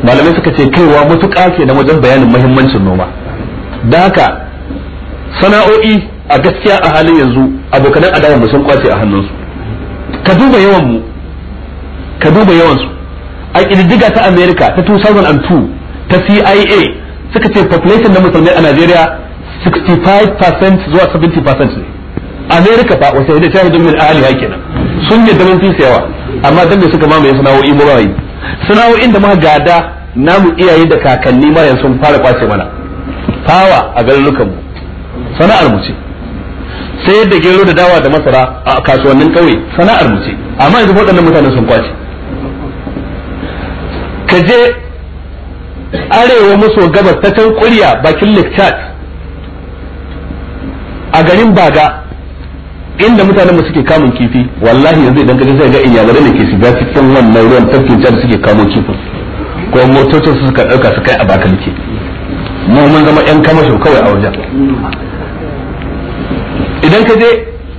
malamai suka ce kaiwa mutuƙa ke da wajen bayanin muhimmancin noma da haka sana'o'i a gaskiya a halin yanzu abokanan adawa mu sun kwace a hannunsu ka duba yawan mu ka duba yawan su a kididdiga ta America ta 2002 ta CIA suka ce population na musulmai a Najeriya 65% zuwa 70% ne Amerika fa wasu yadda shahidun min aliha kenan sun yadda mun fi yawa amma dan da suka mamaye sana'o'i mu rayi sana'o'in da muka gada namu iyaye da kakanni ma yanzu sun fara kwace mana fawa a garurukan mu sana'ar mu ce sai yadda gero da dawa da masara a kasuwannin kauye sana'ar mu ce amma yanzu waɗannan mutanen sun kwace ka je arewa maso gabas ta can kurya bakin lake a garin baga inda mutanen mu suke kamun kifi wallahi yanzu idan kaje sai ga inyamurai ne ke shiga cikin wannan ruwan tafkin da suke kamo kifi ko motocin su suka dauka su kai a baka bakalike mu mun zama yan kamasho kawai a wajen idan ka je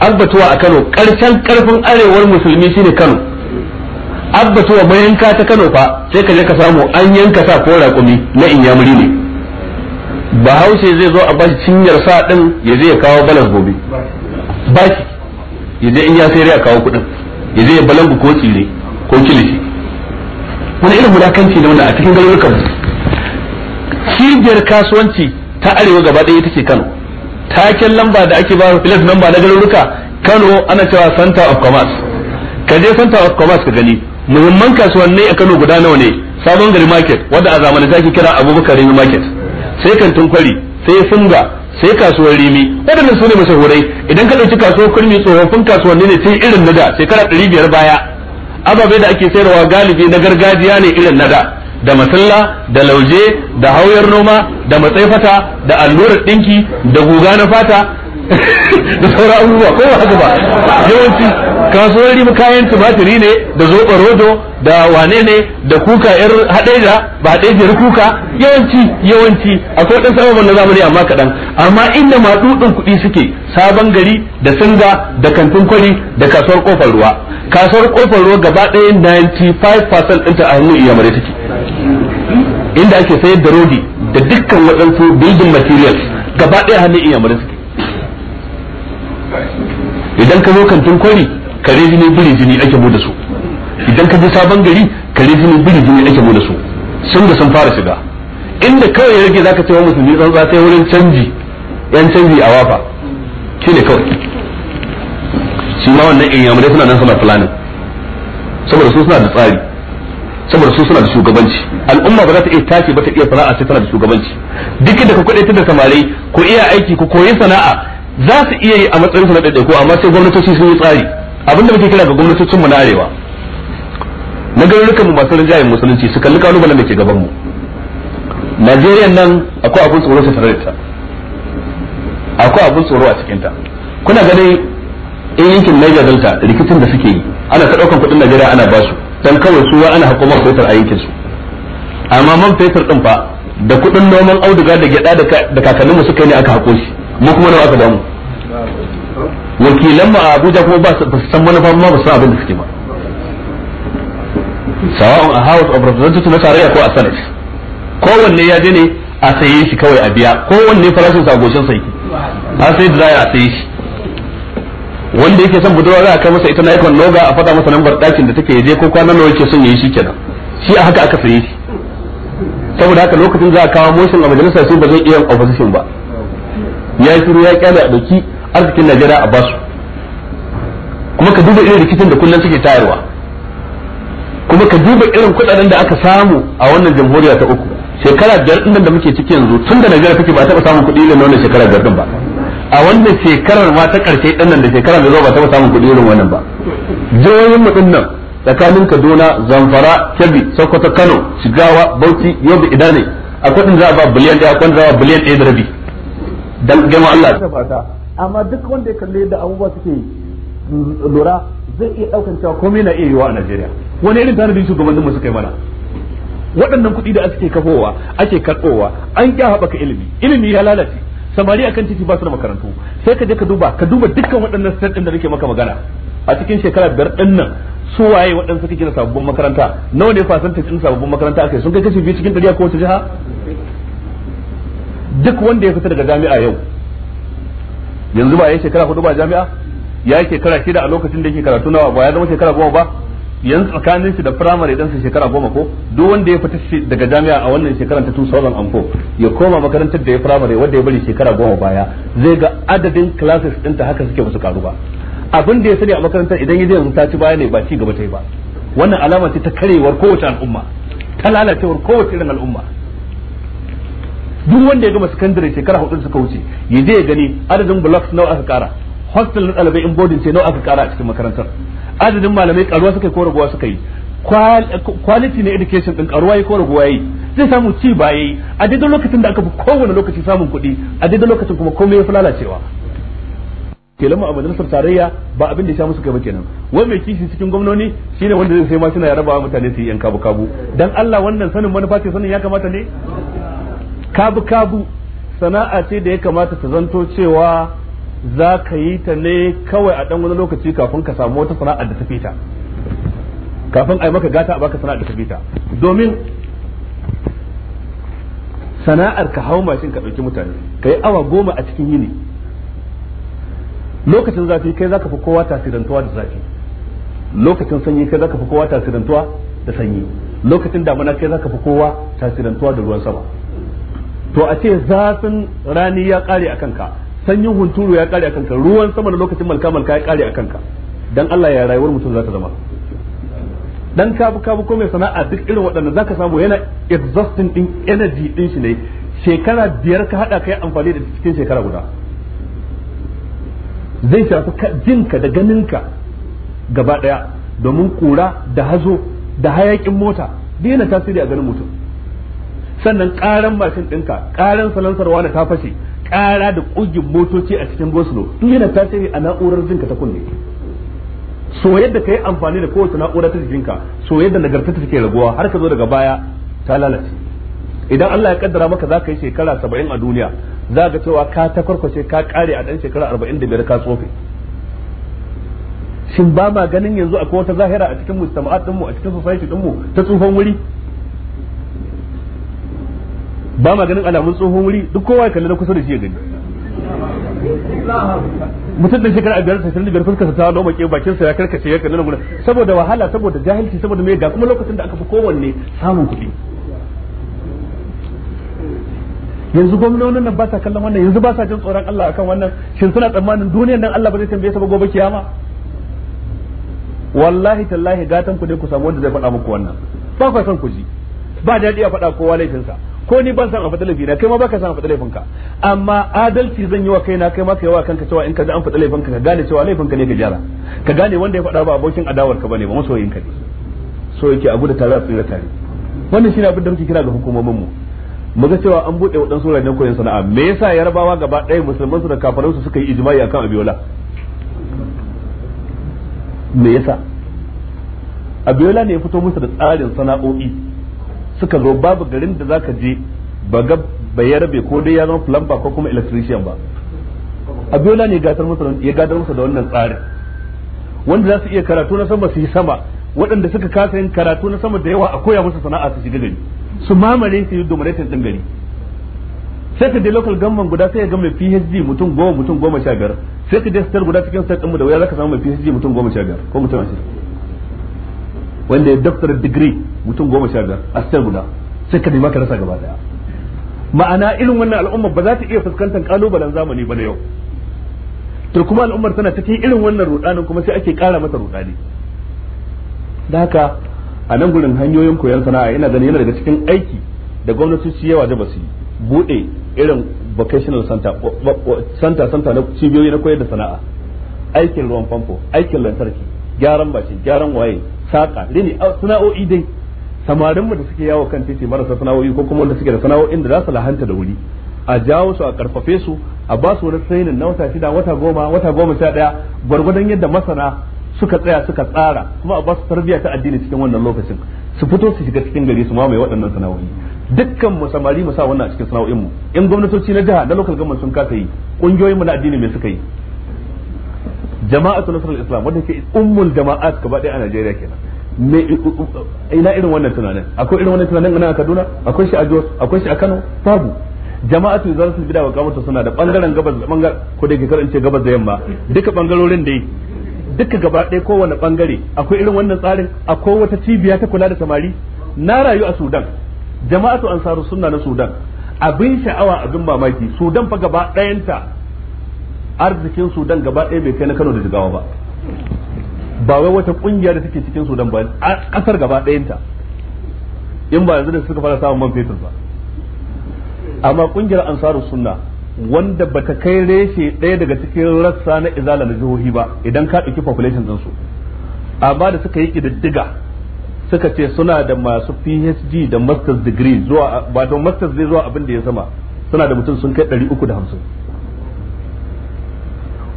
abbatuwa a Kano karshen karfin arewar musulmi shine Kano abbatuwa mayanka ta Kano fa sai ka je ka samu an yanka sa ko raƙumi na inyamuri ne bahaushe zai zo a bashi cinyar sa din ya je ya kawo balas gobe baki ya je in ya sai ya kawo kuɗin ya je ya balangu ko tsire ko kilishi wani irin wulakanci ne wanda a cikin garurukan cibiyar kasuwanci ta arewa gaba ɗaya ita ce kano taken lamba da ake ba filas lamba na garuruka kano ana cewa center of commerce ka je center of commerce ka gani muhimman kasuwanni a kano guda nawa ne sabon gari market wanda a zamanin zaki kira abubakar rimi market sai kantin kwari sai funga sai kasuwar rimi waɗannan su ne mashahurai idan ka ɗauki kasuwar kurmi tsofaffin kasuwanni ne tun irin na da shekara ɗari biyar baya Ababe da ake sayarwa galibi na gargajiya ne irin na da da masalla da lauje da hauyar noma da Matsefata, da allurar ɗinki da guga na fata [laughs] da sauran abubuwa ko ba ba yawanci kasuwar riba kayan tumatiri ne da zoɓa rodo da wane ne da kuka yar haɗeja ba haɗejiyar kuka yawanci yawanci akwai ɗan sabon na zamani amma kaɗan amma inda maɗuɗin kuɗi suke sabon gari da singa da kantin kwari da kasuwar kofar ruwa kasuwar kofar ruwa gaba ɗaya 95% ɗinta a hannun iyamare take inda ake sayar da rodi da dukkan waɗansu building materials gaba ɗaya hannun iyamare suke idan ka zo kantin kwari kare jini biri jini ake bude su idan ka je sabon gari kare jini biri jini ake bude su sun da sun fara shiga inda kawai ya rage zaka cewa musulmi tsantsa sai wurin canji yan canji a wafa shine kawai shi ma wannan in yamurai suna nan suna planning saboda su suna da tsari saboda su suna da shugabanci al'umma ba za ta iya tashi ba ta iya sana'a sai tana da shugabanci duk da ka ta da samarai ko iya aiki ko koyi sana'a za su iya yi a matsayin su na ɗaiɗaiku amma sai gwamnatoci sun yi tsari abinda muke kira ga gwamnatocin mu na arewa na garurukan mu masu rinjayen musulunci su kalli kalubalen da ke gaban mu Najeriya nan akwai abin tsoro su tare da ta akwai abin tsoro a cikin ta kuna gani in yankin Niger Delta rikicin da suke yi ana ta daukan kudin Najeriya ana basu dan kawai su wa ana hukumar fetur a yankin su amma man fetur din fa da kudin noman auduga da gyada da kakanninmu suka yi ne aka hako shi mu kuma nawa aka damu wakilan ma a Abuja kuma ba su san manufa ma ba su san abin da suke ba sawa'un a House of Representatives na tarayya ko a Senate kowanne ya je ne a saye shi kawai a biya kowanne farashin sa goshin sai a sai da za a saye shi wanda yake son budurwa za a kai masa ita na ikon noga a faɗa masa lambar ɗakin da take je ko kwanan nawa yake son yayi shi kenan shi a haka aka saye shi saboda haka lokacin za a kawo motion a majalisar su ba zai iya opposition ba ya yi shiru ya kyale a dauki arzikin najeriya a basu kuma ka duba irin rikicin da kullum suke tayarwa kuma ka duba irin kudaden da aka samu a wannan jamhuriya ta uku shekara biyar din da muke ciki yanzu tun da najeriya take ba taɓa samun kuɗi irin wannan shekara biyar din ba a wannan shekarar ma ta karshe din nan da shekara da zuwa ba taɓa samun kuɗi irin wannan ba jihohin mu din nan tsakanin kaduna zamfara kebbi sokoto kano shigawa bauchi yobe idane akwai din za a ba biliyan ɗaya akwai za a ba biliyan ɗaya da rabi dan gama Allah amma duk wanda ya kalle da abubuwa suke lura zai iya daukan cewa komai na iya yiwa a Najeriya wani irin tanadin shugabannin mu suka yi mana waɗannan kuɗi da ake kafowa ake karɓowa an kya haɓaka ilimi ilimi ya lalace samari akan titi ba su da makarantu sai ka je ka duba ka duba dukkan waɗannan state da nake maka magana a cikin shekara biyar ɗin nan su waye waɗansu suka gina sababbin makaranta nawa ne fasanta cikin sababbin makaranta akai sun kai kashi biyu cikin ɗari a kowace jiha duk wanda ya fita daga jami'a yau yanzu ba ya shekara hudu ba jami'a ya yi shekara shida a lokacin da yake karatu nawa ba ya zama shekara goma ba yanzu tsakanin shi da firamare dan su shekara goma ko duk wanda ya fita daga jami'a a wannan shekaran ta 2004 ya koma makarantar da ya firamare wanda ya bari shekara goma baya zai ga adadin classes ɗinta haka suke musu karu ba abin da ya sani a makarantar idan ya je yanzu ta ci baya ne ba ci gaba ta yi ba wannan alama ce ta karewar kowace al'umma ta lalacewar kowace irin al'umma duk wanda ya gama secondary shekara hudu suka wuce ya je ya gani adadin blocks nawa aka kara hostel na ɗalibai in boarding ce nawa aka kara a cikin makarantar adadin malamai karuwa suka yi ko raguwa suka yi quality na education din karuwa yi ko raguwa yi zai samu ci ba yi a daidai lokacin da aka fi kowane lokaci samun kuɗi a daidai lokacin kuma komai ya fi lalacewa kelan a majalisar tarayya ba abin da ya sha musu gaba kenan wai mai kishi cikin gwamnoni shine wanda zai sai ma suna ya rabawa mutane su yi yan kabu kabu dan Allah wannan sanin manufa ce sanin ya kamata ne kabu kabu sana'a ce da ya kamata ta zanto cewa za ka yi ta ne kawai a dan wani lokaci kafin ka samu wata sana'a da tafi ta kafin a yi maka gata a baka sana'a da tafi ta domin sana'ar ka hau mashin ka ɗauki mutane ka yi awa goma a cikin yini lokacin zafi kai zaka fi kowa tasirantuwa da zafi lokacin sanyi kai zaka fi kowa tasirantuwa da sanyi lokacin damuna kai zaka fi kowa tasirantuwa da ruwan sama to a ce zafin rani ya kare akan ka sanyin hunturu ya kare akan ka ruwan sama da lokacin malka malka ya kare akan ka dan Allah ya rayuwar mutum za ta zama dan kabu kabu ko mai sana'a duk irin waɗannan zaka samu yana exhausting din energy din shi ne shekara biyar ka hada kai amfani da cikin shekara guda zai shafi jinka da ganinka gaba daya domin kura da hazo da hayakin mota duk yana tasiri a ganin mutum sannan karan mashin ɗinka karan salansarwa da ta fashe kara da ƙugin motoci a cikin goslo duk yana tasiri a na'urar jinka ta kunne so yadda ka yi amfani da kowace na'ura ta jikinka so yadda nagarta ta take raguwa har ka zo daga baya ta lalace idan Allah ya kaddara maka za ka yi shekara saba'in a duniya za ga cewa ka ta ka kare a ɗan shekara arba'in da biyar ka tsofe shin ba ma ganin yanzu akwai wata zahira a cikin mujtama'at ɗinmu a cikin society ɗinmu ta tsufan wuri ba ma ganin alamun tsohon wuri duk kowa ya kalli na kusa da shi ya gani mutum da shekara biyar sai da biyar fuskarsa ta noma ke bakin sa ya karkace ya kalli gurin saboda wahala saboda jahilci saboda mai ga kuma lokacin da aka fi kowanne samun kuɗi yanzu gwamnonin nan ba sa kallon wannan yanzu ba sa jin tsoron Allah akan wannan shin suna tsammanin duniyar nan Allah ba zai tambaye su ba gobe kiyama wallahi tallahi gatan ku dai ku samu wanda zai faɗa muku wannan ba ku san ku ji ba daɗi a faɗa kowa laifinsa ko ni ban san a faɗi na kai ma baka san a faɗi laifinka amma adalci zan yi wa kaina kai ma kai wa kanka cewa in ka ji an faɗi laifinka ka gane cewa laifinka ne ka gyara ka gane wanda ya faɗa ba abokin adawar ka bane ba masoyin ka ne so yake a gudu tare a tsira tare wannan shine abin da muke kira ga hukumomin mu mu ga cewa an buɗe sura wuraren koyon sana'a me yasa yarbawa gaba ɗaya musulman su da su suka yi ijma'i akan abiola me yasa abiola ne ya fito musu da tsarin sana'o'i suka zo babu garin da zaka je ba ga bai ko dai ya zama plumber ko kuma electrician ba abiola ne ya gadar masa da wannan tsari wanda za su iya karatu na sama su yi sama waɗanda suka kasa yin karatu na sama da yawa a koya musu sana'a su shiga gari su mamare su yi dominatin ɗin gari sai ka je local government guda sai ya ga mai PhD mutum goma mutum goma sha biyar sai ka je star guda cikin star ɗinmu da wuya za ka samu mai PhD mutum goma sha biyar ko mutum ashirin wanda ya daftar digiri mutum goma sha biyar a star guda sai ka nema ka rasa gaba daya ma'ana irin wannan al'ummar ba za ta iya fuskantar kalubalen zamani ba na yau to kuma al'ummar tana cikin irin wannan rudanin kuma sai ake kara mata rudani da haka a nan gurin hanyoyin koyon sana'a ina ganin yana daga cikin aiki da gwamnati su yawa da basu bude irin vocational center center center na cibiyoyi na koyar da sana'a aikin ruwan famfo aikin lantarki gyaran bashi gyaran waye saka rini sana'o'i dai samarin da suke yawo kan titi marasa sana'o'i ko kuma wanda suke da sana'o'in da za su lahanta da wuri a jawo su a karfafe su a ba su wani training na wata shida wata goma wata goma sha daya gwargwadon yadda masana suka tsaya suka tsara kuma a ba su tarbiyya ta addini cikin wannan lokacin su fito su shiga cikin gari su mamaye waɗannan sana'o'i dukkan mu samari mu sa wannan a cikin sana'o'in mu in gwamnatoci na jiha na local government sun kasa yi kungiyoyin mu na addini me suka yi jama'atu nasrul islam wanda ke ummul jama'at gaba ɗaya a Najeriya kenan me ina irin wannan tunanin akwai irin wannan tunanin a Kaduna akwai shi a Jos akwai shi a Kano babu jama'atu zaratul bid'a wa kamata suna da bangaren gabas da bangar ko da ke karance gabas da yamma duka bangarorin da duka gaba ɗaya kowane bangare akwai irin wannan tsarin akwai wata cibiya ta kula da samari na rayu a Sudan jama'atu ansaru sunna na Sudan abin sha'awa abin mamaki Sudan fa gaba ɗayan ta. arzikin sudan gaba ɗaya bai kai na kano da jigawa ba ba wai wata kungiya da take cikin sudan ba kasar gaba ɗayanta in ba yanzu da suka fara samun man fetur ba amma ƙungiyar ansarus sunna wanda bata kai reshe ɗaya daga cikin rassa na izala na jihohi ba idan ka ɗauki population su amma da suka yi ƙididdiga suka ce suna da masu PhD da master's degree zuwa ba don master's zai zuwa abin da ya sama suna da mutum sun kai ɗari uku da hamsin.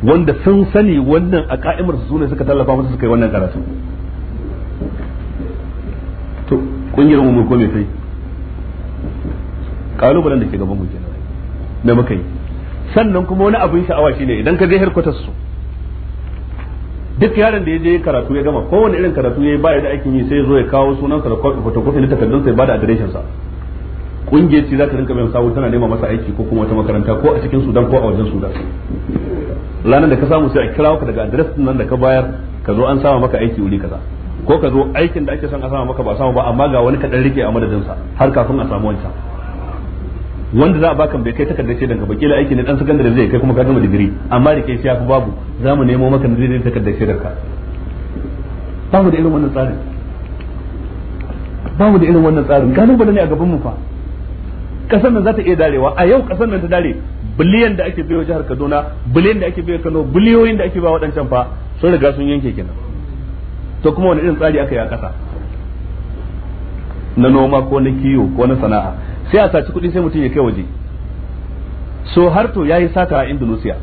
wanda sun sani wannan a ka'imar su ne suka tallafa musu suka yi wannan karatu to kungiyar mu ko me kai kalubalen da ke gaban mu kenan da muka yi sannan kuma wani abin sha'awa shine idan ka je herkutar su duk yaron da ya je karatu ya gama kowane irin karatu ya yi ba da aikin yi sai ya zo ya kawo sunansa da photocopy na takardunsa ya ba da adireshin sa kungiyar ce za ta rinka mai sabu tana nema masa aiki ko kuma wata makaranta ko a cikin sudan ko a wajen sudan ranar da ka samu sai a kira ka daga adres nan da ka bayar ka zo an sama maka aiki wuri kaza ko ka zo aikin da ake son a sama maka ba sama ba amma ga wani kaɗan rike a madadinsa har kafin a samu wancan wanda za a baka bai kai takardar ka ba kila aiki ne dan sakandare zai kai kuma ka gama digiri amma ke shi yafi babu za mu nemo maka zai takardar ka. Ba mu da irin wannan tsarin mu da irin wannan tsarin galin ne a gaban mu fa kasar nan za ta iya darewa a yau kasar nan ta dare biliyan da ake biyo jihar Kaduna biliyan da ake biyo Kano biliyoyin da ake ba waɗancan fa sun riga sun yanke kenan to kuma wani irin tsari aka yi a ƙasa na noma ko na kiwo ko na sana'a sai a saci kuɗi sai mutum ya kai waje so har to yayi sata a Indonesia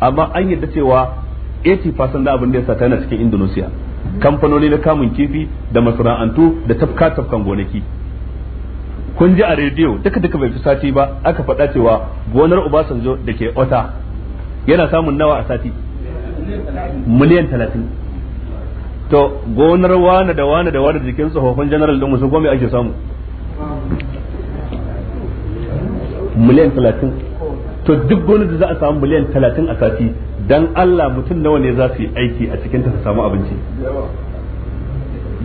amma an yadda cewa 80% da abin da ya sata yana cikin Indonesia kamfanoni na kamun kifi da masana'antu da tafka tafkan gonaki kun ji a rediyo duka duka bai fi sati ba aka faɗa cewa gonar Obasanjo da ke Ota yana samun nawa a sati miliyan talatin to gonar wane da wane da wane jikin tsofaffin general din sun kome ake samu miliyan talatin to duk gonar da za a samu miliyan talatin a sati dan Allah mutum nawa ne za su yi aiki a cikin ta samu abinci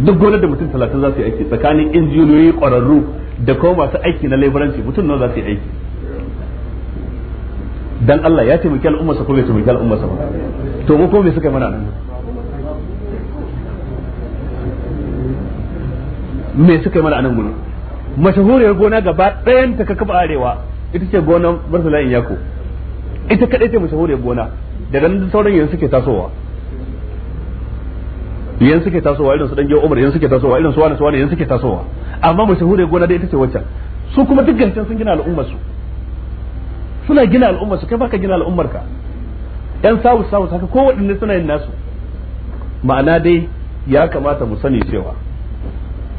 duk gonar da mutum talatin za su yi aiki tsakanin injiniyoyi ƙwararru da kuma masu aiki na laifuranci mutum nawa za su yi aiki dan Allah ya taimaki al'umma sa ko bai taimaki al'umma sa ba to mu ko me suka mana me suka mana nan gurin mashahuriyar gona gaba ɗayan ta ka kafa arewa ita ce gonan Barcelona Yako ita kadai ce mashahuriyar gona daga nan sauran yanzu suke tasowa yan suke tasowa irin su dan Umar yan suke tasowa irin su wani su wani yan suke tasowa amma mashahure gona da ita ce wancan su kuma duk gancan sun gina al'ummar su suna gina al'ummar su kai baka gina al'ummar ka yan sawu sawu haka ko wadanne suna yin nasu ma'ana dai ya kamata mu sani cewa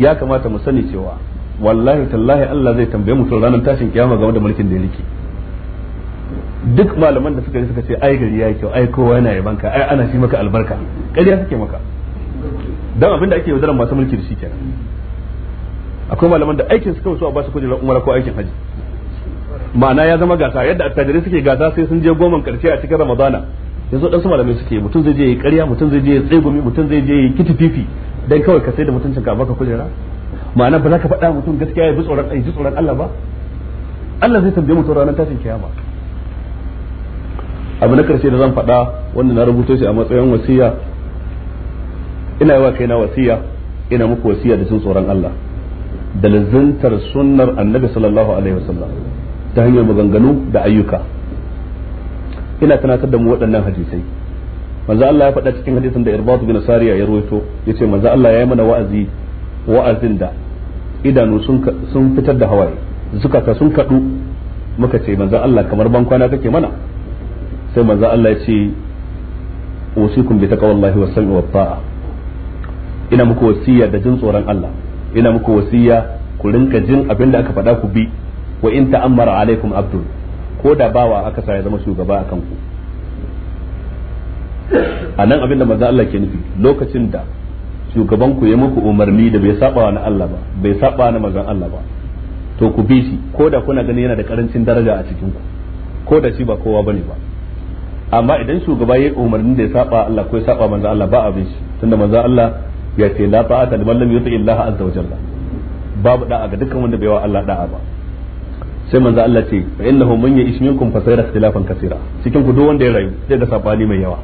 ya kamata mu sani cewa wallahi tallahi Allah zai tambaye mu ranar tashin kiyama game da mulkin da yake duk malaman da suka yi suka ce ai gari ya kyau ai kowa yana yabanka ai ana shi maka albarka ya suke maka dan abin da ake yaudaran masu mulki da shi kenan akwai malaman da aikin su kawai su ba basu kujerar umara ko aikin haji ma'ana ya zama gasa yadda attajirai suke gasa sai sun je goma karshe a cikin ramadana yanzu dan su malamai suke mutum zai je yi ƙarya mutum zai je yi tsegumi mutum zai je yi kitififi dan kawai ka sai da mutuncin ka baka kujera ma'ana ba za ka faɗa mutum gaskiya ya bi tsoron ai ji tsoron Allah ba Allah zai tambaye mutum ranar tashin kiyama abu na karshe da zan faɗa wanda na rubuto shi a matsayin wasiya ina yawa kaina wasiya ina muku wasiya da jin tsoron Allah da lazantar sunnar annabi sallallahu alaihi wasallam ta hanyar maganganu da ayyuka ina tunatar da mu waɗannan hadisai manzo Allah ya faɗa cikin hadisin da Irbad bin Sariya ya rawaito yace manzo Allah ya yi mana wa'azi wa'azin da idanu sun sun fitar da hawaye zukata sun kadu muka ce manzo Allah kamar ban kwana kake mana sai manzo Allah ya ce usikum bi taqwallahi was-sam'i wat-ta'a ina muku wasiya da jin tsoron Allah ina muku wasiya ku rinka jin abin da aka faɗa ku bi wa in ta'ammara alaikum abdul ko da bawa aka sa ya zama shugaba akan ku a nan abin da manzo Allah ke nufi lokacin da shugaban ku ya muku umarni da bai saba na Allah ba bai saba na manzon Allah ba to ku bi shi ko da kuna gani yana da karancin daraja a cikin ku ko da shi ba kowa bane ba amma idan shugaba ya umarni da ya saba Allah ko ya saba manzo Allah ba abin shi tunda manzo Allah ya ce la ta'ata liman lam yuti Allah azza wa babu da'a ga dukkan wanda bai wa Allah da'a ba sai manzo Allah ce fa innahu man ya'ish minkum fa sayara ikhtilafan kasira cikin ku duk wanda ya rayu zai ga sabani mai yawa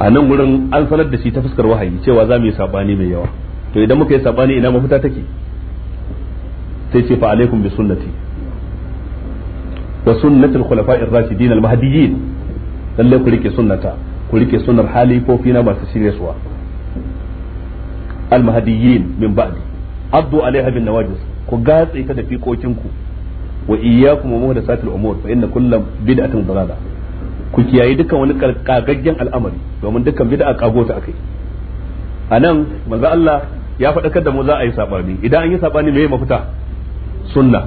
a nan gurin an sanar da shi ta fuskar wahayi cewa za mu yi sabani mai yawa to idan muka yi sabani ina mafita take sai ce fa alaikum bi sunnati wa sunnatul khulafa'ir rashidin al-mahdiyyin lalle ku rike sunnata ku rike sunar hali ko fina masu shirye suwa almahadiyyin min ba'di addu alaiha bin nawajis ku gatse ta da ku. wa iyyakum wa muhdathatil umur fa inna kullam bid'atin dalala ku kiyaye dukkan wani kagaggen al'amari domin dukkan bid'a kago ta akai anan manzo Allah ya faɗakar da mu za a yi sabani idan an yi sabani me mafita sunna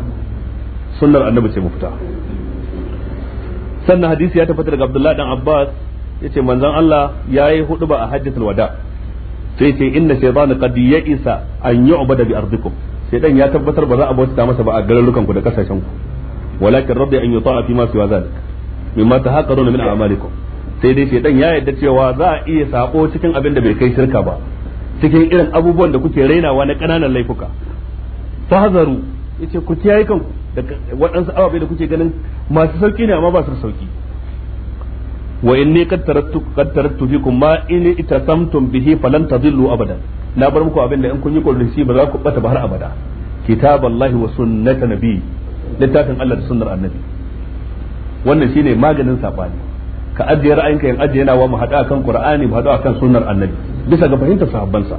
sunnar annabi ce mafita sannan hadisi ya tabbata daga Abdullahi dan Abbas yace manzon Allah yayi hudu ba a hajjatul wada sai ce inna shaytan qad ya'isa an yu'bada bi ardikum shaytan ya tabbatar ba za a bauta masa ba a garurukan ku da kasashen ku walakin rabbi an yuta'a fi ma siwa zalik mimma tahaqqaruna min a'malikum sai dai shaytan ya yadda cewa za a iya sako cikin abin da bai kai shirka ba cikin irin abubuwan da kuke rainawa na kananan laifuka fahazaru yace ku kiyaye kanku da waɗansu ababe da kuke ganin masu sauki ne amma ba su sauki wa inni qad taraktu qad taraktu fikum ma in itasamtum bihi falan tadillu abada na bar muku abin da in kun yi kullu shi ba za ku bata ba har abada kitaballahi wa sunnata nabi littafin Allah da sunnar annabi wannan shine maganin sabani ka ajiye ra'ayinka yin ajiye wa mu hada kan qur'ani mu hada kan sunnar annabi bisa ga fahimtar sahabban sa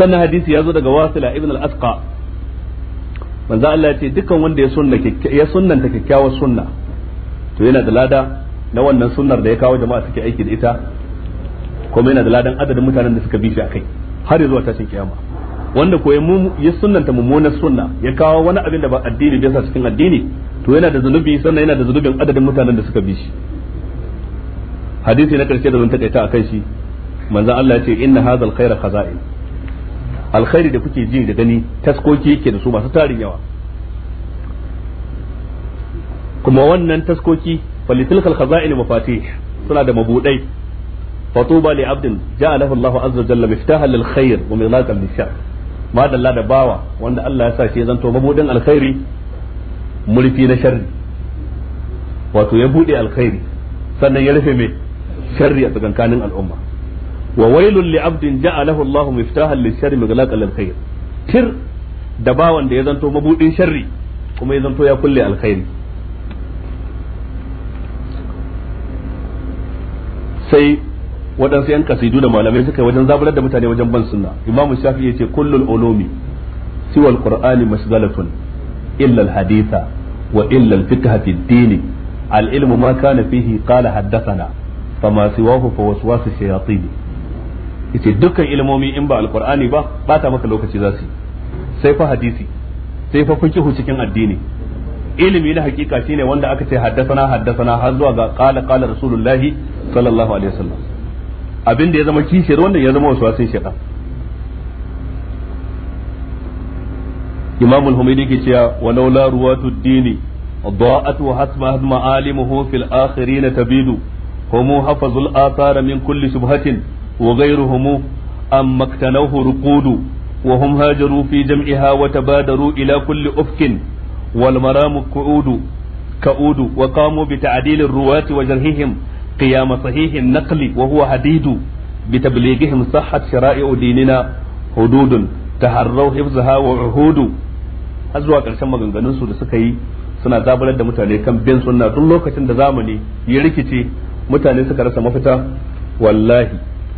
sannan hadisi ya zo daga wasila ibn al-asqa manzo Allah ya ce dukkan wanda ya sunna ya sunnanta kyakkyawar sunna to yana da lada na wannan sunnar da ya kawo jama'a suke aiki da ita kuma yana da ladan adadin mutanen da suka bishi a akai har zuwa tashin kiyama wanda ko ya sunnanta mummunar sunna ya kawo wani abin da ba addini bai sa cikin addini to yana da zunubi sannan yana da zunubin adadin mutanen da suka bishi. hadisi na karshe da zan a akan shi manzo Allah ya ce inna hadzal khaira khaza'in alkhairi da kuke ji da gani taskoki yake da su masu tarin yawa kuma wannan taskoki falitilkal khaza'in mafatih suna da mabudai fatuba li abdin ja'alahu Allahu azza wa jalla miftahan lil khair wa mizaqan lishar ma dalla da bawa wanda Allah ya sa shi zanto mabudin alkhairi mulki na sharri wato ya bude alkhairi sannan ya rufe mai sharri a tsakankanin al'umma wa wailul li abdin ja'alahu Allahu miftahan lil sharri mizaqan lil khair tir da bawan da ya zanto mabudin sharri kuma ya zanto ya kulle alkhairi sai waɗansu yan kasidu da malamai suka yi wajen zaburar da mutane wajen ban sunna imam shafi ya ce kullul ulumi siwa alqur'ani mashghalatun illa alhaditha wa illa alfiqha fi ad-din al-ilmu ma kana fihi qala haddathana fama siwahu fa waswasu shayatin yace dukkan ilmomi in ba alqur'ani ba bata maka lokaci zasu sai fa hadisi sai fa fiqhu cikin addini ilimi na hakika shine wanda aka ce haddasana haddasana har zuwa ga qala qala rasulullahi sallallahu alaihi wasallam abin da ya zama kishiyar wanda ya zama wasu wasin shaitan imam al-humaydi ke cewa walau la ruwatu ad-dini ضاءت وحسبها معالمه في الآخرين تبيد هم حفظوا الآثار من كل شبهة وغيرهم أما اقتنوه رقود وهم هاجروا في جمعها وتبادروا إلى كل أفك wal maramu ku'udu ka'udu wa qamu bi ta'dil ruwati wa jarhihim qiyam sahih an-naql wa huwa hadidu bi tablighihim sahhat shara'i'u dinina hududun taharraw hifzaha wa uhudu har zuwa karshen maganganun su da suka yi suna zaburar da mutane kan bin sunna duk lokacin da zamani ya rikici mutane suka rasa mafita wallahi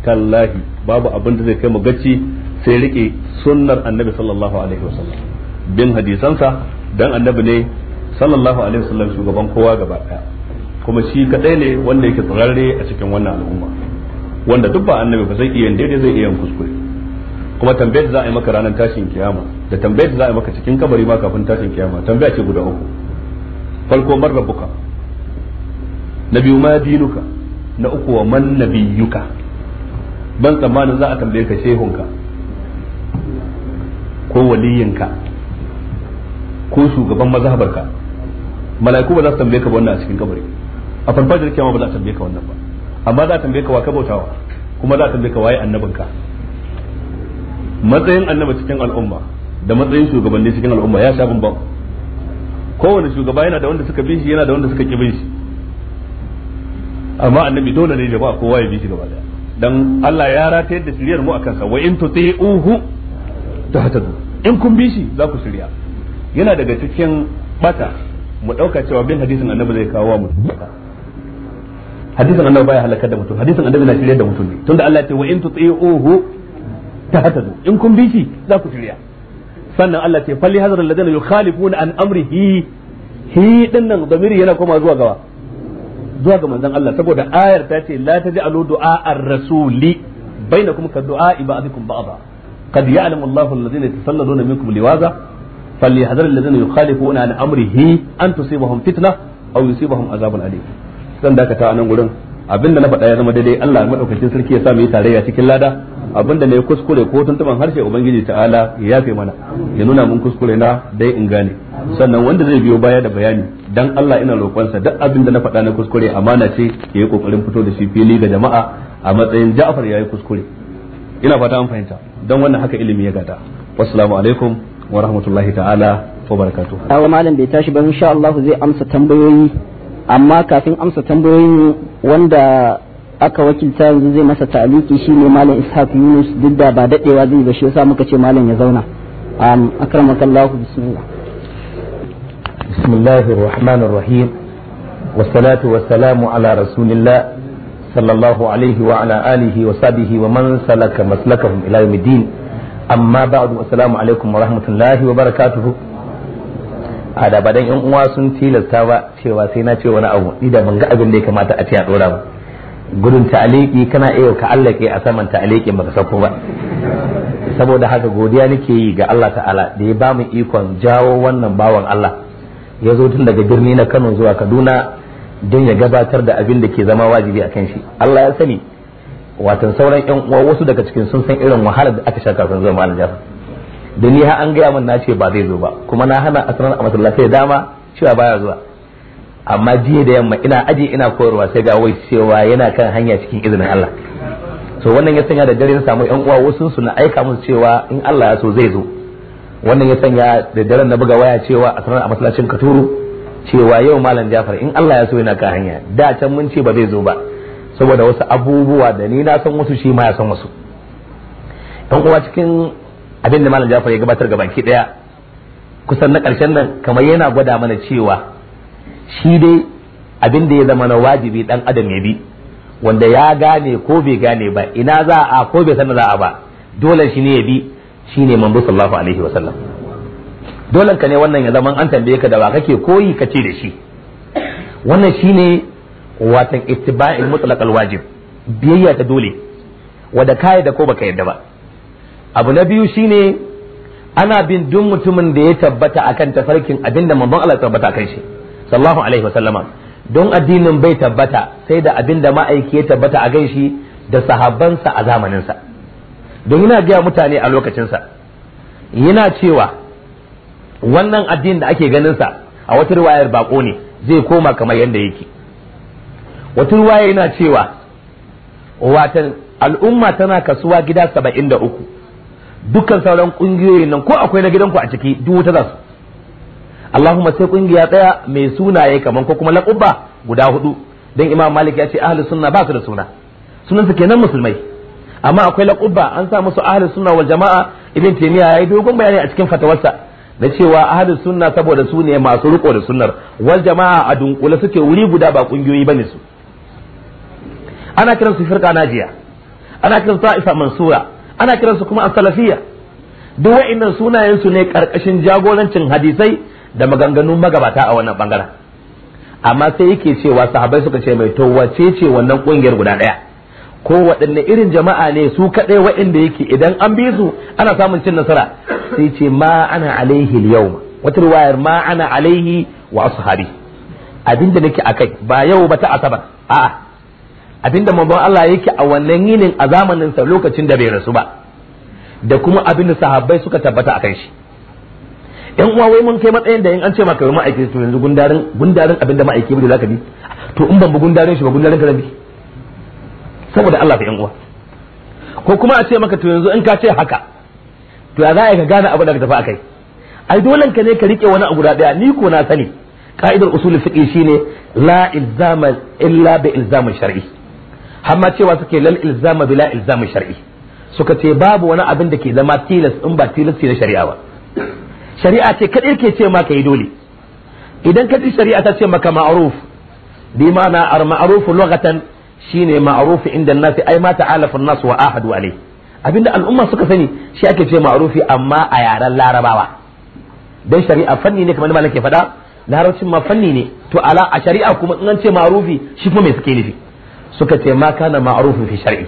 tallahi babu abin da zai kai mu gaci sai rike sunnar annabi sallallahu alaihi wasallam bin hadisansa dan annabi ne sallallahu alaihi wasallam shugaban kowa gaba daya kuma shi kadai ne wanda yake tsararre a cikin wannan al'umma wanda duk ba annabi ba zai iya daidai zai iya kuskure kuma tambayar za a yi maka ranar tashin kiyama da tambayar za a yi maka cikin kabari ma kafin tashin kiyama tambaya ce guda uku farko man rabbuka na biyu ma dinuka na uku wa man nabiyuka ban tsammanin za a tambaye ka shehunka ko waliyinka ko shugaban mazhabarka mala'iku ba za su tambaye ka wannan a cikin kabari a farfajiyar kiyama ba za su tambaye ka wannan ba amma za su tambaye ka wa ka bautawa kuma za su tambaye ka waye annabinka matsayin annabi cikin al'umma da matsayin shugabanni cikin al'umma ya sha bambam kowane shugaba yana da wanda suka bi shi yana da wanda suka ki bin shi amma annabi dole ne ba kowa ya bi shi gaba daya dan Allah ya ratayar da shiriyar mu akan sa wa in tuti'uhu tahtadu in kun bi shi za ku shirya yana daga cikin bata mu dauka cewa bin hadisin annabi zai kawo mu hadisin annabi baya halakar da mutum hadisin annabi na shirya da mutum ne tunda Allah ya ce wa in tuti'uhu tahtadu in kun bi shi za ku shirya sannan Allah ce falli hazar alladhina yukhalifuna an amrihi hi dinnan damiri yana koma zuwa gaba. zuwa ga manzon Allah saboda ayar ta ce la taj'alu du'a ar-rasuli bainakum ka du'a ibadikum ba'dha qad ya'lamu Allahu alladhina yatasalladuna minkum liwaza فليحذر الذين يخالفون عن امره ان تصيبهم فتنه او يصيبهم عذاب اليم dan dakata a nan gurin abinda na faɗa ya zama daidai Allah madaukakin sarki ya sa mu yi tarayya cikin lada abinda ne kuskure ko tuntuban harshe ubangiji ta'ala ya yafe mana ya nuna mun kuskure na dai in gane sannan wanda zai biyo baya da bayani dan Allah ina roƙonsa duk abinda na faɗa na kuskure amana ce ya yi kokarin fito da shi fili ga jama'a a matsayin Ja'far yayi kuskure ina fata an fahimta dan wannan haka ilimi ya gada wassalamu alaikum wa rahmatullahi ta'ala wa barakatuh awa malam bai tashi ba insha Allah zai amsa tambayoyi amma kafin amsa tambayoyin wanda aka wakilta yanzu zai masa ta'aliki shine malam ishaq yunus duk da ba dadewa zai ba shi yasa muka ce malam ya zauna um, akramaka allah bismillah bismillahir rahmanir rahim wassalatu wassalamu ala rasulillah sallallahu alaihi wa ala alihi wa sahbihi wa man salaka maslakahum ila yawmiddin amma ba'du assalamu alaikum wa rahmatullahi wa barakatuhu a da badan yan uwa sun tilasta ba cewa sai na ce wani abu ni da ban ga abin da ya kamata a ce a dora ba gudun ta'aliki kana iya ka allake a saman ba ka sako ba saboda haka godiya nake yi ga Allah ta'ala da ya ba mu ikon jawo wannan bawan Allah ya zo tun daga birni na Kano zuwa Kaduna don ya gabatar da abin da ke zama wajibi a kan shi Allah ya sani watan sauran yan uwa wasu daga cikin sun san irin wahalar da aka sha kafin zuwa malam jafar da ni an gaya min na ce ba zai zo ba kuma na hana asran a masallaci da dama cewa baya zuwa amma jiya da yamma ina aji ina koyarwa sai ga wai cewa yana kan hanya cikin izinin Allah so wannan ya sanya da dare na samu yan uwa wasu su na aika musu cewa in Allah ya so zai zo wannan ya sanya da daren na buga waya cewa asran a masallacin Katuru cewa yau malam Jafar in Allah ya so yana kan hanya da can mun ce ba zai zo ba saboda wasu abubuwa da ni na san wasu shi ma ya san wasu dan uwa cikin abin da malam Jafar ya gabatar gabaki daya kusan na karshen nan kamar yana gwada mana cewa shi dai abin da ya zama na wajibi dan adam ya bi wanda ya gane ko bai gane ba ina za a ko bai san za a ba dole shi ne ya bi shine manzo sallallahu alaihi wasallam dole ka ne wannan ya zama an tambaye ka da ba kake koyi ka ce da shi wannan shine watan ittiba'i mutlaq alwajib biyayya ta dole wanda ka ko baka yadda ba abu na biyu shine ana bin duk mutumin da ya tabbata akan tafarkin abinda manzon Allah ya tabbata kan shi sallallahu alaihi wasallama don addinin bai tabbata sai da abinda ma'aiki ya tabbata a ganshi da sahabbansa a zamaninsa don yana gaya mutane a lokacinsa yana cewa wannan addinin da ake ganinsa a wata riwayar bako ne zai koma kamar yadda yake wata ruwaya yana cewa watan al'umma tana kasuwa gida saba'in da uku dukkan sauran ƙungiyoyin nan ko akwai na gidanku a ciki duk wuta za su Allahumma sai ƙungiya ɗaya mai sunaye kamar ko kuma laƙubba guda hudu don Imam Malik ya ce ahli sunna ba su da suna sunan su kenan musulmai amma akwai laƙubba an sa musu ahli sunna wal jama'a Ibn ya yi dogon bayani a cikin fatawarsa na cewa ahli sunna saboda su ne masu riko da sunnar wal jama'a a dunkule suke wuri guda ba kungiyoyi ba ne su ana kiran su firqa najiya ana kiran kiransu ta'ifa mansura ana kiran su kuma as-salafiyya duk wa'annan sunayen su ne karkashin jagorancin hadisai da maganganun magabata a wannan bangaren amma sai yake cewa sahabbai suka ce mai to wace ce wannan kungiyar guda daya ko waɗanne irin jama'a ne su kaɗai waɗanda yake idan an bi su ana samun cin nasara sai ce ma ana alaihi yau wata riwayar ma ana alaihi wa ashabi abinda nake akai ba yau ba ta asabar a'a abinda manzon Allah yake a wannan yinin a zamanin sa lokacin da bai rasu ba da kuma abinda sahabbai suka tabbata akan shi yan uwa wai mun kai matsayin da in an ce maka wai ma'aiki to yanzu gundarin gundarin abinda ma'aiki bude zaka bi to in ban bu gundarin shi ba gundarin ka bi saboda Allah fa yan uwa ko kuma a ce maka to yanzu in ka ce haka to ya za ka gane abu da ka tafi akai ai dole ka ne ka rike wani abu daya ni ko na sani ka'idar usulul fiqh shine la ilzama illa bi ilzamin shar'i hamma cewa suke lal ilzama bila ilzami shar'i suka ce babu wani abin da ke zama tilas in ba tilas na shari'a ba shari'a ce kadai ke ce maka yi dole idan ka ji shari'a ta ce maka ma'ruf bi ma'ana ar ma'ruf lughatan shine ma'ruf inda nasi ai ma ta'alafu an-nas wa ahadu alayhi abinda al'umma suka sani shi ake ce ma'rufi amma a yaren larabawa dan shari'a fanni ne kamar malam ke faɗa larabcin ma fanni ne to ala a shari'a kuma in an ce ma'rufi shi kuma me suke nufi suka ce ma kana ma'arufin fi shari'i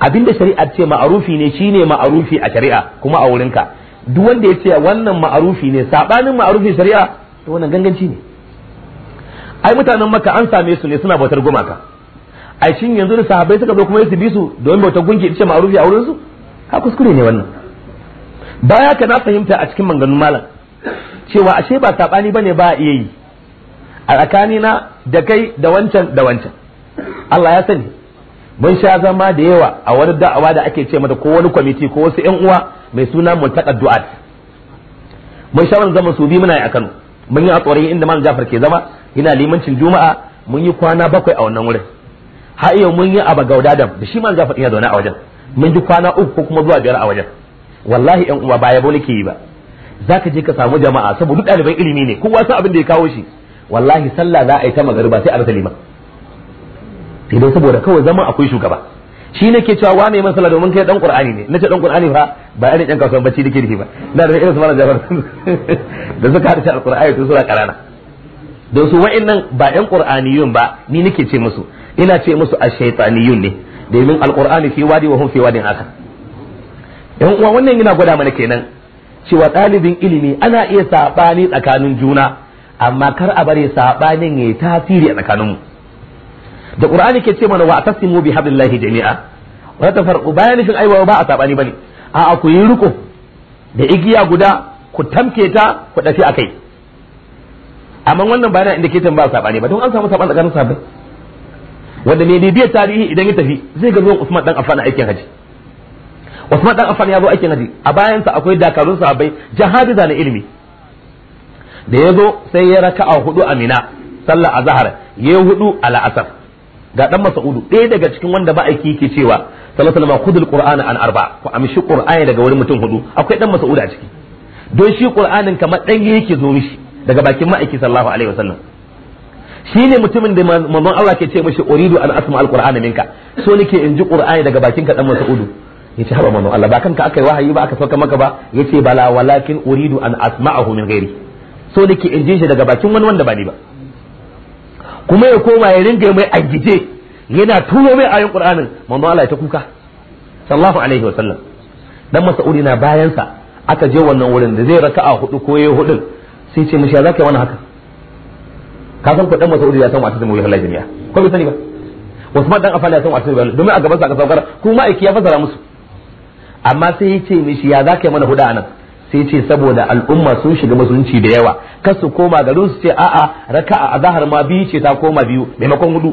abinda shari'a ce ma'arufi ne shine ma'arufi a shari'a kuma a wurinka duk wanda ya ce wannan ma'arufi ne sabanin ma'arufin shari'a to wannan ganganci ne ai mutanen maka an same su ne suna bautar gumaka ai shin yanzu da sahabbai suka zo kuma su bi su domin bautar gunki ita ce ma'arufi a wurin su kuskure ne wannan baya ka na fahimta a cikin manganun malam cewa ashe ba sabani bane ba iya yi a tsakanina da kai da wancan da wancan Allah ya sani mun sha zama da yawa a wani da'awa da ake ce mata ko wani kwamiti ko wasu yan uwa mai suna muntaqad du'at mun sha wani zama su bi muna yi a Kano mun yi a tsoron inda Malam Jafar ke zama yana limancin Juma'a mun yi kwana bakwai a wannan wurin har yau mun yi a Bagaudadan da shi Malam Jafar ya zaune a wajen mun yi kwana uku ko kuma zuwa biyar a wajen wallahi yan uwa ba bole ke yi ba zaka je ka samu jama'a saboda ɗaliban ilimi ne kowa san abin da ya kawo shi wallahi sallah za a yi ta magariba sai a rasa liman sai dai saboda kawai zama akwai shugaba shi ke cewa wa ne masala domin kai dan kur'ani ne nace dan kur'ani fa ba irin ɗan kasuwan bacci dake dake ba na da irin su malam jabar [laughs] da suka hada alqur'ani to sura karana don su wa'annan ba yan qur'aniyun ba ni nake ce musu ina ce musu a shaytaniyun ne domin alkur'ani fi wadi wa hum fi wadin akhar yan uwa wannan yana gwada mana kenan cewa ɗalibin ilimi ana iya saɓani tsakanin juna amma kar a bari saɓanin ya tasiri a tsakaninmu da qur'ani ke ce mana wa tasimu bi hablillahi jami'a wa tafarqu bayan shin aiwa ba a sabani bane a'a ku yi riko da igiya guda ku tamke ta ku dafi akai amma wannan bayan inda ke ba sabani ba don an samu saban tsakanin sabai wanda ne bibiyar tarihi idan ya tafi zai ga ruwan Usman dan Affan a aikin haji Usman dan Affan ya zo aikin haji a bayansa akwai dakarun sahabbai jihadiza na ilimi da ya zo sai ya raka'a hudu a Mina sallar azhar ya hudu a la'asar ga dan mas'udu ɗaya daga cikin wanda ba aiki yake cewa sallallahu alaihi wasallam kudul qur'ana an arba ku amshi qur'ani daga wani mutum hudu akwai dan mas'udu a ciki don shi qur'anin kamar dan yake zo mishi daga bakin ma'aiki sallallahu alaihi wasallam shine mutumin da manzon Allah ke ce mishi uridu an asma alqur'ana minka so nake in ji qur'ani daga bakin ka dan mas'udu yace haba manzon Allah ba kanka aka yi wahayi ba aka sauka maka ba yace bala walakin uridu an asma'ahu min ghairi so nake in ji shi daga bakin wani wanda ba ni ba kuma ya koma ya ringa mai angije yana turo mai ayin qur'anin manzo Allah ya ta kuka sallallahu alaihi wasallam dan mas'udi na bayan sa aka je wannan wurin da zai raka'a hudu ko yayi hudun sai ce mishi ya zaka wani haka ka san ku dan mas'udi ya san wata da mu yahlai jami'a ko bai sani ba Usman dan afala ya san wata da domin a gaban sa ka saukar kuma aiki ya fasara musu amma sai ya ce mishi ya zaka yi mana hudu anan sai ce saboda al'umma sun shiga musulunci da yawa kar su koma garin su ce a'a raka'a a ma biyu ce ta koma biyu maimakon hudu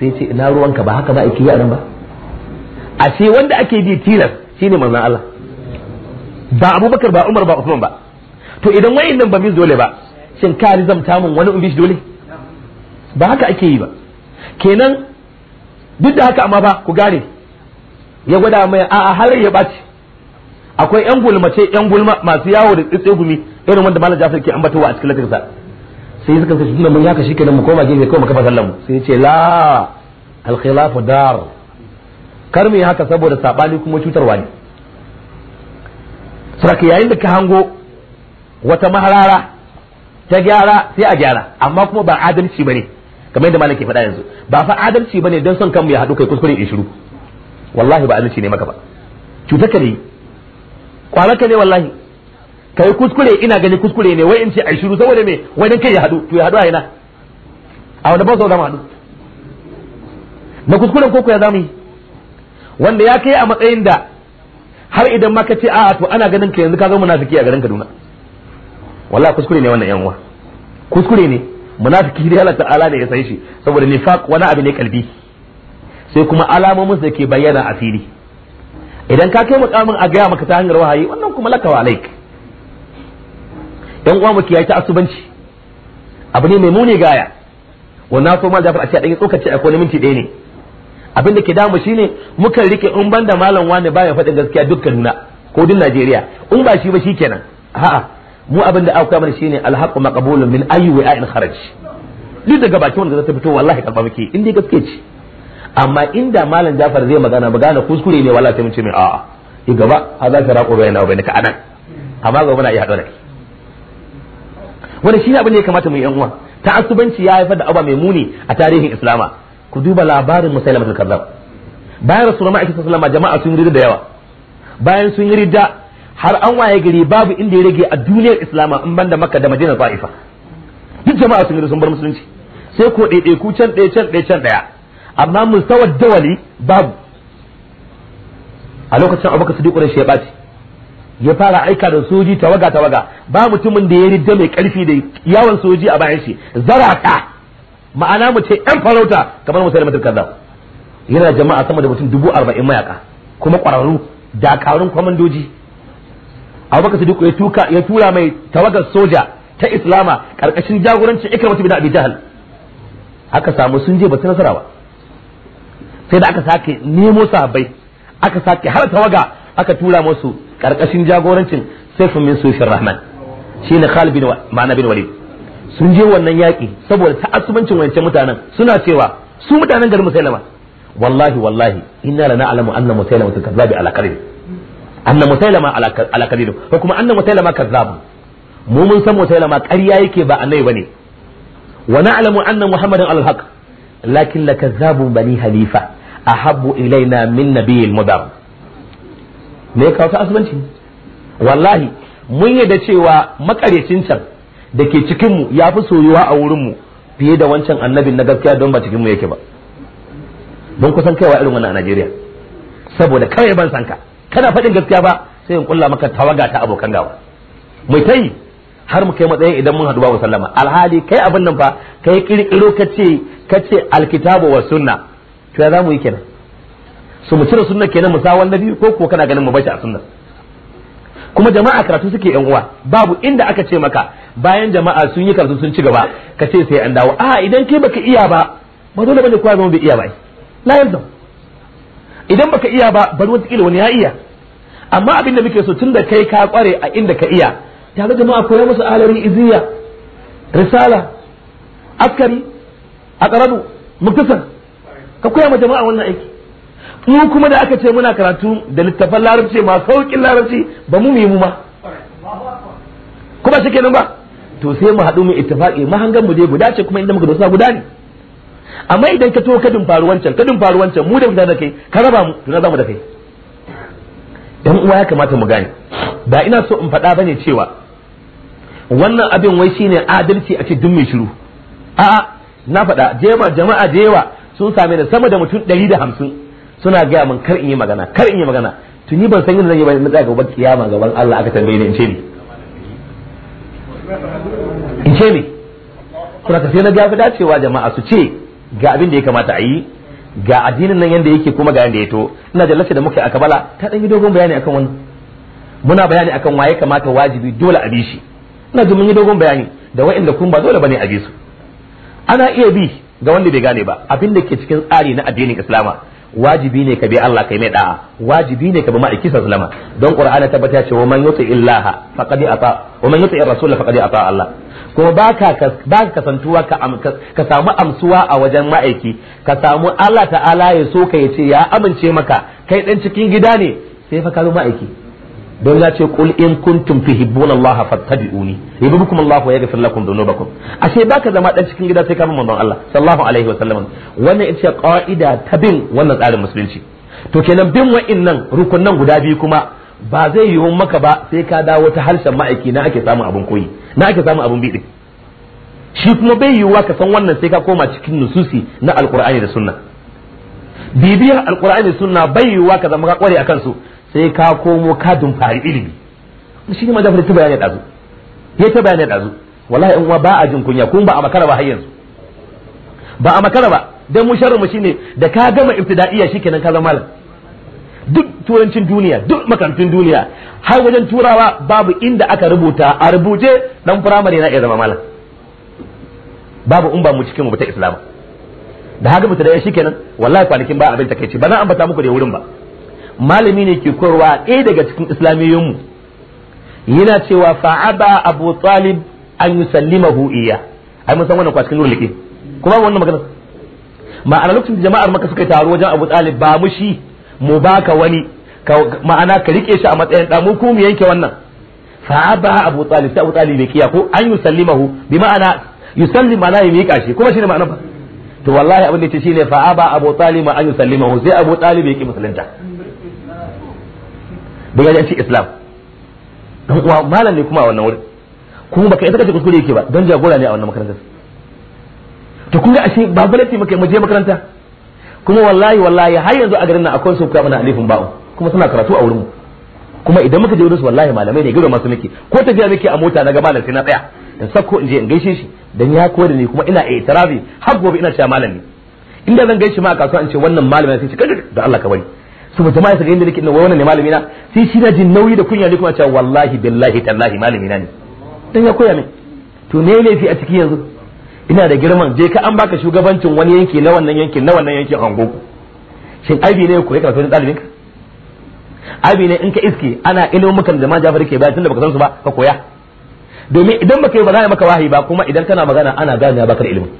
sai ce ina ruwanka ba haka ba ake yi a nan ba a ce wanda ake bi tilas shine manzon Allah ba Abubakar ba Umar ba Usman ba to idan nan ba mi dole ba shin ka rizamta mun wani umbi dole ba haka ake yi ba kenan duk da haka amma ba ku gane ya gwada mai a'a har ya bace akwai yan gulmace yan gulma masu yawo da tsitse gumi irin wanda malam Jafar ke ambatowa a cikin latarsa sai suka ce tunda mun haka shikenan mu koma gefe kawai mu kafa sallan mu sai ya ce la al khilafu dar kar mu yi haka saboda sabani kuma cutarwa ne Saka yayin da ka hango wata maharara ta gyara sai a gyara amma kuma ba adalci bane kamar yadda malam ke faɗa yanzu ba fa adalci bane don son kanmu ya haɗu kai kuskure in shiru wallahi ba adalci ne maka ba cutaka ne kwanaka ne wallahi kai kuskure ina gani kuskure ne wai in ce ai shiru saboda me wai dan kai ya hadu to ya hadu a ina a wanda ba so zama hadu na kuskuren koko ya zamu yi wanda ya kai a matsayin da har idan ma ka ce a'a to ana ganin ka yanzu ka zama munafiki a garin Kaduna wallahi kuskure ne wannan yan uwa kuskure ne munafiki dai Allah ta'ala ne ya san shi saboda nifaq wani abu ne kalbi sai kuma alamomin da ke bayyana a fili idan ka kai mukamin a gaya maka ta hanyar wahayi wannan kuma laka wa alaik yan uwa mu yayi ta asubanci abu ne mai muni gaya wannan so ma Jafar a cikin a a kone minti ɗaya ne abin da ke damu shine mukan rike in ban da malam wani baya faɗin gaskiya dukkan nuna ko din Najeriya in ba shi ba shikenan a'a mu abin da aka mana shine alhaqu maqbulun min ayyi wa'in kharaj duk daga bakin wanda zata fito wallahi karba muke in dai gaskiya ce amma inda malam jafar zai magana magana kuskure ne wala sai mun ce mai a'a ki gaba a za ka rako bayana bai ka anan amma gaba muna iya haɗa kai wanda shi abin da ya kamata mu yi yan uwa asubanci ya haifar da aba mai muni a tarihin islama ku duba labarin musailama al kazzab bayan sallallahu alaihi wasallam jama'a sun rida da yawa bayan sun yi rida har an waye gari babu inda ya rage a duniyar islama in banda makka da madina ta'ifa duk jama'a sun rida sun bar musulunci sai ko ɗaiɗaiku can ɗaya can ɗaya can ɗaya amma mustawar dawali babu a lokacin abubakar su dukkanin ya ya fara aika da soji tawaga tawaga ba mutumin da ya ridda mai karfi da yawan soji a bayan shi zarata ma'ana mu ce yan farauta kamar musulmi kaza yana jama'a sama da mutum dubu arba'in mayaka kuma kwararru dakarun kwamandoji abubakar sadiq ya tuka ya tura mai tawagar soja ta islama karkashin jagorancin ikrama bin abi abijahal aka samu sun je ba su nasara ba sai da aka sake nemo sahabbai aka sake har tawaga aka tura musu karkashin jagorancin saifin min sufin rahman shine Khalid bin ma'ana bin Walid sun je wannan yaƙi saboda ta'assubancin wancan mutanen suna cewa su mutanen garin Musailama wallahi wallahi inna lana alamu anna Musailama kazzabi ala karim anna Musailama ala karim ko kuma anna Musailama kazzabu mu mun san Musailama ƙarya yake ba annabi bane wa na'lamu anna Muhammadan al-haq lakin lakazzabu bani halifa ahabbu ilaina min nabiyil mudar me ya kawo asubanci wallahi mun yarda cewa makarecin can da ke cikin mu ya fi soyuwa a wurin mu fiye da wancan annabin na gaskiya don ba cikin mu yake ba don kusan kaiwa irin wannan a Najeriya saboda kawai ban sanka kana faɗin gaskiya ba sai in kulla maka tawaga ta abokan gawa mai tayi har mu kai matsayin idan mun haɗu babu sallama alhali kai abin nan fa kai kirkiro kace kace ka ce alkitabu wa sunna to ya za mu yi kenan su mu cire sunna kenan mu sa wanda biyu ko ko kana ganin mu bashi a sunna kuma jama'a karatu suke yan uwa babu inda aka ce maka bayan jama'a sun yi karatu sun ci gaba ka ce sai an dawo a idan kai baka iya ba ba dole bane kowa zama bai iya ba la yanzu idan baka iya ba bari wata kila wani ya iya amma abin da muke so tun da kai ka kware a inda ka iya tare jama'a koya musu alarin iziya risala askari aqrabu muktasar ka koya ma jama'a wannan aiki mu kuma da aka ce muna karatu da littafan larabci ma saukin larabci ba mu mu ma kuma shi kenan ba to sai mu haɗu mu ittifaqi hangan mu je guda ce kuma inda muka dosa guda ne amma idan ka to ka faru wancan ka faru wancan mu da guda da kai ka raba mu to na zamu da kai dan uwa ya kamata mu gane ba ina so in faɗa bane cewa wannan abin wai shine adalci a ce dun mai shiru a'a na faɗa jema jama'a jewa sun same ni sama da mutum ɗari da hamsin suna gaya min kar in yi magana kar in yi magana tuni ban san yadda zan yi ba na tsaya gaban kiyama gaban Allah aka tambaye ni in ce ni in ce ni kuma ka sai na gafi dacewa jama'a su ce ga abin da ya kamata a yi ga addinin nan yanda yake kuma ga yanda ya to ina da lafiya da muka a kabala ta ɗan yi dogon bayani akan wannan muna bayani akan waye kamata wajibi dole a bi shi ina da mun yi dogon bayani da wa'inda kun ba dole bane a bi su ana iya bi ga wanda bai gane ba abin da ke cikin tsari na addinin islama wajibi ne ka bi Allah kai mai da'a wajibi ne ka bi ma'aiki sallama don qur'ana tabbata ce wa man yuti illaha faqad ata wa man yuti rasul faqad ata Allah kuma baka baka kasantuwa ka ka samu amsuwa a wajen ma'aiki ka samu Allah ta'ala ya so ka ya ce ya amince maka kai dan cikin gida ne sai fa ka zo ma'aiki don ya ce kul in kuntum tuhibbuna Allah fattabi'uni yuhibbukum Allah wa yaghfir lakum dhunubakum ashe baka zama dan cikin gida sai ka bi manzon Allah sallallahu alaihi wa sallam wannan ita ce qaida ta bin wannan tsarin musulunci to kenan bin wainnan rukunnan guda biyu kuma ba zai yiwu maka ba sai ka dawo ta harshen ma'aiki na ake samun abun koyi na ake samun abun bidi shi kuma bai yiwuwa ka san wannan sai ka koma cikin nususi na alqur'ani da sunna bibiyar alqur'ani da sunna bai yiwuwa ka zama ka kware akan su sai ka komo ka dumfari ilimi shi ne madafar ta bayanai ɗazu ya ta bayanai ɗazu wallahi in uwa ba a jin kunya kun ba a makara ba har yanzu ba a makara ba dan mu sharri mu shine da ka gama ibtida'iyya shikenan ka zama malam duk turancin duniya duk makarantun duniya har wajen turawa babu inda aka rubuta a rubuce dan firamare na iya zama malam babu in ba mu cikin mu ta islama da haka mutu da ya shikenan wallahi kwanakin ba abin takeici ba na ambata muku da wurin ba malami ne ke koyarwa ɗaya daga cikin islamiyyunmu yana cewa fa'aba abu talib an yi sallima iya ai mun san wannan kwa cikin liƙe kuma wannan magana ma'ana lokacin da jama'ar maka suka taru wajen abu talib ba mu shi mu baka wani ma'ana ka riƙe shi a matsayin ɗamu mu mu yanke wannan fa'aba abu talib sai abu talib bai kiya ko an hu bi ma'ana yi na yi miƙa shi kuma shi ne ma'ana ba. to wallahi abin da ne shine fa'aba abu talib an yi sallima hu sai abu talib yake musulunta don ya islam dan uwa malam ne kuma a wannan wurin kuma baka yi kace kuskure yake ba don jagora ne a wannan makarantar to kun ga ashe ba gwamnati muke mu je makaranta kuma wallahi wallahi har yanzu a garin nan akwai su kuma na alifin ba'u kuma suna karatu a wurin mu kuma idan muka je wurin su wallahi malamai ne gaba masu muke ko tafiya muke a mota na ga malam sai na tsaya in sako in je in gaishe shi dan ya koyar da ni kuma ina itirafi har gobe ina cewa malam ne inda zan gaishe ma a kasuwa in ce wannan malamin sai ce da Allah ka bari su ba jama'a su ga inda nake na wannan ne malami na sai shi na jin nauyi da kunya ne kuma cewa wallahi billahi tallahi malami na ne dan ya koya ne to ne fi a ciki yanzu ina da girman je ka an baka shugabancin wani yanki na wannan yankin na wannan yankin hango shin aibi ne koyi karatu na dalibin ka aibi ne in ka iske ana ilimin mukan da ma Jafar ke bayar tunda baka san su ba ka koya domin idan baka yi ba za a maka wahayi ba kuma idan kana magana ana gane baka da ilimin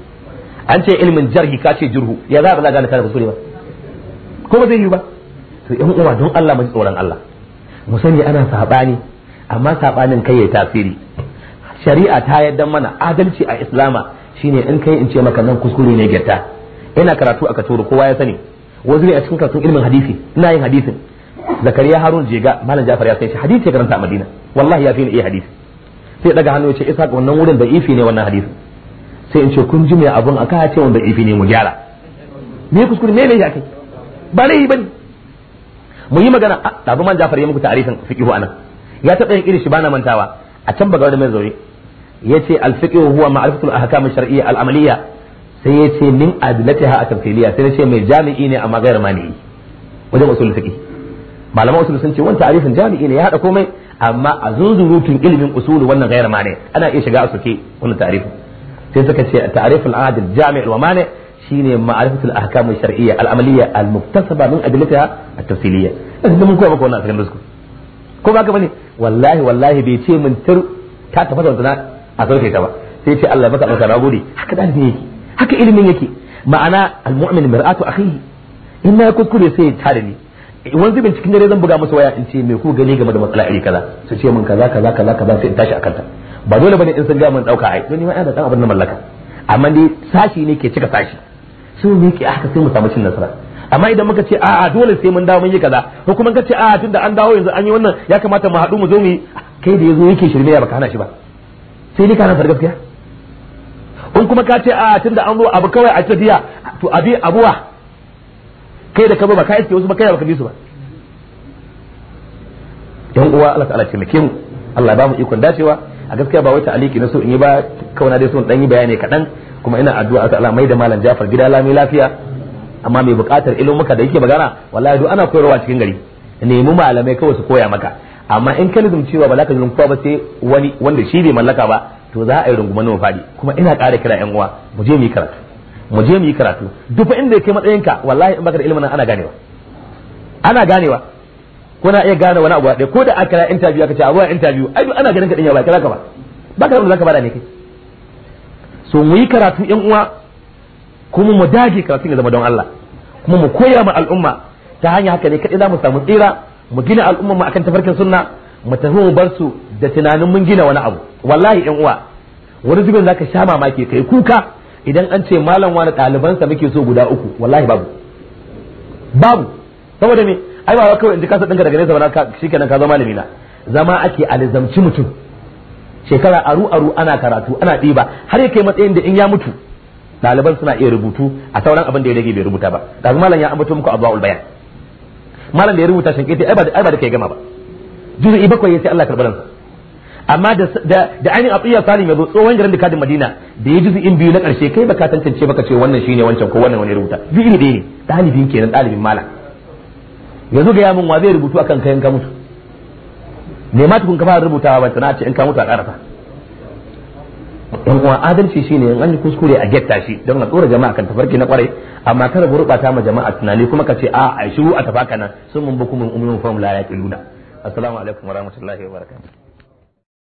an ce ilimin jarhi ka ce jirhu ya za ba za gane kana kuskure ba ko ba zai yi ba to yan uwa don Allah mu tsoron Allah mu sani ana sabani amma sabanin kai ya tasiri shari'a ta yadda mana adalci a islama shine in kai in ce maka nan kuskure ne gyatta ina karatu aka turo kowa ya sani wasu ne a cikin karatun ilimin hadisi ina yin hadisin zakariya harun jega malam jafar ya san shi hadisi ya karanta a madina wallahi ya fi ni iya hadisi sai daga hannu ya ce isa wannan wurin da ifi ne wannan hadisin sai in ce kun ji mai abun aka ce wanda ifi ne mu gyara me kuskure me ne ya kai ba yi bane mu yi magana dazu ah, man Jafar ya muku ta'arifin fiqhu anan ya taɓa yin irin shi bana mantawa a can baga wani mai zaure yace al fiqhu huwa ma'rifatul ahkam shar'iyya al amaliyya sai ce min adlatiha a tafsiliya sai ce mai jami'i ne amma gairar mani wajen usul fiqh malaman usul sun ce wannan ta'arifin jami'i ne ya hada komai amma a zunzurutun ilimin usul wannan gairar mani ana iya shiga a suke wannan ta'arifin sai suka ce ta'ariful adil jami'ul wa mani' shine ma'arifatul ahkam shar'iyya al-amaliyya al-muktasaba min adillatiha at-tafsiliyya idan mun koya maka wannan a secondary school ko ba ka bane wallahi wallahi bai ce min tur ta tafi da wannan a sauke ta ba sai ce Allah baka baka nagode haka ne yake haka ilimin yake ma'ana al-mu'min mir'atu akhihi in na kuskure sai ya tare ni wanzu bin cikin dare zan buga musu waya in ce me ku gani game da matsala iri kaza su ce min kaza kaza kaza kaza sai in tashi akan ta ba dole bane in sun ga mun dauka ai don ni ma ina da dan abin da mallaka amma dai sashi ne ke cika sashi su mu miƙe haka sai mu samu cin nasara amma idan muka ce a'a dole sai mun dawo mun yi kaza ko kuma ka ce a'a tunda an dawo yanzu an yi wannan ya kamata mu haɗu mu zo mu yi ah, kai da yazo yake shirme ya baka hana shi ba sai ni kana gaskiya in kuma ka ce a'a tunda an zo abu kawai a tafiya to abi abuwa kai da kaba ba ka iske wasu ba kai ba ka bi su ba yan uwa Allah ta'ala ce mu Allah ya ba mu ikon dacewa a gaskiya ba wai aliki na so in yi ba kauna dai so dan yi bayani kaɗan kuma ina addu'a ga Allah mai da malam Jafar gida lami lafiya amma mai buƙatar ilmuka da yake magana wallahi duk ana koyarwa cikin gari nemi malamai kawai su koya maka amma in ka nufin cewa ba za ka kowa ba sai wani wanda shi bai mallaka ba to za a yi rungumar mu fadi kuma ina ƙara kira yan uwa mu je mu yi karatu mu je mu yi karatu duk inda kai matsayinka wallahi in baka da ilimin ana ganewa ana ganewa kuna iya gane wani abu ɗaya ko da aka kira interview aka ce abuwa interview ai duk ana ganin ka din ya ba kira ka ba baka da wanda zaka bada ne kai so mu yi karatu yan uwa kuma mu dage karatu ya zama don Allah kuma mu koya ma al'umma ta hanya haka ne kaɗai za mu samu tsira mu gina al'umma mu akan tafarkin sunna mu tafi mu bar su da tunanin mun gina wani abu wallahi yan uwa wani zubin zaka sha mamaki kai kuka idan an ce malam wani ɗalibansa muke so guda uku wallahi babu babu saboda me ai ba kawai in ji kasa ɗinka daga nesa ba shikenan ka zama malami na zama ake alizamci mutum shekara aru aru ana karatu ana ɗiba har yake matsayin da in ya mutu ɗaliban suna iya rubutu a sauran abin da ya rage bai rubuta ba kaga malam ya ambato muku abwaul bayan malam da ya rubuta shin kai ai ba da kai gama ba juzu'i bakwai sai Allah karbaran amma da da ainihin abiya salim ya zo tsohon garin kadin madina da ya juzu in biyu na karshe kai baka tantance baka ce wannan shine wancan ko wannan wani rubuta juzu'i ne ɗaya ne ɗalibin kenan ɗalibin malam yanzu ga yamin wa zai rubutu akan kayan ka mutu ne ma tukun kafa rubutawa ba tana ce in ka mutu a karata yan adalci shine in an yi kuskure a get shi don a tsora jama'a kan tafarki na kwarai amma kada rubuta ma jama'a tunani kuma ka ce a a shiru a tafaka nan sun mun bukumin umumin famula la yaqiluna assalamu alaikum warahmatullahi wabarakatuh